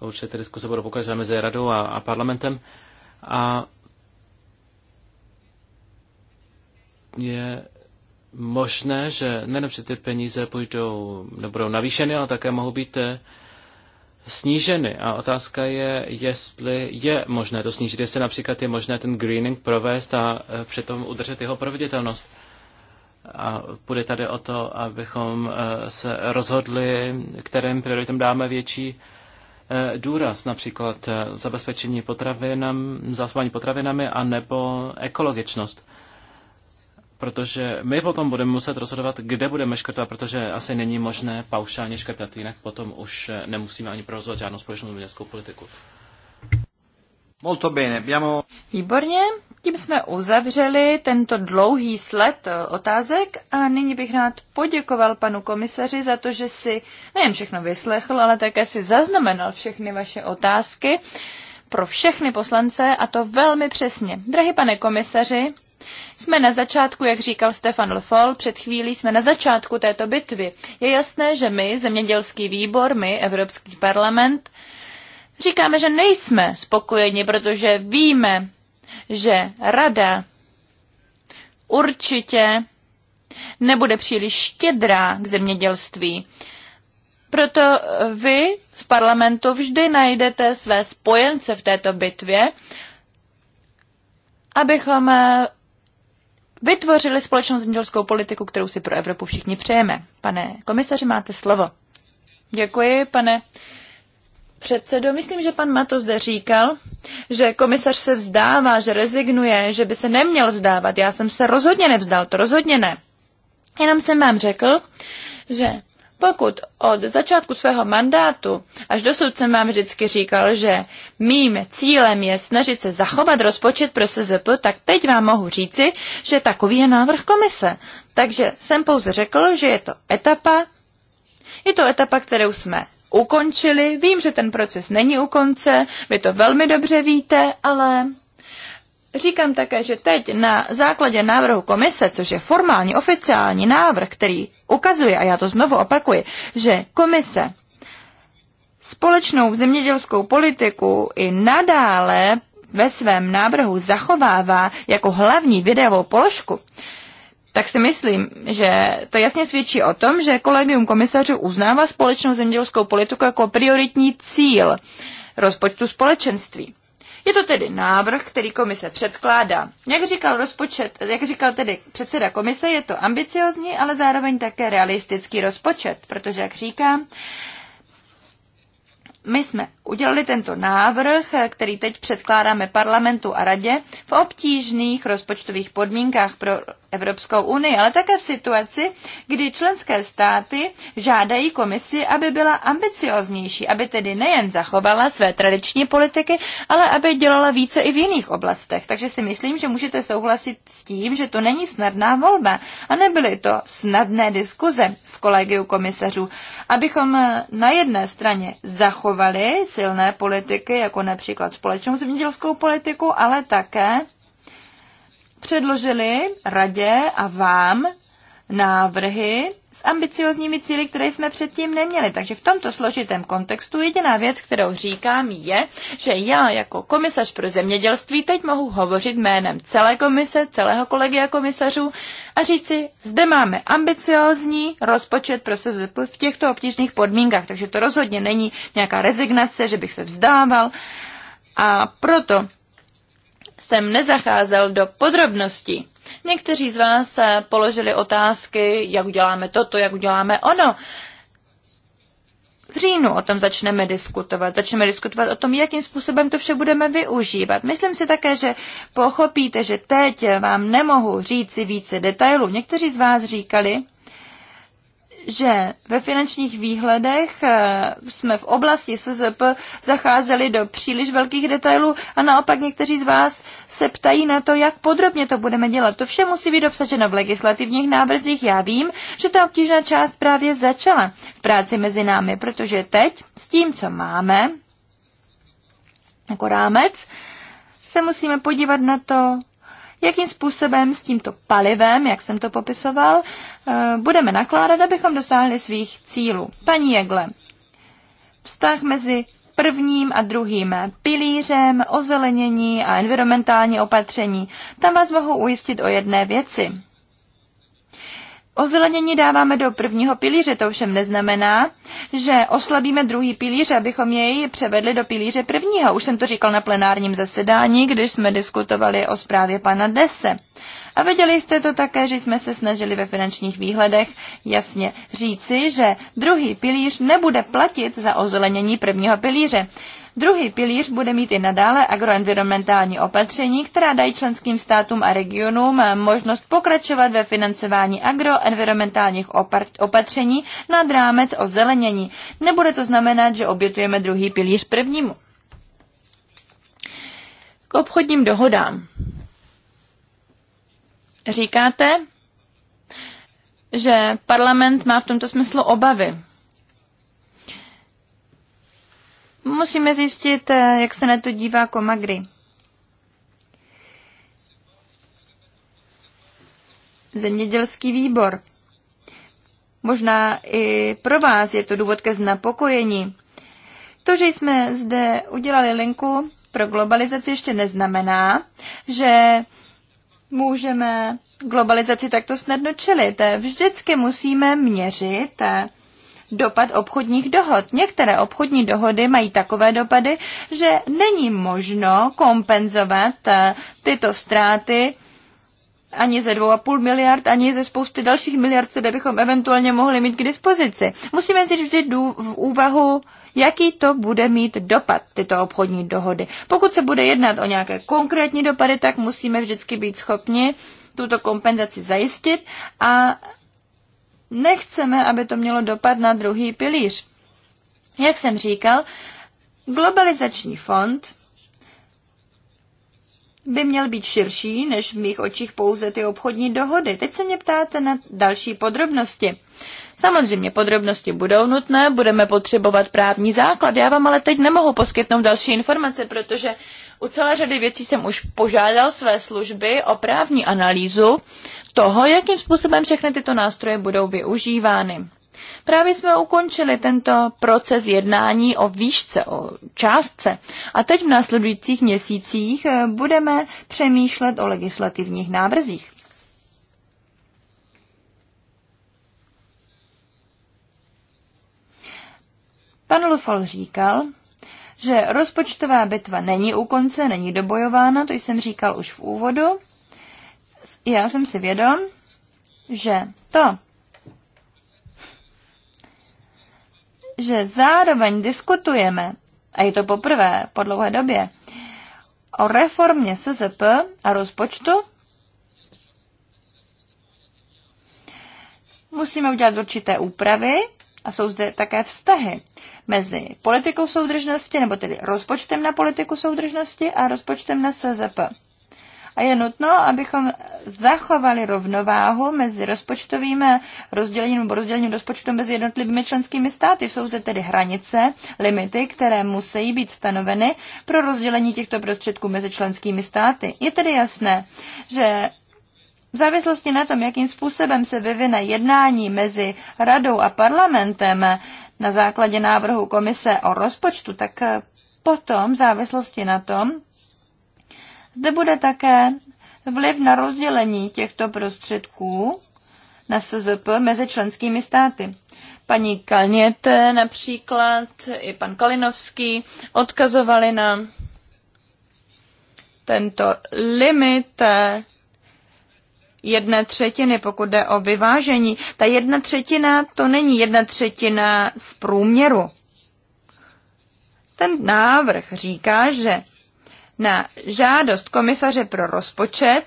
Určitě ty diskuse budou pokračovat mezi radou a, a parlamentem. A je možné, že nejenom, že ty peníze půjdou, nebudou navýšeny, ale také mohou být eh, sníženy. A otázka je, jestli je možné to snížit, jestli například je možné ten greening provést a eh, přitom udržet jeho proveditelnost. A bude tady o to, abychom eh, se rozhodli, kterým prioritám dáme větší důraz, například zabezpečení potravinami, mm, zásobování potravinami, anebo ekologičnost protože my potom budeme muset rozhodovat, kde budeme škrtat, protože asi není možné paušálně škrtat, jinak potom už eh, nemusíme ani provozovat žádnou společnou zemědělskou politiku. Molto bene, abbiamo... Výborně, tím jsme uzavřeli tento dlouhý sled eh, otázek a nyní bych rád poděkoval panu komisaři za to, že si nejen všechno vyslechl, ale také si zaznamenal všechny vaše otázky pro všechny poslance a to velmi přesně. Drahý pane komisaři, jsme na začátku, jak říkal Stefan Lfol, před chvílí jsme na začátku této bitvy. Je jasné, že my, zemědělský výbor, my, Evropský parlament, říkáme, že nejsme spokojeni, protože víme, že rada určitě nebude příliš štědrá k zemědělství. Proto vy v parlamentu vždy najdete své spojence v této bitvě, abychom eh, vytvořili společnou zemědělskou politiku, kterou si pro Evropu všichni přejeme. Pane komisaři, máte slovo. Děkuji, pane předsedo. Myslím, že pan Mato zde říkal, že komisař se vzdává, že rezignuje, že by se neměl vzdávat. Já jsem se rozhodně nevzdal, to rozhodně ne. Jenom jsem vám řekl, že pokud od začátku svého mandátu až dosud jsem vám vždycky říkal, že mým cílem je snažit se zachovat rozpočet pro SZP, tak teď vám mohu říci, že takový je návrh komise. Takže jsem pouze řekl, že je to etapa, je to etapa, kterou jsme ukončili. Vím, že ten proces není u konce, vy to velmi dobře víte, ale Říkám také, že teď na základě návrhu komise, což je formální oficiální návrh, který ukazuje, a já to znovu opakuji, že komise společnou zemědělskou politiku i nadále ve svém návrhu zachovává jako hlavní videovou položku, tak si myslím, že to jasně svědčí o tom, že kolegium komisařů uznává společnou zemědělskou politiku jako prioritní cíl rozpočtu společenství. Je to tedy návrh, který komise předkládá. Jak říkal, rozpočet, jak říkal tedy předseda komise, je to ambiciozní, ale zároveň také realistický rozpočet, protože, jak říkám, my jsme udělali tento návrh, eh, který teď předkládáme parlamentu a radě v obtížných rozpočtových podmínkách pro Evropskou unii, ale také v situaci, kdy členské státy žádají komisi, aby byla ambicioznější, aby tedy nejen zachovala své tradiční politiky, ale aby dělala více i v jiných oblastech. Takže si myslím, že můžete souhlasit s tím, že to není snadná volba a nebyly to snadné diskuze v kolegiu komisařů, abychom eh, na jedné straně zachovali silné politiky, jako například společnou zemědělskou politiku, ale také předložili radě a vám návrhy s ambiciozními cíly, které jsme předtím neměli. Takže v tomto složitém kontextu jediná věc, kterou říkám, je, že já jako komisař pro zemědělství teď mohu hovořit jménem celé komise, celého kolegia komisařů a říci, zde máme ambiciozní rozpočet pro SZP v těchto obtížných podmínkách, takže to rozhodně není nějaká rezignace, že bych se vzdával. A proto jsem nezacházel do podrobností. Někteří z vás se položili otázky, jak uděláme toto, jak uděláme ono. V říjnu o tom začneme diskutovat. Začneme diskutovat o tom, jakým způsobem to vše budeme využívat. Myslím si také, že pochopíte, že teď vám nemohu říci více detailů. Někteří z vás říkali, že ve finančních výhledech eh, jsme v oblasti SZP zacházeli do příliš velkých detailů a naopak někteří z vás se ptají na to, jak podrobně to budeme dělat. To vše musí být obsaženo v legislativních návrzích. Já vím, že ta obtížná část právě začala v práci mezi námi, protože teď s tím, co máme, jako rámec, se musíme podívat na to, jakým způsobem s tímto palivem, jak jsem to popisoval, eh, budeme nakládat, abychom dosáhli svých cílů. Paní Jegle, vztah mezi prvním a druhým pilířem, ozelenění a environmentální opatření. Tam vás mohu ujistit o jedné věci. Ozelenění dáváme do prvního pilíře, to ovšem neznamená, že oslabíme druhý pilíř, abychom jej převedli do pilíře prvního. Už jsem to říkal na plenárním zasedání, když jsme diskutovali o zprávě pana Dese. A viděli jste to také, že jsme se snažili ve finančních výhledech jasně říci, že druhý pilíř nebude platit za ozelenění prvního pilíře. Druhý pilíř bude mít i nadále agroenvironmentální opatření, která dají členským státům a regionům možnost pokračovat ve financování agroenvironmentálních opatření nad rámec o zelenění. Nebude to znamenat, že obětujeme druhý pilíř prvnímu. K obchodním dohodám. Říkáte, že parlament má v tomto smyslu obavy. Musíme zjistit, eh, jak se na to dívá Komagry. Zemědělský výbor. Možná i pro vás je to důvod ke znapokojení. To, že jsme zde udělali linku pro globalizaci, ještě neznamená, že můžeme globalizaci takto snadno čelit. Vždycky musíme měřit eh, dopad obchodních dohod. Některé obchodní dohody mají takové dopady, že není možno kompenzovat eh, tyto ztráty ani ze 2,5 miliard, ani ze spousty dalších miliard, které bychom eventuálně mohli mít k dispozici. Musíme si vždy v úvahu, jaký to bude mít dopad, tyto obchodní dohody. Pokud se bude jednat o nějaké konkrétní dopady, tak musíme vždycky být schopni tuto kompenzaci zajistit a nechceme, aby to mělo dopad na druhý pilíř. Jak jsem říkal, globalizační fond by měl být širší než v mých očích pouze ty obchodní dohody. Teď se mě ptáte na další podrobnosti. Samozřejmě podrobnosti budou nutné, budeme potřebovat právní základ. Já vám ale teď nemohu poskytnout další informace, protože u celé řady věcí jsem už požádal své služby o právní analýzu toho, jakým způsobem všechny tyto nástroje budou využívány. Právě jsme ukončili tento proces jednání o výšce, o částce a teď v následujících měsících eh, budeme přemýšlet o legislativních návrzích. Pan Lufol říkal, že rozpočtová bitva není u konce, není dobojována, to jsem říkal už v úvodu. Já jsem si vědom, že to, že zároveň diskutujeme, a je to poprvé po dlouhé době, o reformě SZP a rozpočtu, musíme udělat určité úpravy a jsou zde také vztahy mezi politikou soudržnosti, nebo tedy rozpočtem na politiku soudržnosti a rozpočtem na SZP. A je nutno, abychom zachovali rovnováhu mezi rozpočtovým rozdělením nebo rozdělením rozpočtu mezi jednotlivými členskými státy. Jsou zde tedy hranice, limity, které musí být stanoveny pro rozdělení těchto prostředků mezi členskými státy. Je tedy jasné, že v závislosti na tom, jakým způsobem se vyvine jednání mezi radou a parlamentem, na základě návrhu komise o rozpočtu, tak eh, potom v závislosti na tom zde bude také vliv na rozdělení těchto prostředků na SZP mezi členskými státy. Paní Kalněte například i pan Kalinovský odkazovali na tento limit eh, jedné třetiny, pokud jde o vyvážení. Ta jedna třetina to není jedna třetina z průměru. Ten návrh říká, že na žádost komisaře pro rozpočet,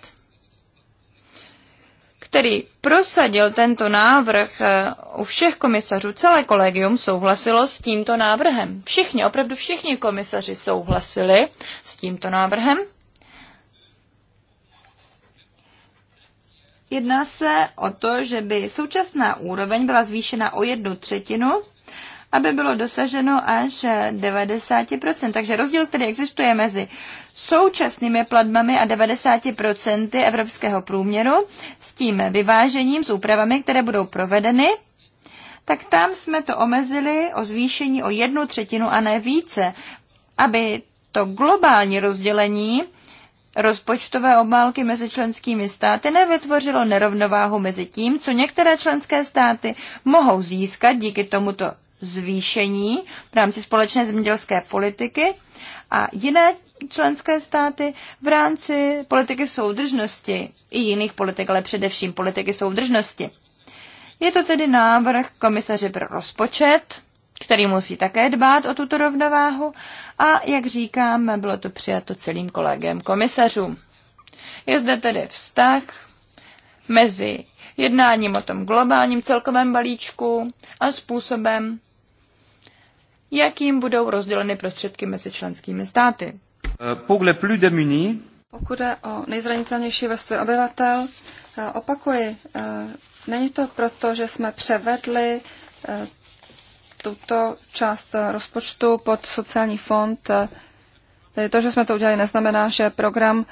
který prosadil tento návrh eh, u všech komisařů, celé kolegium souhlasilo s tímto návrhem. Všichni, opravdu všichni komisaři souhlasili s tímto návrhem. Jedná se o to, že by současná úroveň byla zvýšena o jednu třetinu, aby bylo dosaženo až 90%. Takže rozdíl, který existuje mezi současnými platbami a 90% evropského průměru s tím vyvážením, s úpravami, které budou provedeny, tak tam jsme to omezili o zvýšení o jednu třetinu a ne více, aby to globální rozdělení rozpočtové obálky mezi členskými státy nevytvořilo nerovnováhu mezi tím, co některé členské státy mohou získat díky tomuto zvýšení v rámci společné zemědělské politiky a jiné členské státy v rámci politiky soudržnosti i jiných politik, ale především politiky soudržnosti. Je to tedy návrh komisaře pro rozpočet, který musí také dbát o tuto rovnováhu a, jak říkám, bylo to přijato celým kolegem komisařů. Je zde tedy vztah mezi jednáním o tom globálním celkovém balíčku a způsobem, jakým budou rozděleny prostředky mezi členskými státy. Pokud je o nejzranitelnější vrstvy obyvatel, eh, opakuji, eh, není to proto, že jsme převedli eh, tuto část rozpočtu pod sociální fond. Tedy to, že jsme to udělali, neznamená, že program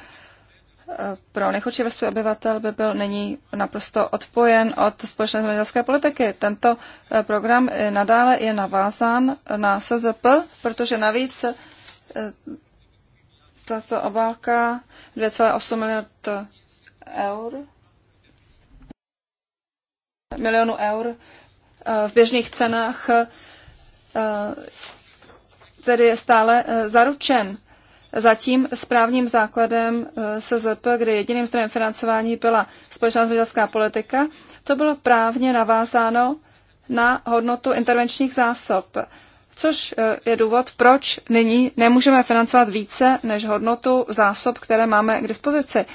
eh, pro nejchudší vrstvu obyvatel by byl není naprosto odpojen od společné zemědělské politiky. Tento eh, program nadále je navázán na SZP, protože navíc eh, tato obálka 2,8 miliard eur milionů eur Eh, v běžných cenách eh, tedy je stále eh, zaručen. Zatím správním základem SZP, kde jediným zdrojem financování byla společná zemědělská politika, to bylo právně navázáno na hodnotu intervenčních zásob, což je důvod, proč nyní nemůžeme financovat více než hodnotu zásob, které máme k dispozici.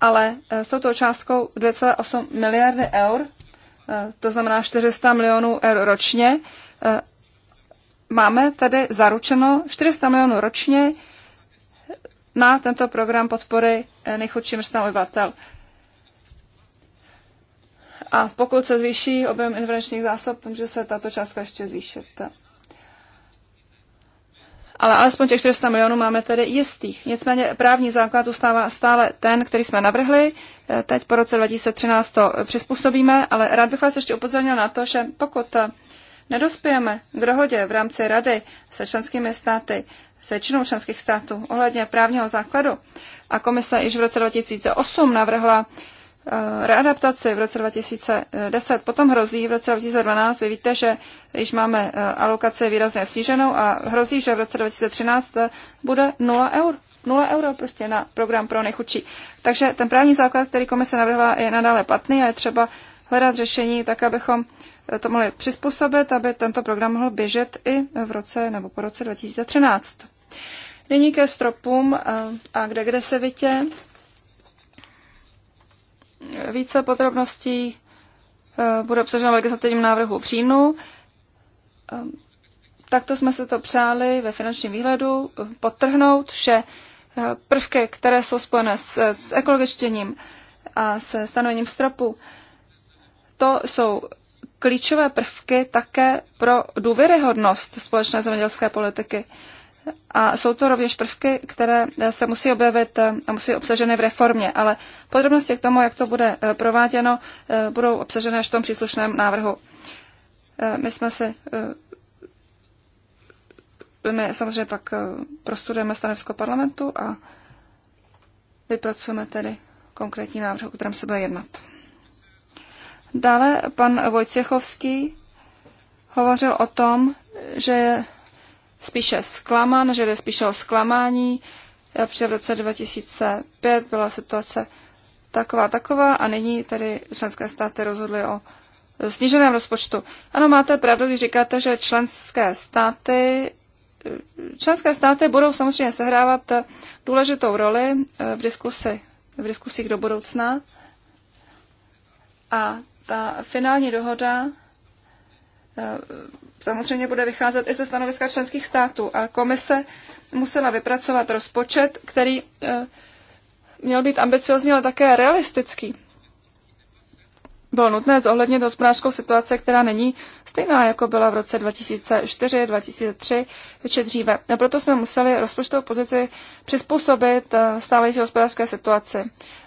Ale s touto částkou 2,8 miliardy eur Eh, to znamená 400 milionů eur ročně. Eh, máme tady zaručeno 400 milionů ročně na tento program podpory eh, nejchudším vrstvám obyvatel. A pokud se zvýší objem investičních zásob, může se tato částka ještě zvýšit ale alespoň těch 400 milionů máme tedy jistých. Nicméně právní základ zůstává stále ten, který jsme navrhli. Eh, teď po roce 2013 to přizpůsobíme, ale rád bych vás ještě upozornil na to, že pokud eh, nedospějeme k dohodě v rámci Rady se členskými státy, s většinou členských států ohledně právního základu, a komise již v roce 2008 navrhla Eh, readaptaci v roce 2010. Potom hrozí v roce 2012, vy víte, že již máme eh, alokaci výrazně sníženou a hrozí, že v roce 2013 eh, bude 0 eur. 0 euro prostě na program pro nejchudší. Takže ten právní základ, který komise navrhla, je nadále platný a je třeba hledat řešení tak, abychom to mohli přizpůsobit, aby tento program mohl běžet i v roce nebo po roce 2013. Nyní ke stropům a k degresivitě. Více podrobností eh, bude obsaženo v legislativním návrhu v říjnu. Eh, takto jsme se to přáli ve finančním výhledu eh, podtrhnout, že prvky, které jsou spojené s, s ekologičtěním a se stanovením stropu, to jsou klíčové prvky také pro důvěryhodnost společné zemědělské politiky a jsou to rovněž prvky, které se musí objevit a musí obsaženy v reformě, ale podrobnosti k tomu, jak to bude eh, prováděno, eh, budou obsaženy až v tom příslušném návrhu. Eh, my jsme si my samozřejmě pak prostudujeme stanovisko parlamentu a vypracujeme tedy konkrétní návrh, o kterém se bude jednat. Dále pan Vojtěchovský hovořil o tom, že je spíše zklamán, že jde spíše o zklamání, eh, při v roce 2005 byla situace taková taková a nyní tedy členské státy rozhodly o sníženém rozpočtu. Ano, máte pravdu, když říkáte, že členské státy eh, členské státy budou samozřejmě sehrávat eh, důležitou roli v diskusi, v diskusích do budoucna. A ta finální dohoda Eh, samozřejmě bude vycházet i ze stanoviska členských států, ale komise musela vypracovat rozpočet, který eh, měl být ambiciozní, ale také realistický. Bylo nutné zohlednit hospodářskou situaci, která není stejná, jako byla v roce 2004, 2003 či dříve. A proto jsme museli rozpočtovou pozici přizpůsobit eh, stávající hospodářské situaci.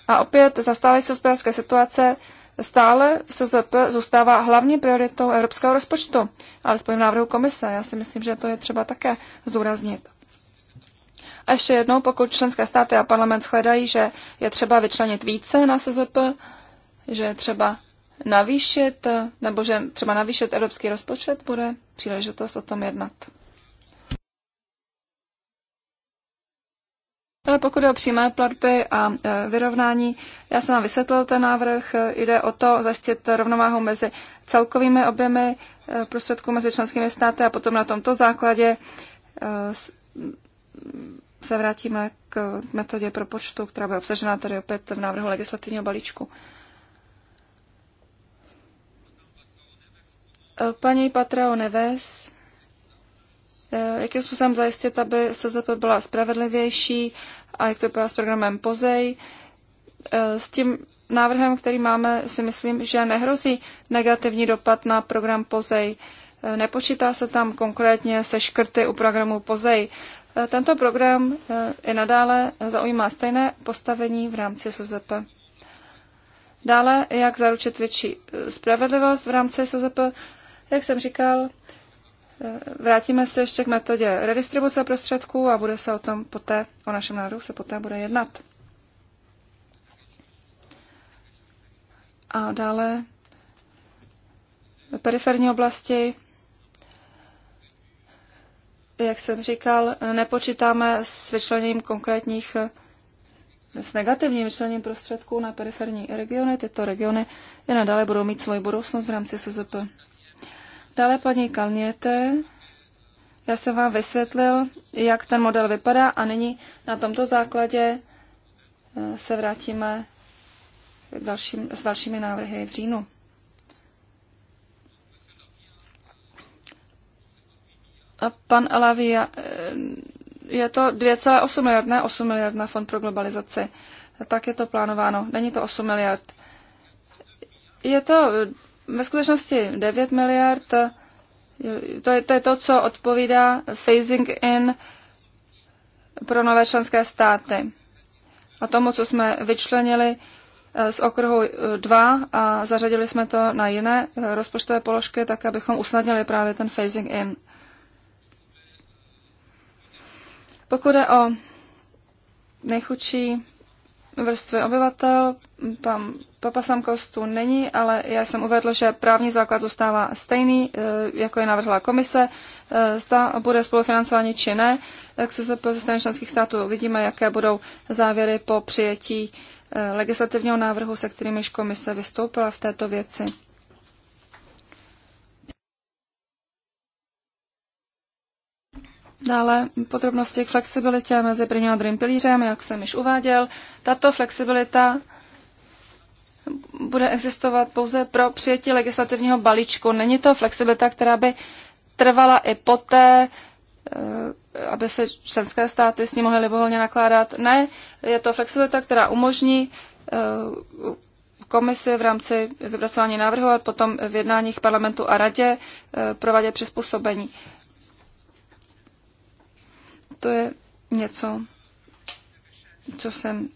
A opět za stávající hospodářské situace stále SZP zůstává hlavní prioritou evropského rozpočtu, alespoň v návrhu komise. Já si myslím, že to je třeba také zdůraznit. A ještě jednou, pokud členské státy a parlament shledají, že je třeba vyčlenit více na SZP, že je třeba navýšit, nebo že třeba navýšit evropský rozpočet, bude příležitost o tom jednat. Ale pokud je o přímé platby a e, vyrovnání, já jsem vám vysvětlil ten návrh. E, jde o to zajistit rovnováhu mezi celkovými objemy e, prostředků mezi členskými státy a potom na tomto základě se vrátíme k metodě propočtu, která bude obsažena tady opět v návrhu legislativního balíčku. Paní Patrao Neves Eh, jakým způsobem zajistit, aby SZP byla spravedlivější a jak to vypadá s programem POZEJ. Eh, s tím návrhem, který máme, si myslím, že nehrozí negativní dopad na program POZEJ. Eh, nepočítá se tam konkrétně se škrty u programu POZEJ. Tento program i nadále zaujímá stejné postavení v rámci SZP. Dále, jak zaručit větší spravedlivost v rámci SZP, jak jsem říkal, Vrátíme se ještě k metodě redistribuce prostředků a bude se o tom poté, o našem návrhu se poté bude jednat. A dále periferní oblasti, jak jsem říkal, nepočítáme s vyčlením konkrétních s negativním vyčlením prostředků na periferní regiony. Tyto regiony i nadále budou mít svoji budoucnost v rámci SZP. Dále paní Kalněte, já jsem vám vysvětlil, jak ten model vypadá a nyní na tomto základě eh, se vrátíme k dalším, s dalšími návrhy v říjnu. A pan Alavi, eh, je to 2,8 miliard, ne 8 miliard na Fond pro globalizaci. Tak je to plánováno. Není to 8 miliard. Je to eh, ve skutečnosti 9 miliard, to je, to je to, co odpovídá phasing in pro nové členské státy. A tomu, co jsme vyčlenili eh, z okruhu 2 eh, a zařadili jsme to na jiné eh, rozpočtové položky, tak abychom usnadnili právě ten phasing in. Pokud je o nejchudší vrstvy obyvatel, tam Papa Samkos tu není, ale já jsem uvedl, že právní základ zůstává stejný, eh, jako je navrhla komise. Eh, zda bude spolufinancování či ne, tak eh, se ze strany členských států vidíme, jaké budou závěry po přijetí legislativního návrhu, se kterým již komise vystoupila v této věci. Dále podrobnosti k flexibilitě mezi prvním a druhým pilířem, jak jsem již uváděl. Tato flexibilita bude existovat pouze pro přijetí legislativního balíčku. Není to flexibilita, která by trvala i poté, eh, aby se členské státy s ní mohly libovolně nakládat. Ne, je to flexibilita, která umožní eh, komisi v rámci vypracování návrhu a potom v jednáních parlamentu a radě eh, provádět přizpůsobení. To je něco, co jsem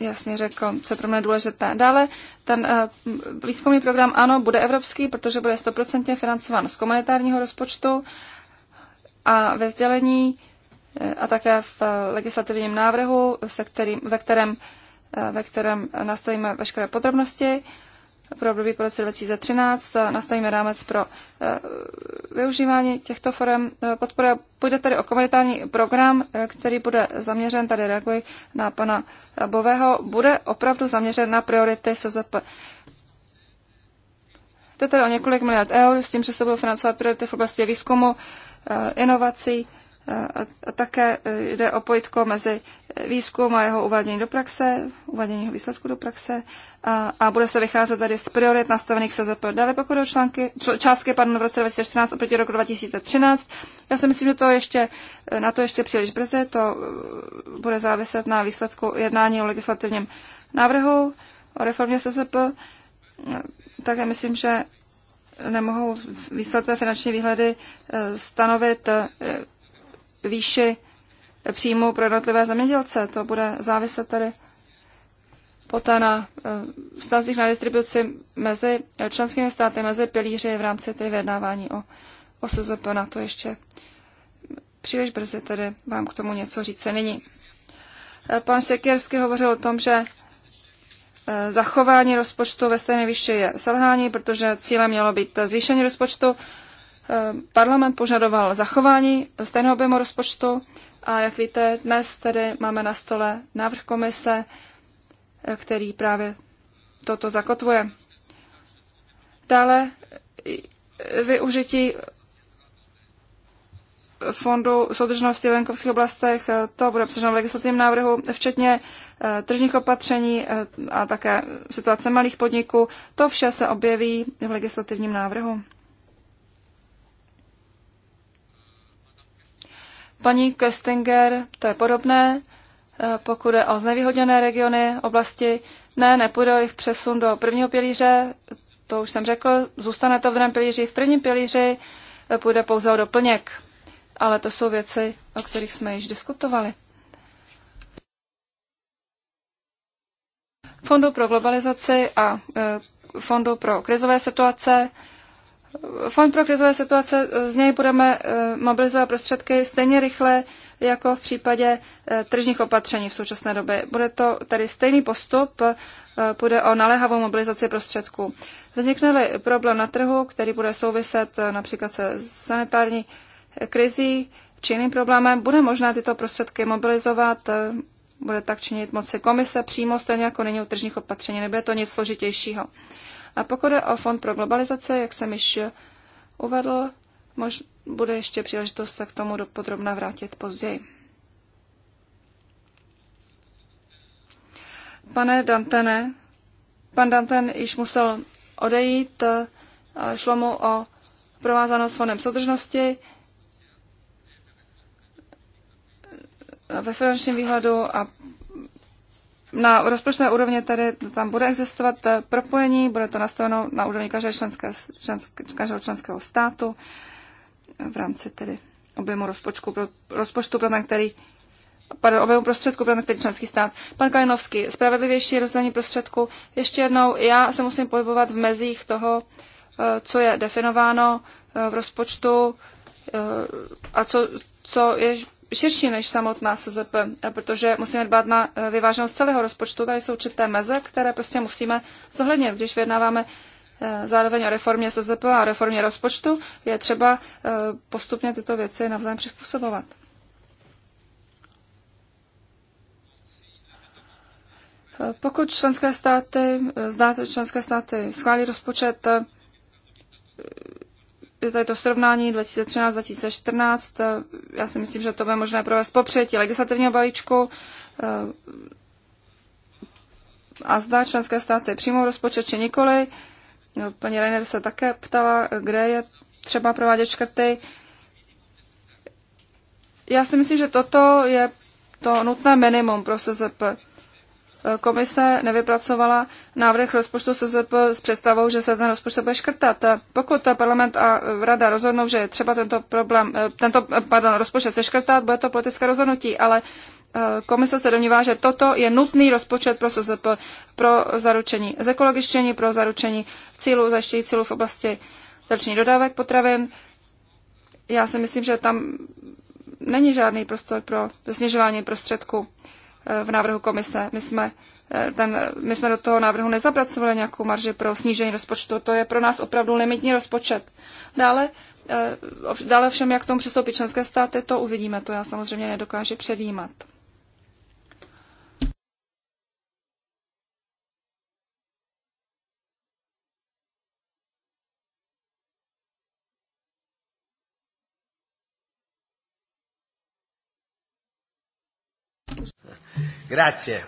jasně řekl, co je pro mě důležité. Dále ten eh, výzkumný program ano, bude evropský, protože bude stoprocentně financován z komunitárního rozpočtu a ve sdělení eh, a také v eh, legislativním návrhu, se kterým, ve kterém ve kterém nastavíme veškeré podrobnosti pro období po roce 2013 nastavíme rámec pro eh, využívání těchto forem eh, podpory. Půjde tady o komunitární program, eh, který bude zaměřen, tady reaguji na pana Bového, bude opravdu zaměřen na priority SZP. Jde tady o několik miliard eur s tím, že se budou financovat priority v oblasti výzkumu, inovací, a také e, jde o pojitko mezi výzkum a jeho uvádění do praxe, uvádění jeho výsledku do praxe a, a bude se vycházet tady z priorit nastavených SZP. Dále pokud do články, čl, částky pardon, v roce 2014 oproti roku 2013, já si myslím, že to ještě, e, na to ještě příliš brzy, to e, bude záviset na výsledku jednání o legislativním návrhu o reformě SZP. Také myslím, že nemohou výsledné finanční výhledy stanovit výši příjmu pro jednotlivé zemědělce. To bude záviset tady poté na eh, vztazích na distribuci mezi členskými státy, mezi pilíři v rámci tedy vyjednávání o, o SZP. Na to ještě příliš brzy tedy vám k tomu něco říct není. Eh, pan Sekiersky hovořil o tom, že eh, zachování rozpočtu ve stejné výši je selhání, protože cílem mělo být zvýšení rozpočtu Parlament požadoval zachování stejného objemu rozpočtu a jak víte, dnes tedy máme na stole návrh komise, který právě toto zakotvuje. Dále využití fondu soudržnosti v venkovských oblastech, to bude obsaženo v legislativním návrhu, včetně eh, tržních opatření eh, a také situace malých podniků. To vše se objeví v legislativním návrhu. Paní Köstinger, to je podobné, eh, pokud je o znevýhodněné regiony, oblasti, ne, nepůjde o jejich přesun do prvního pilíře, to už jsem řekl, zůstane to v druhém pilíři, v prvním pilíři eh, půjde pouze o doplněk. Ale to jsou věci, o kterých jsme již diskutovali. Fondu pro globalizaci a eh, Fondu pro krizové situace Fond pro krizové situace, eh, z něj budeme eh, mobilizovat prostředky stejně rychle, jako v případě eh, tržních opatření v současné době. Bude to tedy stejný postup, půjde o naléhavou mobilizaci prostředků. vznikne problém na trhu, který bude souviset například se sanitární krizí či jiným problémem, bude možné tyto prostředky mobilizovat, bude tak činit moci komise přímo, stejně jako není u tržních opatření, nebude to nic složitějšího. A pokud je o fond pro globalizaci, jak jsem již uvedl, mož, bude ještě příležitost se k tomu podrobna vrátit později. Pane Dantene, pan Danten již musel odejít, šlo mu o provázanost s fondem soudržnosti ve finančním výhledu a na rozpočtové úrovni tedy tam bude existovat eh, propojení, bude to nastaveno na úrovni každé členské, členské, každého členského státu eh, v rámci tedy objemu rozpočtu pro, rozpočtu pro ten, který pardon, objemu prostředků pro ten, který členský stát. Pan Kalinovský, spravedlivější rozdělení prostředků. Ještě jednou, já se musím pohybovat v mezích toho, eh, co je definováno v rozpočtu a co, co je širší než samotná SZP, protože musíme dbát na eh, vyváženost celého rozpočtu. Tady jsou určité meze, které prostě musíme zohlednit. Když vyjednáváme eh, zároveň o reformě SZP a o reformě rozpočtu, je třeba eh, postupně tyto věci navzájem přizpůsobovat. Pokud členské státy, zdáte, členské státy schválí rozpočet tady to srovnání 2013-2014, eh, já si myslím, že to bude možné provést po přijetí legislativního balíčku eh, a zda členské státy přijmou rozpočet či nikoli. No, paní Reiner se také ptala, kde je třeba provádět škrty. Já si myslím, že toto je to nutné minimum pro SZP komise nevypracovala návrh rozpočtu SZP s představou, že se ten rozpočet bude škrtat. Pokud parlament a rada rozhodnou, že je třeba tento, problém, eh, tento eh, pardon, rozpočet se škrtat, bude to politické rozhodnutí, ale eh, komise se domnívá, že toto je nutný rozpočet pro SZP, pro zaručení zekologištění, pro zaručení cílů, zajištění cílů v oblasti zaručení dodávek potravin. Já si myslím, že tam není žádný prostor pro snižování prostředků v návrhu komise. My jsme, eh, ten, my jsme do toho návrhu nezapracovali nějakou marži pro snížení rozpočtu. To je pro nás opravdu limitní rozpočet. Dále, eh, dále všem, jak k tomu přistoupí členské státy, to uvidíme. To já samozřejmě nedokážu předjímat. Grazie.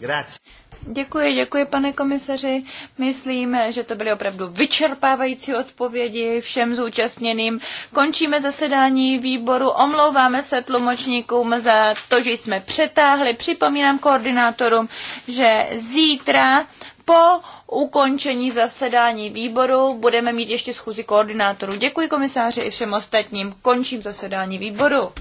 Grazie. Děkuji, děkuji, pane komisaři. Myslím, že to byly opravdu vyčerpávající odpovědi všem zúčastněným. Končíme zasedání výboru, omlouváme se tlumočníkům za to, že jsme přetáhli. Připomínám koordinátorům, že zítra po ukončení zasedání výboru budeme mít ještě schůzi koordinátorů. Děkuji komisáři i všem ostatním. Končím zasedání výboru.